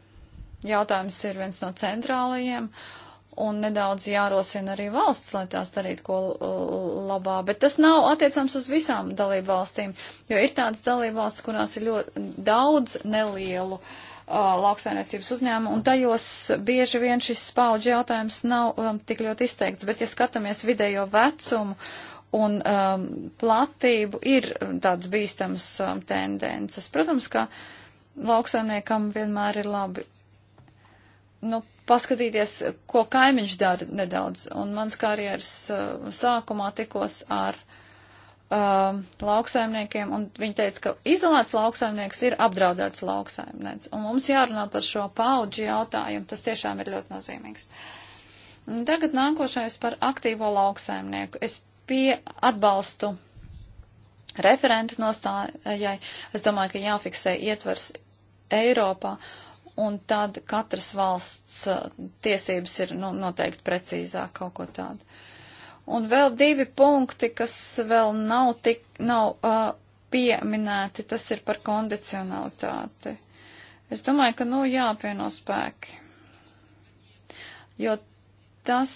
jautājums ir viens no centrālajiem. Un nedaudz jārosina arī valsts, lai tās darītu ko uh, labā, bet tas nav attiecams uz visām dalību valstīm, jo ir tādas dalību valsts, kurās ir ļoti daudz nelielu uh, lauksainiecības uzņēmumu, un tajos bieži vien šis spaudžu jautājums nav um, tik ļoti izteikts, bet ja skatāmies vidējo vecumu un um, platību, ir tāds bīstams um, tendences. Protams, ka lauksaimniekam vienmēr ir labi nu, paskatīties, ko kaimiņš dara nedaudz. Un mans karjeras uh, sākumā tikos ar uh, lauksaimniekiem, un viņi teica, ka izolēts lauksaimnieks ir apdraudēts lauksaimnieks. Un mums jārunā par šo paudžu jautājumu, tas tiešām ir ļoti nozīmīgs. Un tagad nākošais par aktīvo lauksaimnieku. Es pie atbalstu referentu nostājai. Es domāju, ka jāfiksē ietvers Eiropā. Uh, un tad katras valsts uh, tiesības ir nu, noteikti precīzāk kaut ko tādu. Un vēl divi punkti, kas vēl nav, tik, nav uh, pieminēti, tas ir par kondicionalitāti. Es domāju, ka, nu, jāpieno spēki. Jo tas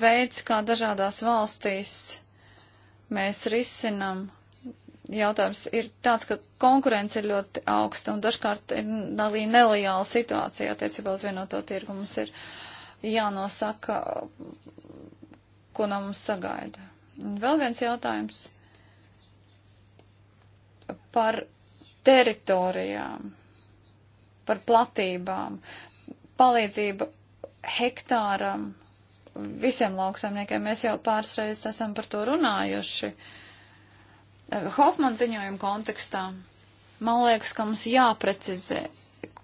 veids, kā dažādās valstīs mēs risinam jautājums ir tāds, ka konkurence ir ļoti augsta un dažkārt ir arī nelojāla situācija attiecībā uz vienoto tirgu. Mums ir jānosaka, ko no mums sagaida. Un vēl viens jautājums par teritorijām, par platībām, palīdzība hektāram visiem lauksaimniekiem. Mēs jau pāris reizes esam par to runājuši. Uh, Eh, Hofman ziņojuma kontekstā man liekas, ka mums jāprecizē,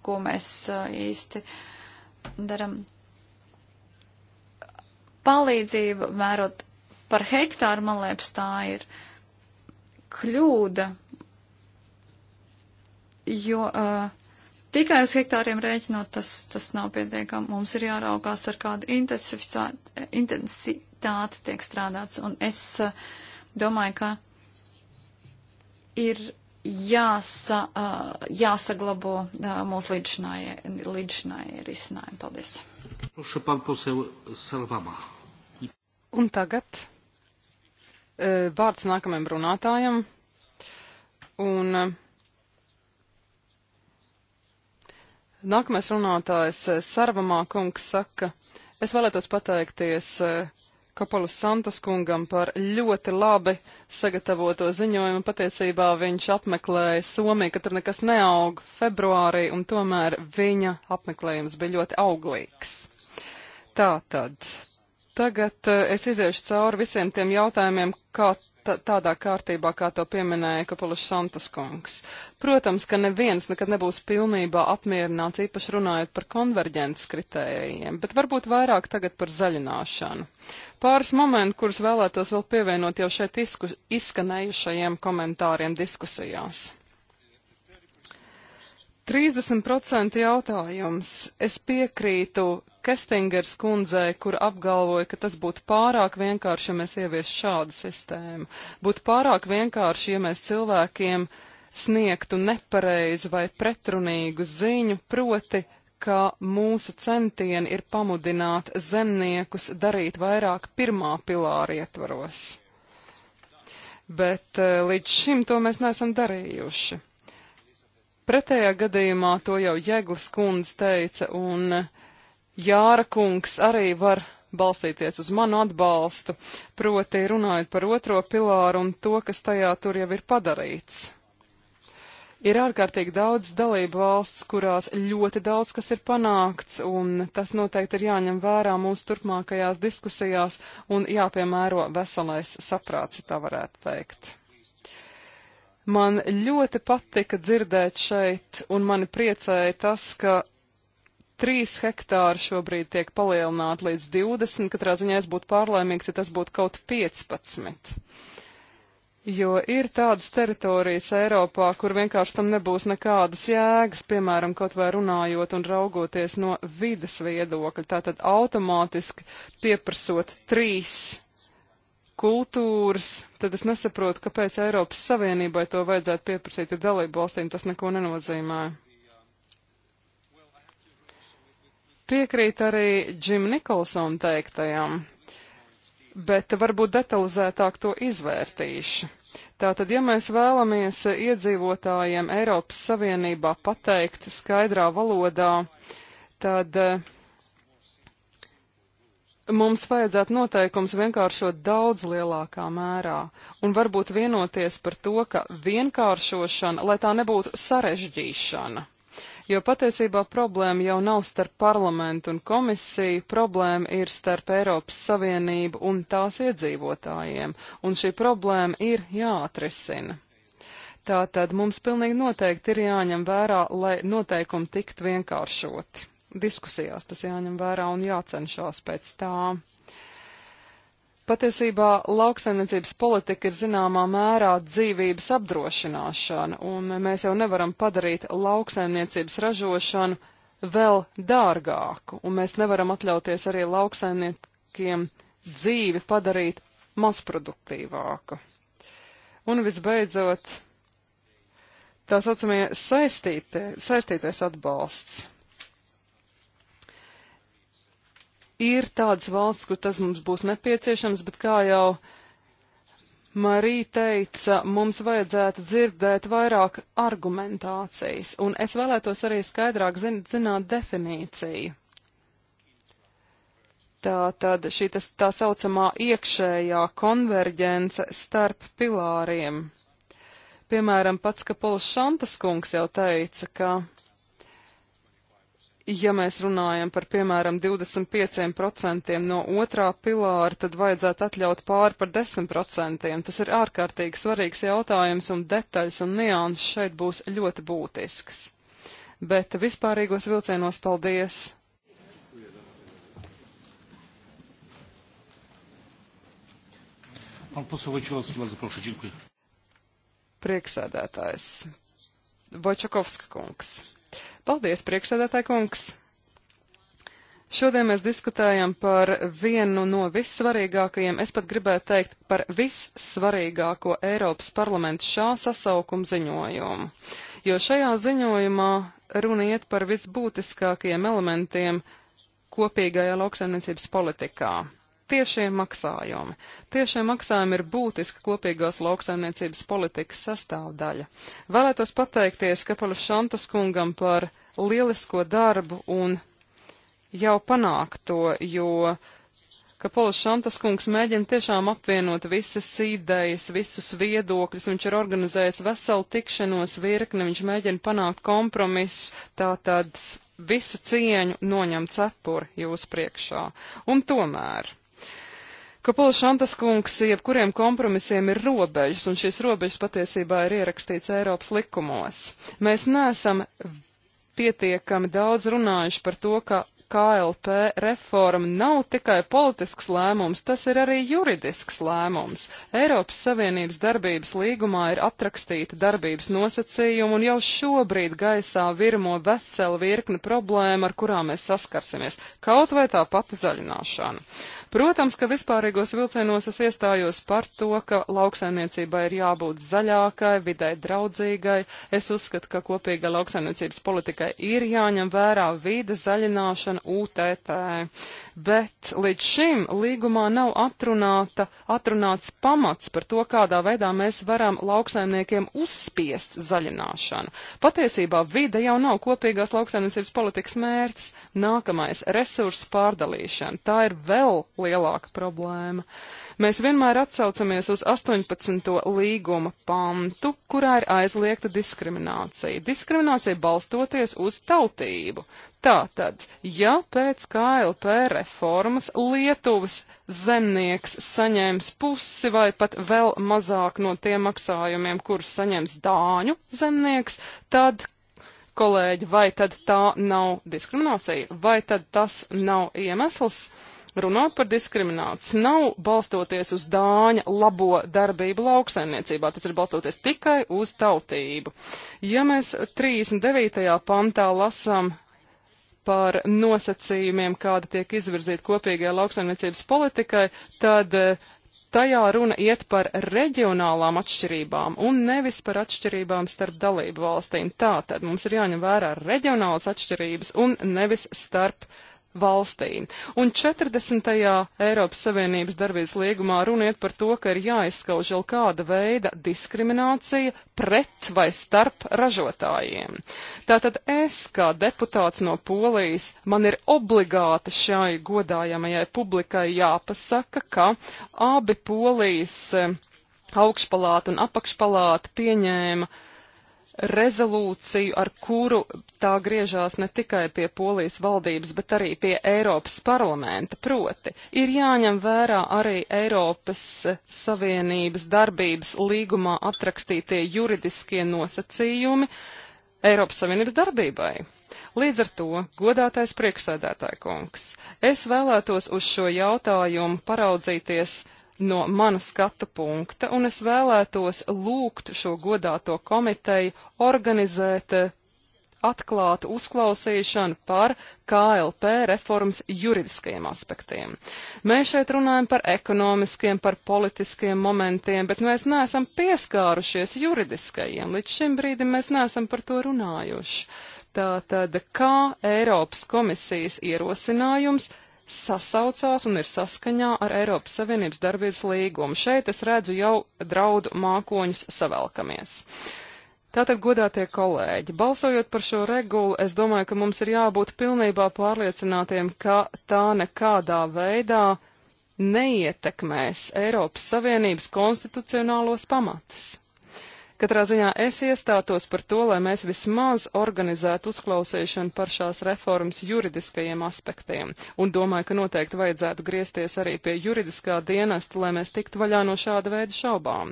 ko mēs eh, īsti daram. Palīdzība mērot par hektāru, man liekas, tā ir kļūda, jo uh, tikai uz hektāriem rēķinot, tas, tas nav pietiekami. Mums ir jāraukās ar kādu intensitāti tiek strādāts, un es uh, domāju, ka ir jāsa, uh, jāsaglabo uh, mūsu līdzinājie risinājumi. Paldies. Un tagad uh, vārds nākamajam runātājam. Un uh, nākamais runātājs Sarvamā kungs saka, es vēlētos pateikties uh, Kapolas Santas kungam par ļoti labi sagatavoto ziņojumu. Patiesībā viņš apmeklēja Somiju, ka tur nekas neaug februārī, un tomēr viņa apmeklējums bija ļoti auglīgs. Tātad, tagad eh, es iziešu cauri visiem tiem jautājumiem, kā tādā kārtībā, kā to pieminēja Kapulis Santas kungs. Protams, ka neviens nekad nebūs pilnībā apmierināts, īpaši runājot par konverģences kritērijiem, bet varbūt vairāk tagad par zaļināšanu. Pāris momenti, kurus vēlētos vēl pievienot jau šeit izskanējušajiem komentāriem diskusijās. 30% jautājums. Es piekrītu Kestingers kundzei, kur apgalvoja, ka tas būtu pārāk vienkārši, ja mēs ieviestu šādu sistēmu. Būtu pārāk vienkārši, ja mēs cilvēkiem sniegtu nepareizu vai pretrunīgu ziņu, proti, ka mūsu centieni ir pamudināt zemniekus darīt vairāk pirmā pilāra ietvaros. Bet eh, līdz šim to mēs neesam darījuši. Pretējā gadījumā to jau Jēglas kundze teica, un Jāra kungs arī var balstīties uz manu atbalstu, proti runājot par otro pilāru un to, kas tajā tur jau ir padarīts. Ir ārkārtīgi daudz dalību valsts, kurās ļoti daudz kas ir panākts, un tas noteikti ir jāņem vērā mūsu turpmākajās diskusijās un jāpiemēro veselais saprāts, tā varētu teikt. Man ļoti patika dzirdēt šeit, un mani priecēja tas, ka 3 hektāri šobrīd tiek palielināti līdz 20, katrā ziņā es būtu pārlaimīgs, ja tas būtu kaut 15. Jo ir tādas teritorijas Eiropā, kur vienkārši tam nebūs nekādas jēgas, piemēram, kaut vai runājot un raugoties no vides viedokļa, tātad automātiski pieprasot trīs kultūras, tad es nesaprotu, kāpēc Eiropas Savienībai to vajadzētu pieprasīt, jo dalību valstīm tas neko nenozīmē. Piekrīt arī Džim Nikolson teiktajam, bet varbūt detalizētāk to izvērtīšu. Tātad, ja mēs vēlamies iedzīvotājiem Eiropas Savienībā pateikt skaidrā valodā, tad uh, Mums vajadzētu noteikums vienkāršot daudz lielākā mērā un varbūt vienoties par to, ka vienkāršošana, lai tā nebūtu sarežģīšana. Jo patiesībā problēma jau nav starp parlamentu un komisiju, problēma ir starp Eiropas Savienību un tās iedzīvotājiem, un šī problēma ir jāatrisina. Tātad mums pilnīgi noteikti ir jāņem vērā, lai noteikumi tikt vienkāršoti diskusijās tas jāņem vērā un jācenšas pēc tā. Patiesībā lauksaimniecības politika ir zināmā mērā dzīvības apdrošināšana, un mēs jau nevaram padarīt lauksaimniecības ražošanu vēl dārgāku, un mēs nevaram atļauties arī lauksaimniekiem dzīvi padarīt mazproduktīvāku. Un visbeidzot, tā saucamie saistītie, saistītais atbalsts. ir tādas valsts, kur tas mums būs nepieciešams, bet kā jau Marija teica, mums vajadzētu dzirdēt vairāk argumentācijas, un es vēlētos arī skaidrāk zin zināt definīciju. Tā tad šī tas, tā saucamā iekšējā konverģence starp pilāriem. Piemēram, pats Kapols Šantas kungs jau teica, ka ja mēs runājam par, piemēram, 25% no otrā pilāra, tad vajadzētu atļaut pāri par 10%. Tas ir ārkārtīgi svarīgs jautājums, un detaļas un nianses šeit būs ļoti būtisks. Bet vispārīgos vilcienos paldies! Pan poseł Wojciechowski, bardzo proszę, dziękuję. Prieksēdētājs Vojčakovska kungs. Paldies, priekšsēdētāji kungs! Šodien mēs diskutējam par vienu no vissvarīgākajiem, es pat gribētu teikt, par vissvarīgāko Eiropas parlamentu šā sasaukuma ziņojumu. Jo šajā ziņojumā runa iet par visbūtiskākajiem elementiem kopīgajā lauksaimniecības politikā. Tiešie maksājumi. Tiešie maksājumi ir būtiska kopīgās lauksaimniecības politikas sastāvdaļa. Vēlētos pateikties Kapalas Šantas kungam par lielisko darbu un jau panākto, jo Kapalas Šantas kungs mēģina tiešām apvienot visas idejas, visus viedokļus, viņš ir organizējis veselu tikšanos virkni, viņš mēģina panākt kompromisus, tātad visu cieņu noņem cepuri jūsu priekšā. Un tomēr ka Polšantas kungs jebkuriem kompromisiem ir robežas, un šīs robežas patiesībā ir ierakstīts Eiropas likumos. Mēs neesam pietiekami daudz runājuši par to, ka KLP reforma nav tikai politisks lēmums, tas ir arī juridisks lēmums. Eiropas Savienības darbības līgumā ir aprakstīta darbības nosacījuma un jau šobrīd gaisā virmo vesela virkne problēma, ar kurām mēs saskarsimies, kaut vai tā pati zaļināšana. Protams, ka vispārīgos vilcienos es iestājos par to, ka lauksaimniecībai ir jābūt zaļākai, vidē draudzīgai. Es uzskatu, ka kopīga lauksaimniecības politikai ir jāņem vērā vīda zaļināšana UTT. Bet līdz šim līgumā nav atrunāta, atrunāts pamats par to, kādā veidā mēs varam lauksaimniekiem uzspiest zaļināšanu. Patiesībā vide jau nav kopīgās lauksaimniecības politikas mērķis. Nākamais - resursu pārdalīšana. Tā ir vēl lielāka problēma. Mēs vienmēr atsaucamies uz 18. līguma pantu, kurā ir aizliegta diskriminācija. Diskriminācija balstoties uz tautību. Tātad, ja pēc KLP reformas Lietuvas zemnieks saņems pusi vai pat vēl mazāk no tiem maksājumiem, kurus saņems Dāņu zemnieks, tad kolēģi, vai tad tā nav diskriminācija, vai tad tas nav iemesls? Uh, Runāt par diskrimināciju nav balstoties uz dāņa labo darbību lauksaimniecībā, tas ir balstoties tikai uz tautību. Ja mēs 39. pantā lasām par nosacījumiem, kāda tiek izvirzīta kopīgajai lauksaimniecības politikai, tad eh, tajā runa iet par reģionālām atšķirībām un nevis par atšķirībām starp dalību valstīm. Tātad mums ir jāņem vērā reģionālas atšķirības un nevis starp valstīm. Un 40. Eiropas Savienības darbības līgumā runiet par to, ka ir jāizskauž jau kāda veida diskriminācija pret vai starp ražotājiem. Tātad es, kā deputāts no Polijas, man ir obligāti šai godājamajai publikai jāpasaka, ka abi Polijas eh, augšpalāta un apakšpalāta pieņēma rezolūciju, ar kuru tā griežās ne tikai pie polijas valdības, bet arī pie Eiropas parlamenta. Proti, ir jāņem vērā arī Eiropas Savienības darbības līgumā aprakstītie juridiskie nosacījumi Eiropas Savienības darbībai. Līdz ar to, godātais priekšsēdētāja kungs, es vēlētos uz šo jautājumu paraudzīties no mana skatu punkta, un es vēlētos lūgt šo godāto komiteju organizēt eh, atklātu uzklausīšanu par KLP reformas juridiskajiem aspektiem. Mēs šeit runājam par ekonomiskiem, par politiskiem momentiem, bet mēs neesam pieskārušies juridiskajiem. Līdz šim brīdim mēs neesam par to runājuši. Tātad, kā Eiropas komisijas ierosinājums sasaucās un ir saskaņā ar Eiropas Savienības darbības līgumu. Šeit es redzu jau draudu mākoņus savelkamies. Tātad, godātie kolēģi, balsojot par šo regulu, es domāju, ka mums ir jābūt pilnībā pārliecinātiem, ka tā nekādā veidā neietekmēs Eiropas Savienības konstitucionālos pamatus. Katrā ziņā es iestātos par to, lai mēs vismaz organizētu uzklausīšanu par šās reformas juridiskajiem aspektiem, un domāju, ka noteikti vajadzētu griezties arī pie juridiskā dienesta, lai mēs tiktu vaļā no šāda veida šaubām.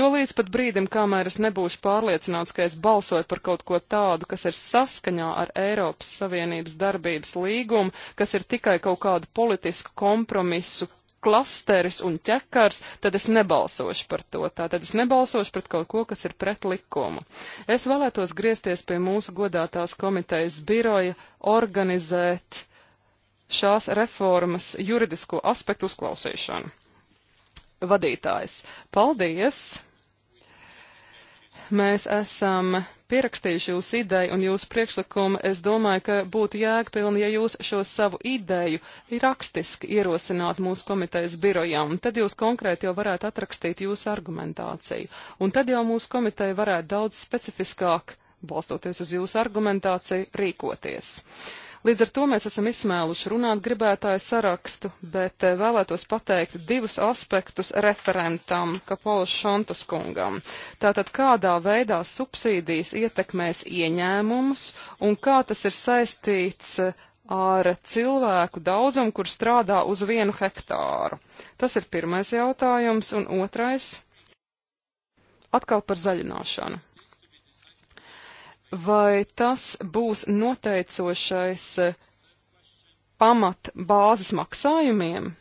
Jo līdz pat brīdim, kamēr es nebūšu pārliecināts, ka es balsoju par kaut ko tādu, kas ir saskaņā ar Eiropas Savienības darbības līgumu, kas ir tikai kaut kādu politisku kompromisu klasteris un ķekars, tad es nebalsošu par to. Tātad es nebalsošu pret kaut ko, kas ir pret likumu. Es vēlētos griezties pie mūsu godātās komitejas biroja organizēt šās reformas juridisko aspektu uzklausīšanu. Vadītājs, paldies! Mēs esam pierakstījuši jūsu ideju un jūsu priekšlikumu, es domāju, ka būtu jēgpilni, ja jūs šo savu ideju rakstiski ierosinātu mūsu komitejas birojām. Tad jūs konkrēti jau varētu atrakstīt jūsu argumentāciju. Un tad jau mūsu komiteja varētu daudz specifiskāk, balstoties uz jūsu argumentāciju, rīkoties. Uh, Līdz ar to mēs esam izsmēluši runāt gribētāju sarakstu, bet eh, vēlētos pateikt divus aspektus referentam Kapolas Šantas kungam. Tātad kādā veidā subsīdijas ietekmēs ieņēmumus un kā tas ir saistīts eh, ar cilvēku daudzumu, kur strādā uz vienu hektāru? Tas ir pirmais jautājums, un otrais atkal par zaļināšanu vai tas būs noteicošais eh, pamat bāzes maksājumiem?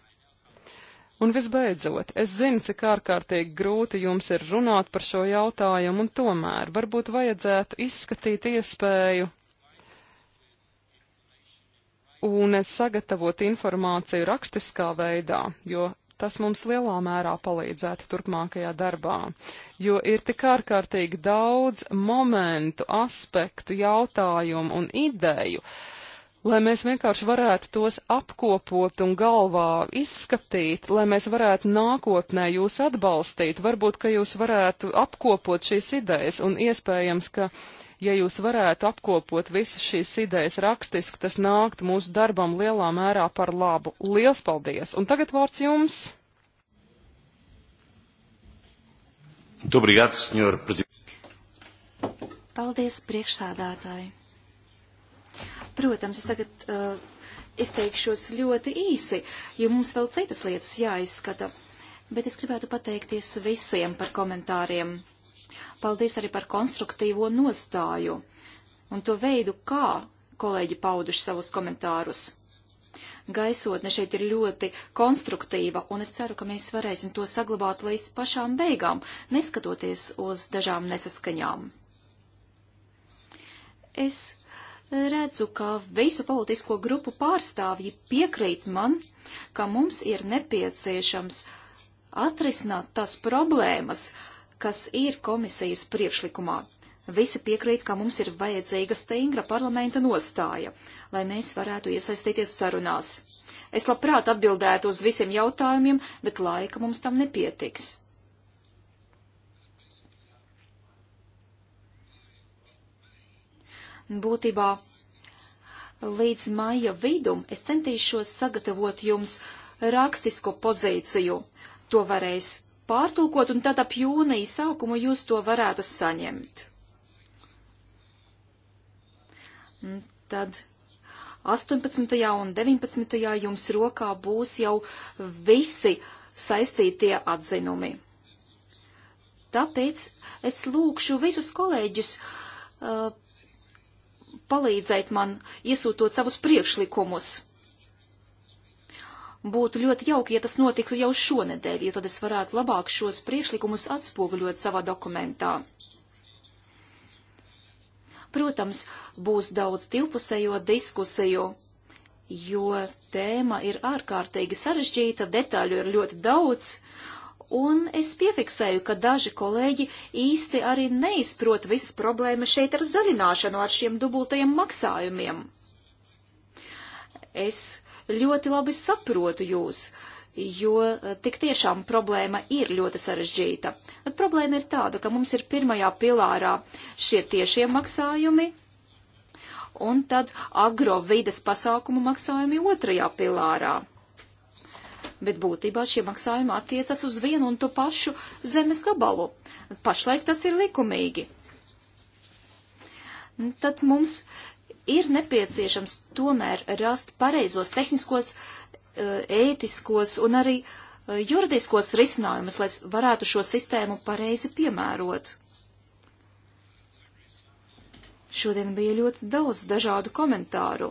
Un visbeidzot, es zinu, cik ārkārtīgi grūti jums ir runāt par šo jautājumu, un tomēr varbūt vajadzētu izskatīt iespēju un sagatavot informāciju rakstiskā veidā, jo tas mums lielā mērā palīdzētu turpmākajā darbā, jo ir tik ārkārtīgi daudz momentu, aspektu, jautājumu un ideju, lai mēs vienkārši varētu tos apkopot un galvā izskatīt, lai mēs varētu nākotnē jūs atbalstīt, varbūt, ka jūs varētu apkopot šīs idejas un iespējams, ka Ja jūs varētu apkopot visas šīs idejas rakstiski, tas nāktu mūsu darbam lielā mērā par labu. Liels paldies! Un tagad vārds jums! Obrigado, senhor presidente. Paldies, priekšsādātāji. Protams, es tagad uh, izteikšos ļoti īsi, jo mums vēl citas lietas jāizskata, bet es gribētu pateikties visiem par komentāriem. Paldies arī par konstruktīvo nostāju un to veidu, kā kolēģi pauduši savus komentārus. Gaisotne šeit ir ļoti konstruktīva, un es ceru, ka mēs varēsim to saglabāt līdz pašām beigām, neskatoties uz dažām nesaskaņām. Es redzu, ka visu politisko grupu pārstāvji piekrīt man, ka mums ir nepieciešams atrisināt tās problēmas, uh, kas ir komisijas priekšlikumā. Visi piekrīt, ka mums ir vajadzīga stingra parlamenta nostāja, lai mēs varētu iesaistīties sarunās. Es labprāt atbildētu uz visiem jautājumiem, bet laika mums tam nepietiks. Būtībā līdz maija vidum es centīšos sagatavot jums rakstisko pozīciju. To varēs pārtulkot, un tad ap jūnija sākumu jūs to varētu saņemt. Un tad 18. un 19. jums rokā būs jau visi saistītie atzinumi. Tāpēc es lūkšu visus kolēģus uh, palīdzēt man iesūtot savus priekšlikumus Būtu ļoti jauki, ja tas notiktu jau šonedēļ, jo tad es varētu labāk šos priekšlikumus atspoguļot savā dokumentā. Protams, būs daudz divpusējo diskusiju, jo tēma ir ārkārtīgi sarežģīta, detaļu ir ļoti daudz, un es piefiksēju, ka daži kolēģi īsti arī neizprot visas problēmas šeit ar zaļināšanu, ar šiem dubultajiem maksājumiem. Es ļoti labi saprotu jūs, jo eh, tik tiešām problēma ir ļoti sarežģīta. Bet problēma ir tāda, ka mums ir pirmajā pilārā šie tiešie maksājumi un tad agrovides pasākumu maksājumi otrajā pilārā. Bet būtībā šie maksājumi attiecas uz vienu un to pašu zemes gabalu. Pašlaik tas ir likumīgi. Tad mums ir nepieciešams tomēr rast pareizos tehniskos, eh, ētiskos un arī eh, juridiskos risinājumus, lai varētu šo sistēmu pareizi piemērot. Šodien bija ļoti daudz dažādu komentāru.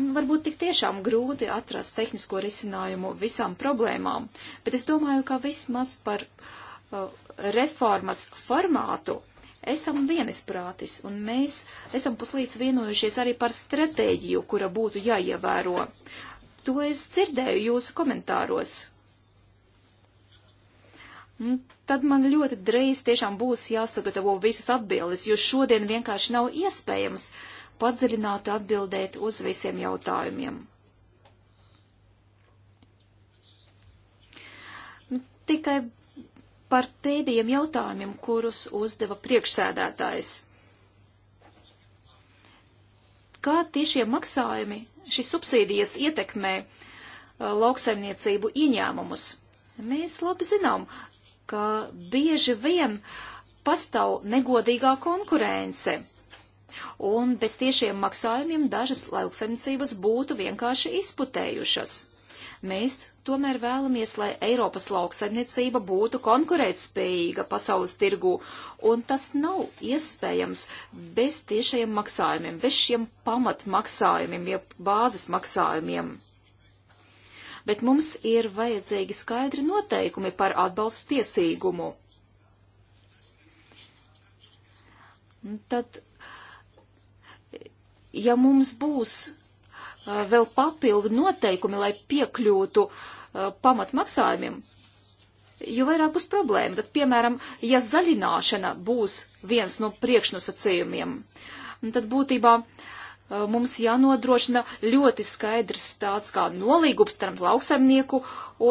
Un varbūt tik tiešām grūti atrast tehnisko risinājumu visām problēmām, bet es domāju, ka vismaz par uh, reformas formātu esam vienisprātis, un mēs esam puslīdz vienojušies arī par stratēģiju, kura būtu jāievēro. To es dzirdēju jūsu komentāros. Un tad man ļoti drīz tiešām būs jāsagatavo visas atbildes, jo šodien vienkārši nav iespējams padziļināt atbildēt uz visiem jautājumiem. Nu, tikai par pēdējiem jautājumiem, kurus uzdeva priekšsēdētājs. Kā tiešie maksājumi, šīs subsīdijas ietekmē uh, lauksaimniecību ieņēmumus? Mēs labi zinām, ka bieži vien pastāv negodīgā konkurence. Un bez tiešiem maksājumiem dažas lauksaimniecības būtu vienkārši izputējušas. Mēs tomēr vēlamies, lai Eiropas lauksaimniecība būtu konkurētspējīga pasaules tirgū, un tas nav iespējams bez tiešajiem maksājumiem, bez šiem pamatmaksājumiem, jeb bāzes maksājumiem. Bet mums ir vajadzīgi skaidri noteikumi par atbalstu tiesīgumu. Tad, ja mums būs Uh, vēl papildu noteikumi, lai piekļūtu uh, pamatmaksājumiem, jo vairāk būs problēma. Tad, piemēram, ja zaļināšana būs viens no priekšnosacījumiem, tad būtībā uh, mums jānodrošina ļoti skaidrs tāds kā nolīgums starp lauksaimnieku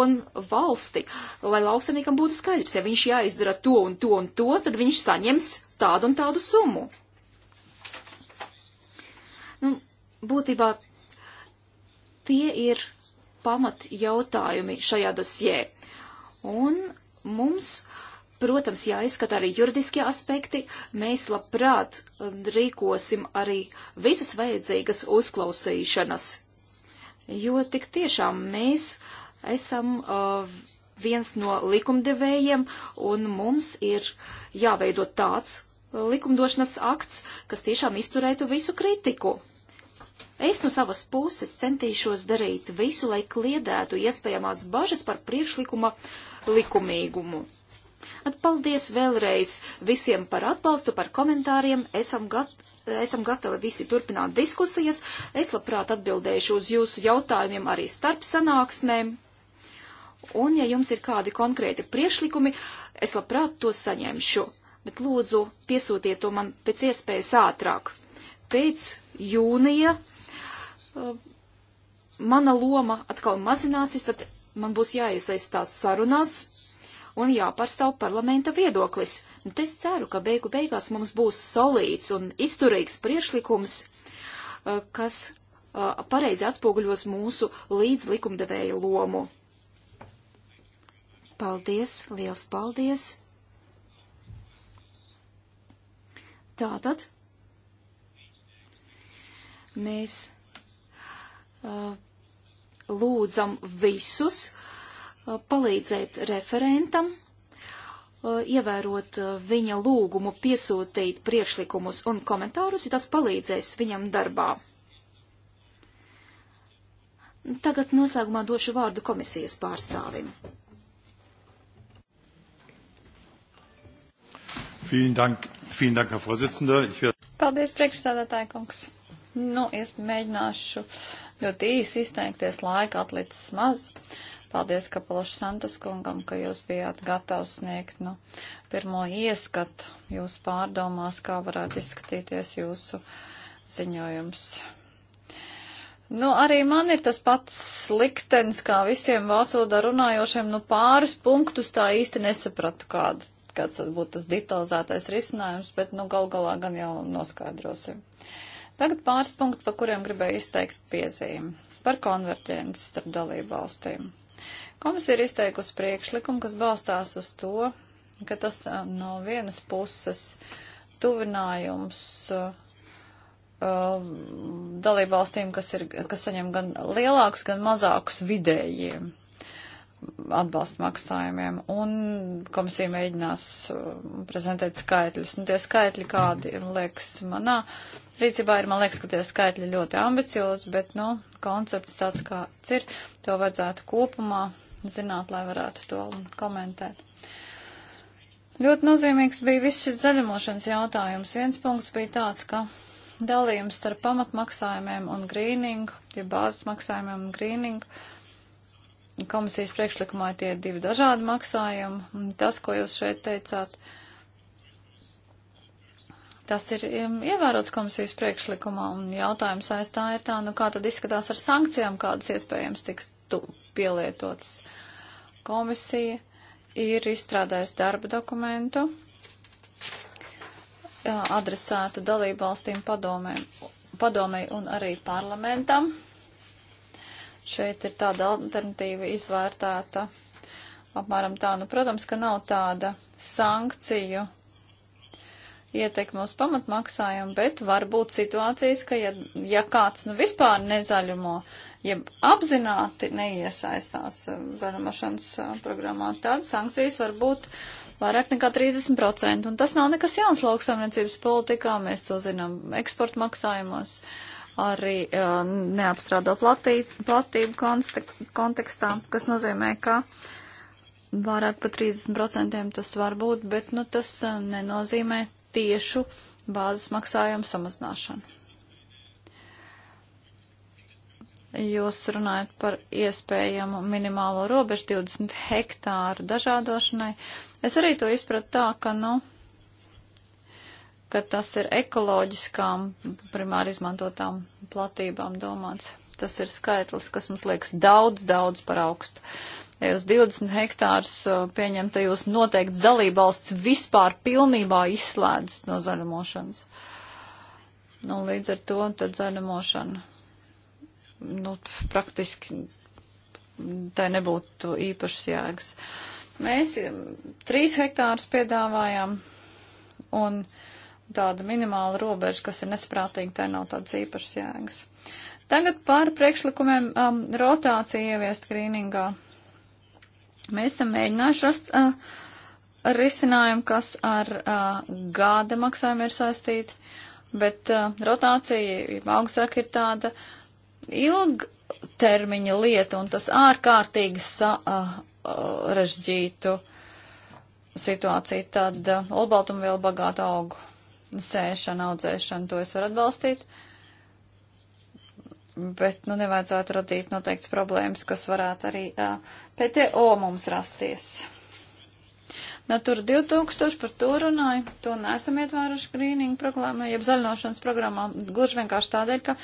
un valsti, lai lauksaimniekam būtu skaidrs, ja viņš jāizdara to un to un to, tad viņš saņems tādu un tādu summu. Nu, būtībā Tie ir pamat jautājumi šajā dosjē. Un mums, protams, jāizskata arī juridiskie aspekti. Mēs labprāt um, rīkosim arī visas vajadzīgas uzklausīšanas. Jo tik tiešām mēs esam uh, viens no likumdevējiem, un mums ir jāveido tāds uh, likumdošanas akts, kas tiešām izturētu visu kritiku. Es no savas puses centīšos darīt visu, lai kliedētu iespējamās bažas par priekšlikuma likumīgumu. At paldies vēlreiz visiem par atbalstu, par komentāriem. Esam gatavi esam gatavi visi turpināt diskusijas. Es labprāt atbildēšu uz jūsu jautājumiem arī starp sanāksmēm. Un, ja jums ir kādi konkrēti priešlikumi, es labprāt tos saņemšu. Bet lūdzu, piesūtiet to man pēc iespējas ātrāk. Pēc jūnija mana loma atkal mazināsies, tad man būs jāiesaistās sarunās un jāpārstāv parlamenta viedoklis. Un es ceru, ka beigu beigās mums būs solīts un izturīgs priešlikums, eh, kas eh, pareizi atspoguļos mūsu līdzlikumdevēju lomu. Paldies, liels paldies! Tātad mēs Uh, lūdzam visus uh, palīdzēt referentam, uh, ievērot viņa lūgumu piesūtīt priekšlikumus un komentārus, ja tas palīdzēs viņam darbā. Tagad noslēgumā došu vārdu komisijas pārstāvim. Vielen Dank, vielen Dank, Herr Vorsitzender. Ich werde... Paldies, priekšstādātāja kungs. Nu, es mēģināšu uh, ļoti īsi izteikties, laika atlicis maz. Paldies, ka Palašs Santos kungam, ka jūs bijāt gatavs sniegt nu, pirmo ieskatu jūsu pārdomās, kā varētu izskatīties jūsu ziņojums. Nu, arī man ir tas pats liktenis, kā visiem vācu valodā runājošiem, nu pāris punktus tā īsti nesapratu, kāda, kāds būtu tas detalizētais risinājums, bet nu gal galā gan jau noskaidrosim. Uh, Tagad pāris punkti, pa kuriem gribēju izteikt piezīmi par konverģenci starp dalību valstīm. Komisija ir izteikusi priekšlikumu, kas balstās uz to, ka tas uh, no vienas puses tuvinājums uh, uh, dalību valstīm, kas, ir, kas saņem gan lielākus, gan mazākus vidējiem atbalsta maksājumiem, un komisija mēģinās uh, prezentēt skaitļus. Nu, tie skaitļi, kādi ir, liekas, manā rīcībā ir, man liekas, ka tie skaitļi ļoti ambiciozi, bet, nu, koncepts tāds kāds ir, to vajadzētu kopumā zināt, lai varētu to komentēt. Ļoti nozīmīgs bija viss šis zaļumošanas jautājums. Viens punkts bija tāds, ka dalījums starp pamatmaksājumiem un grīningu, tie bāzes maksājumiem un grīningu, komisijas priekšlikumā tie divi dažādi maksājumi. Tas, ko jūs šeit teicāt, uh, Tas ir ievērots komisijas priekšlikumā, un jautājums aiz tā ir tā, nu kā tad izskatās ar sankcijām, kādas iespējams tiks pielietotas. Komisija ir izstrādājusi darba dokumentu, adresētu dalību valstīm padomēm, padomēji un arī parlamentam. Šeit ir tāda alternatīva izvērtēta apmēram tā, nu, protams, ka nav tāda sankciju ietekmi uz pamatmaksājumu, bet var būt situācijas, ka ja, ja kāds nu vispār nezaļumo, ja apzināti neiesaistās um, zaļumošanas um, programmā, tad sankcijas var būt vairāk nekā 30%. Un tas nav nekas jauns lauksaimniecības politikā, mēs to zinām eksporta maksājumos, arī uh, neapstrādo platību, platību kontekstā, kas nozīmē, ka vairāk par 30% tas var būt, bet nu, tas uh, nenozīmē tiešu bāzes maksājumu samazināšanu. Jūs runājat par iespējamu minimālo robežu 20 hektāru dažādošanai. Es arī to izpratu tā, ka, nu, ka tas ir ekoloģiskām, primāri izmantotām platībām domāts. Tas ir skaitlis, kas mums liekas daudz, daudz par augstu. Uh, Ja jūs 20 hektārus pieņemt, tad jūs noteikti dalībvalsts vispār pilnībā izslēdz no zaļumošanas. Nu, līdz ar to tad zaļumošana, nu, praktiski tai nebūtu īpašas jēgas. Mēs 3 hektārus piedāvājām un tāda minimāla robeža, kas ir nesprātīga, tai nav tādas īpašas jēgas. Tagad par priekšlikumiem um, rotāciju ieviest grīningā. Mēs esam mēģinājuši rast uh, risinājumu, kas ar uh, gada maksājumu ir saistīti, bet uh, rotācija, augstsāk ir tāda ilgtermiņa lieta, un tas ārkārtīgi sarežģītu uh, uh, situāciju. Tad uh, olbaltumvielu bagāta augu sēšana, audzēšana, to es varu atbalstīt. Bet, nu, nevajadzētu radīt noteikts problēmas, kas varētu arī uh, PTO mums rasties. Natura 2000 par to runāju, to nesam ietvēruši grīningu programmā, jeb zaļināšanas programmā, gluži vienkārši tādēļ, ka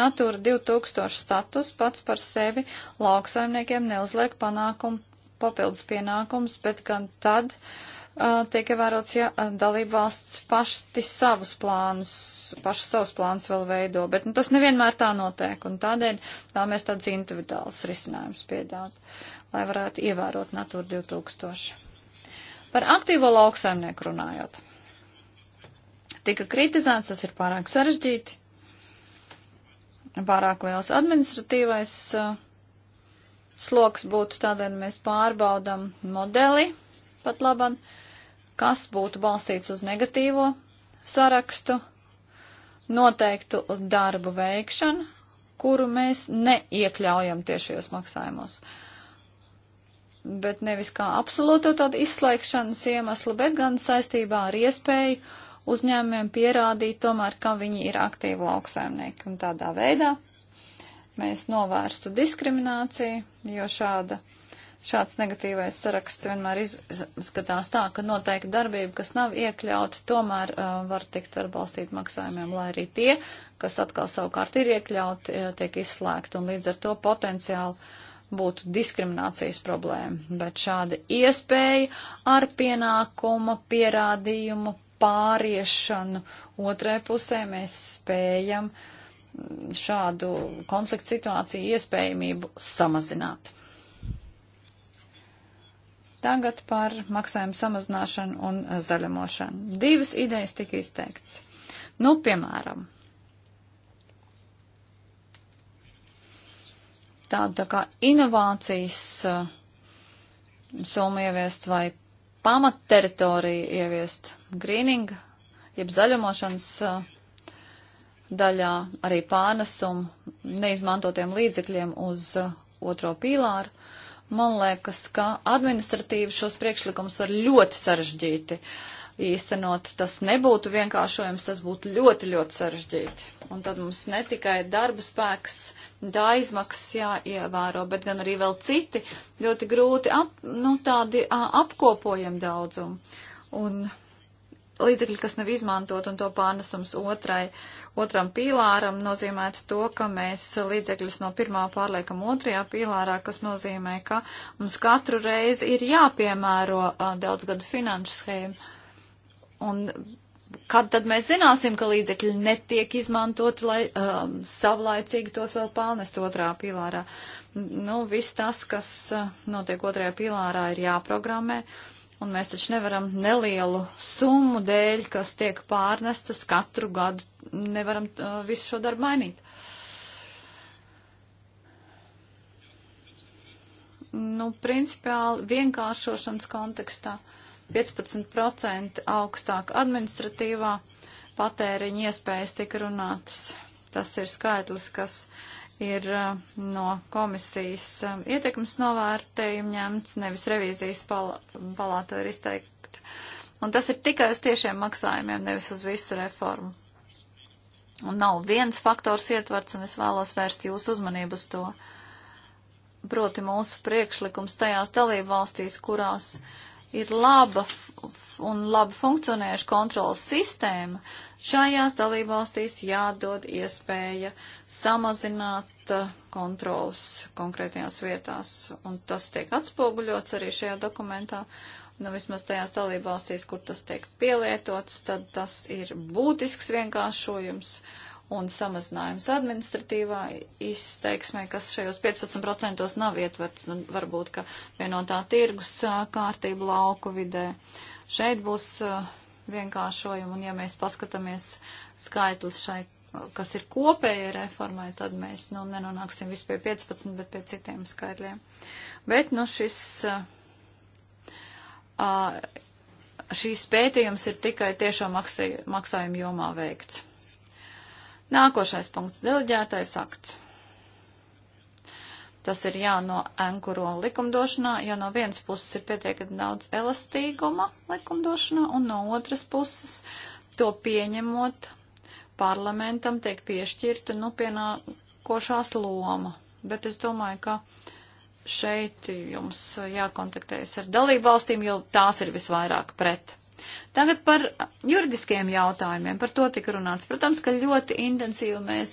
Natura 2000 status pats par sevi lauksaimniekiem neuzliek panākumu, papildus pienākums, bet gan tad uh, tiek ievērots, ja dalībvalsts paši savus plānus, paši savus plānus vēl veido, bet nu, tas nevienmēr tā notiek, un tādēļ vēlamies tāds individuāls risinājums piedāt lai varētu ievērot Natūra 2000. Par aktīvo lauksaimnieku runājot. Tika kritizēts, tas ir pārāk sarežģīti, pārāk liels administratīvais uh, sloks būtu tādēļ mēs pārbaudam modeli pat laban, kas būtu balstīts uz negatīvo sarakstu, noteiktu darbu veikšanu, kuru mēs neiekļaujam tiešajos maksājumos. Uh, bet nevis kā absolūto tādu izslēgšanas iemeslu, bet gan saistībā ar iespēju uzņēmumiem pierādīt tomēr, ka viņi ir aktīvi lauksaimnieki. Un tādā veidā mēs novērstu diskrimināciju, jo šāda, šāds negatīvais saraksts vienmēr izskatās tā, ka noteikti darbība, kas nav iekļauta, tomēr uh, var tikt atbalstīt maksājumiem, lai arī tie, kas atkal savukārt ir iekļauti, uh, tiek izslēgti un līdz ar to potenciāli būtu diskriminācijas problēma, bet šāda iespēja ar pienākuma pierādījumu pāriešanu otrai pusē mēs spējam šādu konfliktu situāciju iespējamību samazināt. Tagad par maksājumu samazināšanu un zaļumošanu. Divas idejas tika izteikts. Nu, piemēram, tāda tā kā inovācijas uh, summa ieviest vai pamatteritoriju ieviest greening, jeb zaļumošanas uh, daļā arī pārnesumu neizmantotiem līdzekļiem uz uh, otro pīlāru. Man liekas, ka administratīvi šos priekšlikumus var ļoti sarežģīti uh, īstenot. Tas nebūtu vienkāršojums, tas būtu ļoti, ļoti sarežģīti. Un tad mums ne tikai darba spēks, tā izmaksas jāievēro, bet gan arī vēl citi ļoti grūti ap, nu, tādi apkopojam daudzumu. Un līdzekļi, kas nav izmantot un to pārnesums otrai, otram pīlāram, nozīmētu to, ka mēs līdzekļus no pirmā pārliekam otrajā pīlārā, kas nozīmē, ka mums katru reizi ir jāpiemēro a, daudzgadu finanšu schēmu. Un kad tad mēs zināsim, ka līdzekļi netiek izmantot, lai um, savlaicīgi tos vēl pelnest otrā pilārā? Nu, viss tas, kas uh, notiek otrajā pilārā, ir jāprogrammē. Un mēs taču nevaram nelielu summu dēļ, kas tiek pārnestas katru gadu, nevaram uh, visu šo darbu mainīt. Nu, principiāli vienkāršošanas kontekstā. Uh, 15% augstāk administratīvā patēriņa iespējas tika runātas. Tas ir skaitlis, kas ir uh, no komisijas um, ietekmes novērtējuma ņemts, nevis revīzijas pal palāto ir izteikt. Un tas ir tikai uz tiešiem maksājumiem, nevis uz visu reformu. Un nav viens faktors ietverts, un es vēlos vērst jūsu uzmanību uz to. Proti mūsu priekšlikums tajās dalību valstīs, kurās uh, ir laba un labi funkcionējuša kontrolas sistēma, šajās dalībvalstīs jādod iespēja samazināt uh, kontrolas konkrētajās vietās. Un tas tiek atspoguļots arī šajā dokumentā. Nu, vismaz tajās dalībvalstīs, kur tas tiek pielietots, tad tas ir būtisks vienkāršojums. Uh, un samazinājums administratīvā izteiksmē, kas šajos 15% nav ietverts, nu, varbūt, ka vienotā tirgus kārtība lauku vidē. Šeit būs vienkāršojumi, un ja mēs paskatāmies skaitlis šai, kas ir kopēja reformai, tad mēs, nu, nenonāksim vispār pie 15, bet pie citiem skaitļiem. Bet, nu, šis. Uh, šīs pētījums ir tikai tiešo maksājumu jomā veikts. Nākošais punkts - deleģētais akts. Tas ir jānoenkuro likumdošanā, jo no vienas puses ir pietiekami daudz elastīguma likumdošanā, un no otras puses to pieņemot parlamentam tiek piešķirta nu pienākošās loma. Bet es domāju, ka šeit jums jākontaktējas ar dalību valstīm, jo tās ir visvairāk pret. Tagad par juridiskiem jautājumiem, par to tika runāts. Protams, ka ļoti intensīvi mēs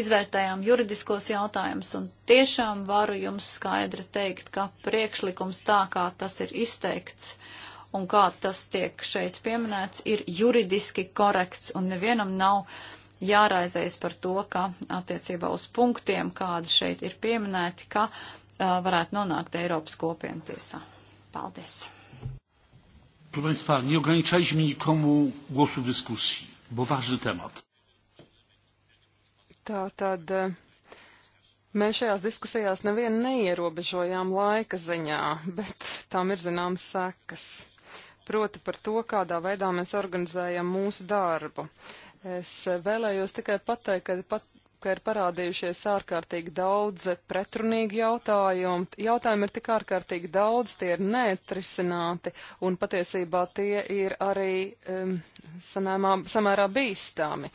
izvērtējām juridiskos jautājumus un tiešām varu jums skaidri teikt, ka priekšlikums tā, kā tas ir izteikts un kā tas tiek šeit pieminēts, ir juridiski korekts un nevienam nav jāraizējas par to, ka attiecībā uz punktiem, kādi šeit ir pieminēti, ka uh, varētu nonākt Eiropas kopienu tiesā. Paldies! Proszę Państwa, nie ograniczaliśmy nikomu głosu w dyskusji, bo ważny temat. Tā tad e, mēs šajās diskusijās nevienu neierobežojām laika ziņā, bet tam ir zināmas sekas. Proti par to, kādā veidā mēs organizējam mūsu darbu. Es vēlējos tikai pateikt, ka pat ka ir parādījušies ārkārtīgi daudz pretrunīgi jautājumu. Jautājumi ir tik ārkārtīgi daudz, tie ir neatrisināti, un patiesībā tie ir arī um, sanāmā, samērā bīstami.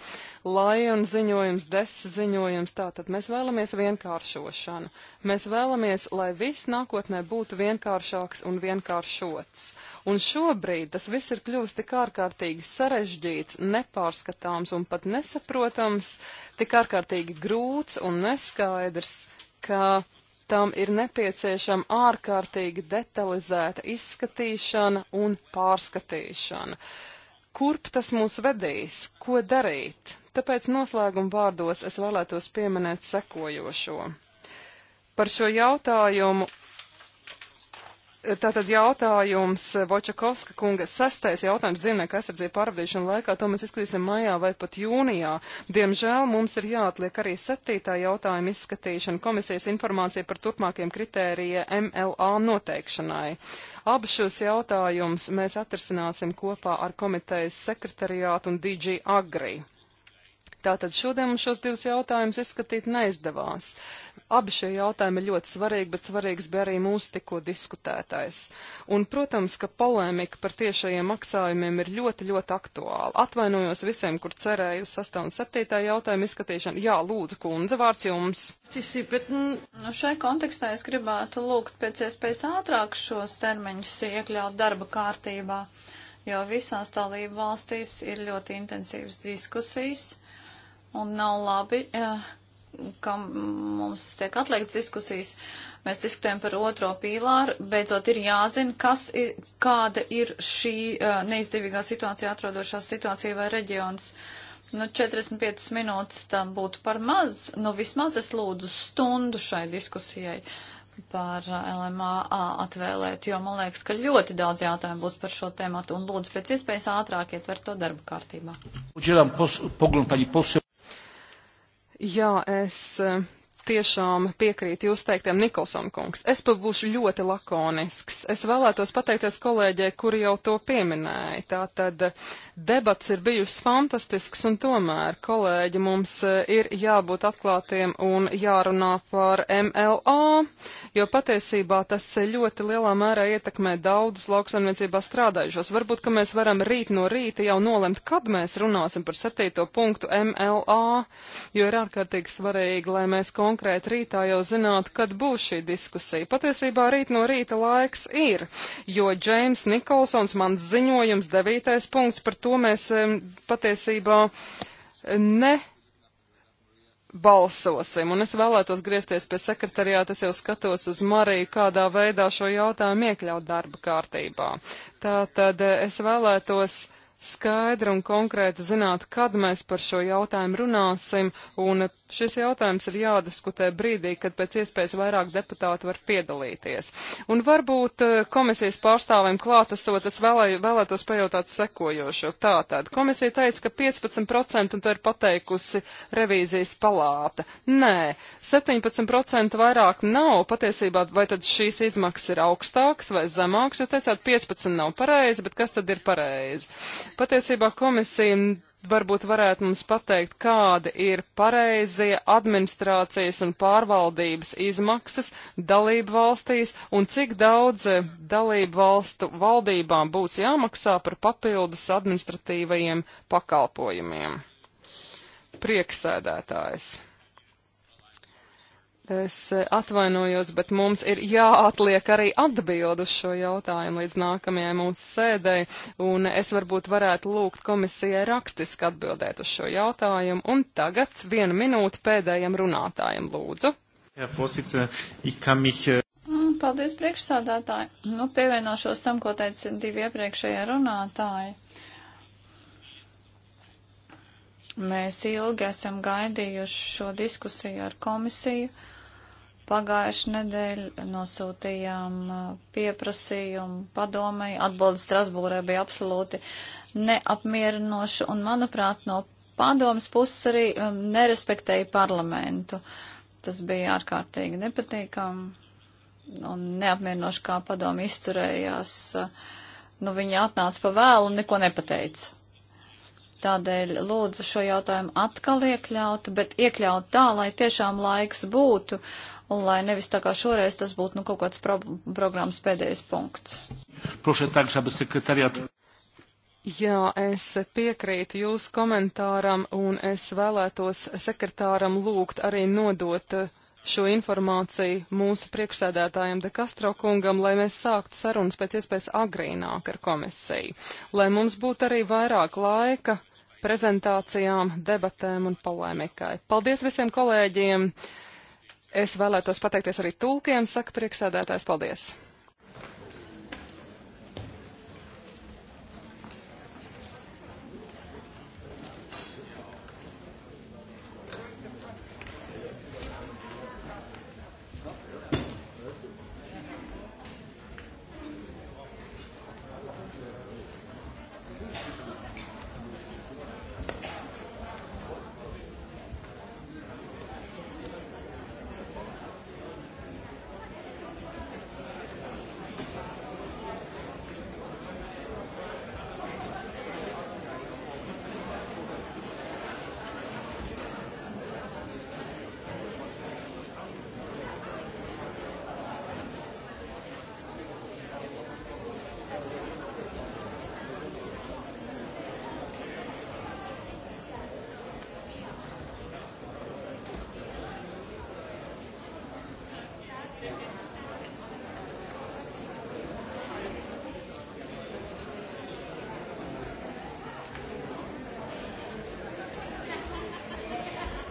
Lajon ziņojums, des ziņojums, tātad mēs vēlamies vienkāršošanu. Mēs vēlamies, lai viss nākotnē būtu vienkāršāks un vienkāršots. Un šobrīd tas viss ir kļuvis tik ārkārtīgi sarežģīts, nepārskatāms un pat nesaprotams, tik ārkārtīgi ārkārtīgi grūts un neskaidrs, ka tam ir nepieciešama ārkārtīgi detalizēta izskatīšana un pārskatīšana. Kurp tas mūs vedīs? Ko darīt? Tāpēc noslēguma vārdos es vēlētos pieminēt sekojošo. Par šo jautājumu Tātad jautājums Vočakovska kunga sastais jautājums dzīvnieku aizsardzību pārvadīšanu laikā, to mēs izskatīsim maijā vai pat jūnijā. Diemžēl mums ir jāatliek arī septītā jautājuma izskatīšana komisijas informācija par turpmākiem kritērija MLA noteikšanai. Abus šos jautājumus mēs atrisināsim kopā ar komitejas sekretariātu un DG Agri. Tātad šodien mums šos divus jautājumus izskatīt neizdevās. Abi šie jautājumi ir ļoti svarīgi, bet svarīgs bija arī mūsu tikko diskutētais. Un, protams, ka polēmika par tiešajiem maksājumiem ir ļoti, ļoti aktuāla. Atvainojos visiem, kur cerēju uz 6. un 7. jautājumu izskatīšanu. Jā, lūdzu, kundze, vārds jums. Bet, mm, nu, šai kontekstā es gribētu lūgt pēc iespējas ātrāk šos termiņus iekļaut darba kārtībā, jo visās dalību valstīs ir ļoti intensīvas diskusijas Un nav labi, eh, ka mums tiek atliekts diskusijas. Mēs diskutējam par otro pīlāru. Beidzot ir jāzina, kas ir, kāda ir šī eh, neizdevīgā situācija atrodošā situācija vai reģions. Nu, 45 minūtes tam būtu par maz. Nu, vismaz es lūdzu stundu šai diskusijai par eh, LMA atvēlēt, jo man liekas, ka ļoti daudz jautājumu būs par šo tēmatu un lūdzu pēc iespējas ātrāk ietver to darba kārtībā. Uģiram pos, poglum, paņi, pos, Jā, es eh, tiešām piekrītu jūs teiktiem, Nikolson kungs. Es pat būšu ļoti lakonisks. Es vēlētos pateikties kolēģei, kuri jau to pieminēja. Tātad eh, debats ir bijusi fantastisks, un tomēr, kolēģi, mums eh, ir jābūt atklātiem un jārunā par MLO, jo patiesībā tas eh, ļoti lielā mērā ietekmē daudzus lauksaimniecībā strādājušos. Varbūt, ka mēs varam rīt no rīta jau nolemt, kad mēs runāsim par septīto punktu MLO, jo ir ārkārtīgi svarīgi, lai mēs konkurētu konkrēti rītā jau zinātu, kad būs šī diskusija. Patiesībā rīt no rīta laiks ir, jo Džeims Nikolsons mans ziņojums devītais punkts, par to mēs patiesībā ne balsosim. Un es vēlētos griezties pie sekretariāta, es jau skatos uz Mariju, kādā veidā šo jautājumu iekļaut darba kārtībā. Tātad eh, es vēlētos skaidra un konkrēta zināt, kad mēs par šo jautājumu runāsim, un šis jautājums ir jādiskutē brīdī, kad pēc iespējas vairāk deputāti var piedalīties. Un varbūt eh, komisijas pārstāvēm klātesot, es vēlēju, vēlētos pajautāt sekojošo. Tātad, komisija teica, ka 15% un to ir pateikusi revīzijas palāta. Nē, 17% vairāk nav patiesībā, vai tad šīs izmaksas ir augstākas vai zemākas, jūs teicāt 15 nav pareizi, bet kas tad ir pareizi? Patiesībā komisija varbūt varētu mums pateikt, kāda ir pareizie administrācijas un pārvaldības izmaksas dalību valstīs un cik daudz eh, dalību valstu valdībām būs jāmaksā par papildus administratīvajiem pakalpojumiem. Prieksēdētājs. Es atvainojos, bet mums ir jāatliek arī atbild uz šo jautājumu līdz nākamajai mūsu sēdei, un es varbūt varētu lūgt komisijai rakstiski atbildēt uz šo jautājumu, un tagad vienu minūti pēdējiem runātājiem lūdzu. Äh, mm, paldies, priekšsādātāji. Nu, pievienošos tam, ko teica divi iepriekšējie runātāji. Mēs ilgi esam gaidījuši šo diskusiju ar komisiju. Uh, Pagājuši nedēļ nosūtījām pieprasījumu padomei, atbildes Strasbūrē bija absolūti neapmierinoša un, manuprāt, no padomas puses arī nerespektēja parlamentu. Tas bija ārkārtīgi nepatīkami un neapmierinoši, kā padomi izturējās. Nu, viņi atnāca pa vēlu un neko nepateica. Tādēļ lūdzu šo jautājumu atkal iekļaut, bet iekļaut tā, lai tiešām laiks būtu un lai nevis tā kā šoreiz tas būtu nu, kaut kāds pro programmas pēdējais punkts. Jā, es piekrītu jūsu komentāram un es vēlētos sekretāram lūgt arī nodot šo informāciju mūsu priekšsēdētājiem De Castro kungam, lai mēs sāktu sarunas pēc iespējas agrīnāk ar komisiju, lai mums būtu arī vairāk laika prezentācijām, debatēm un polēmikai. Paldies visiem kolēģiem! Es vēlētos pateikties arī tulkiem, saka priekšsēdētājs. Paldies!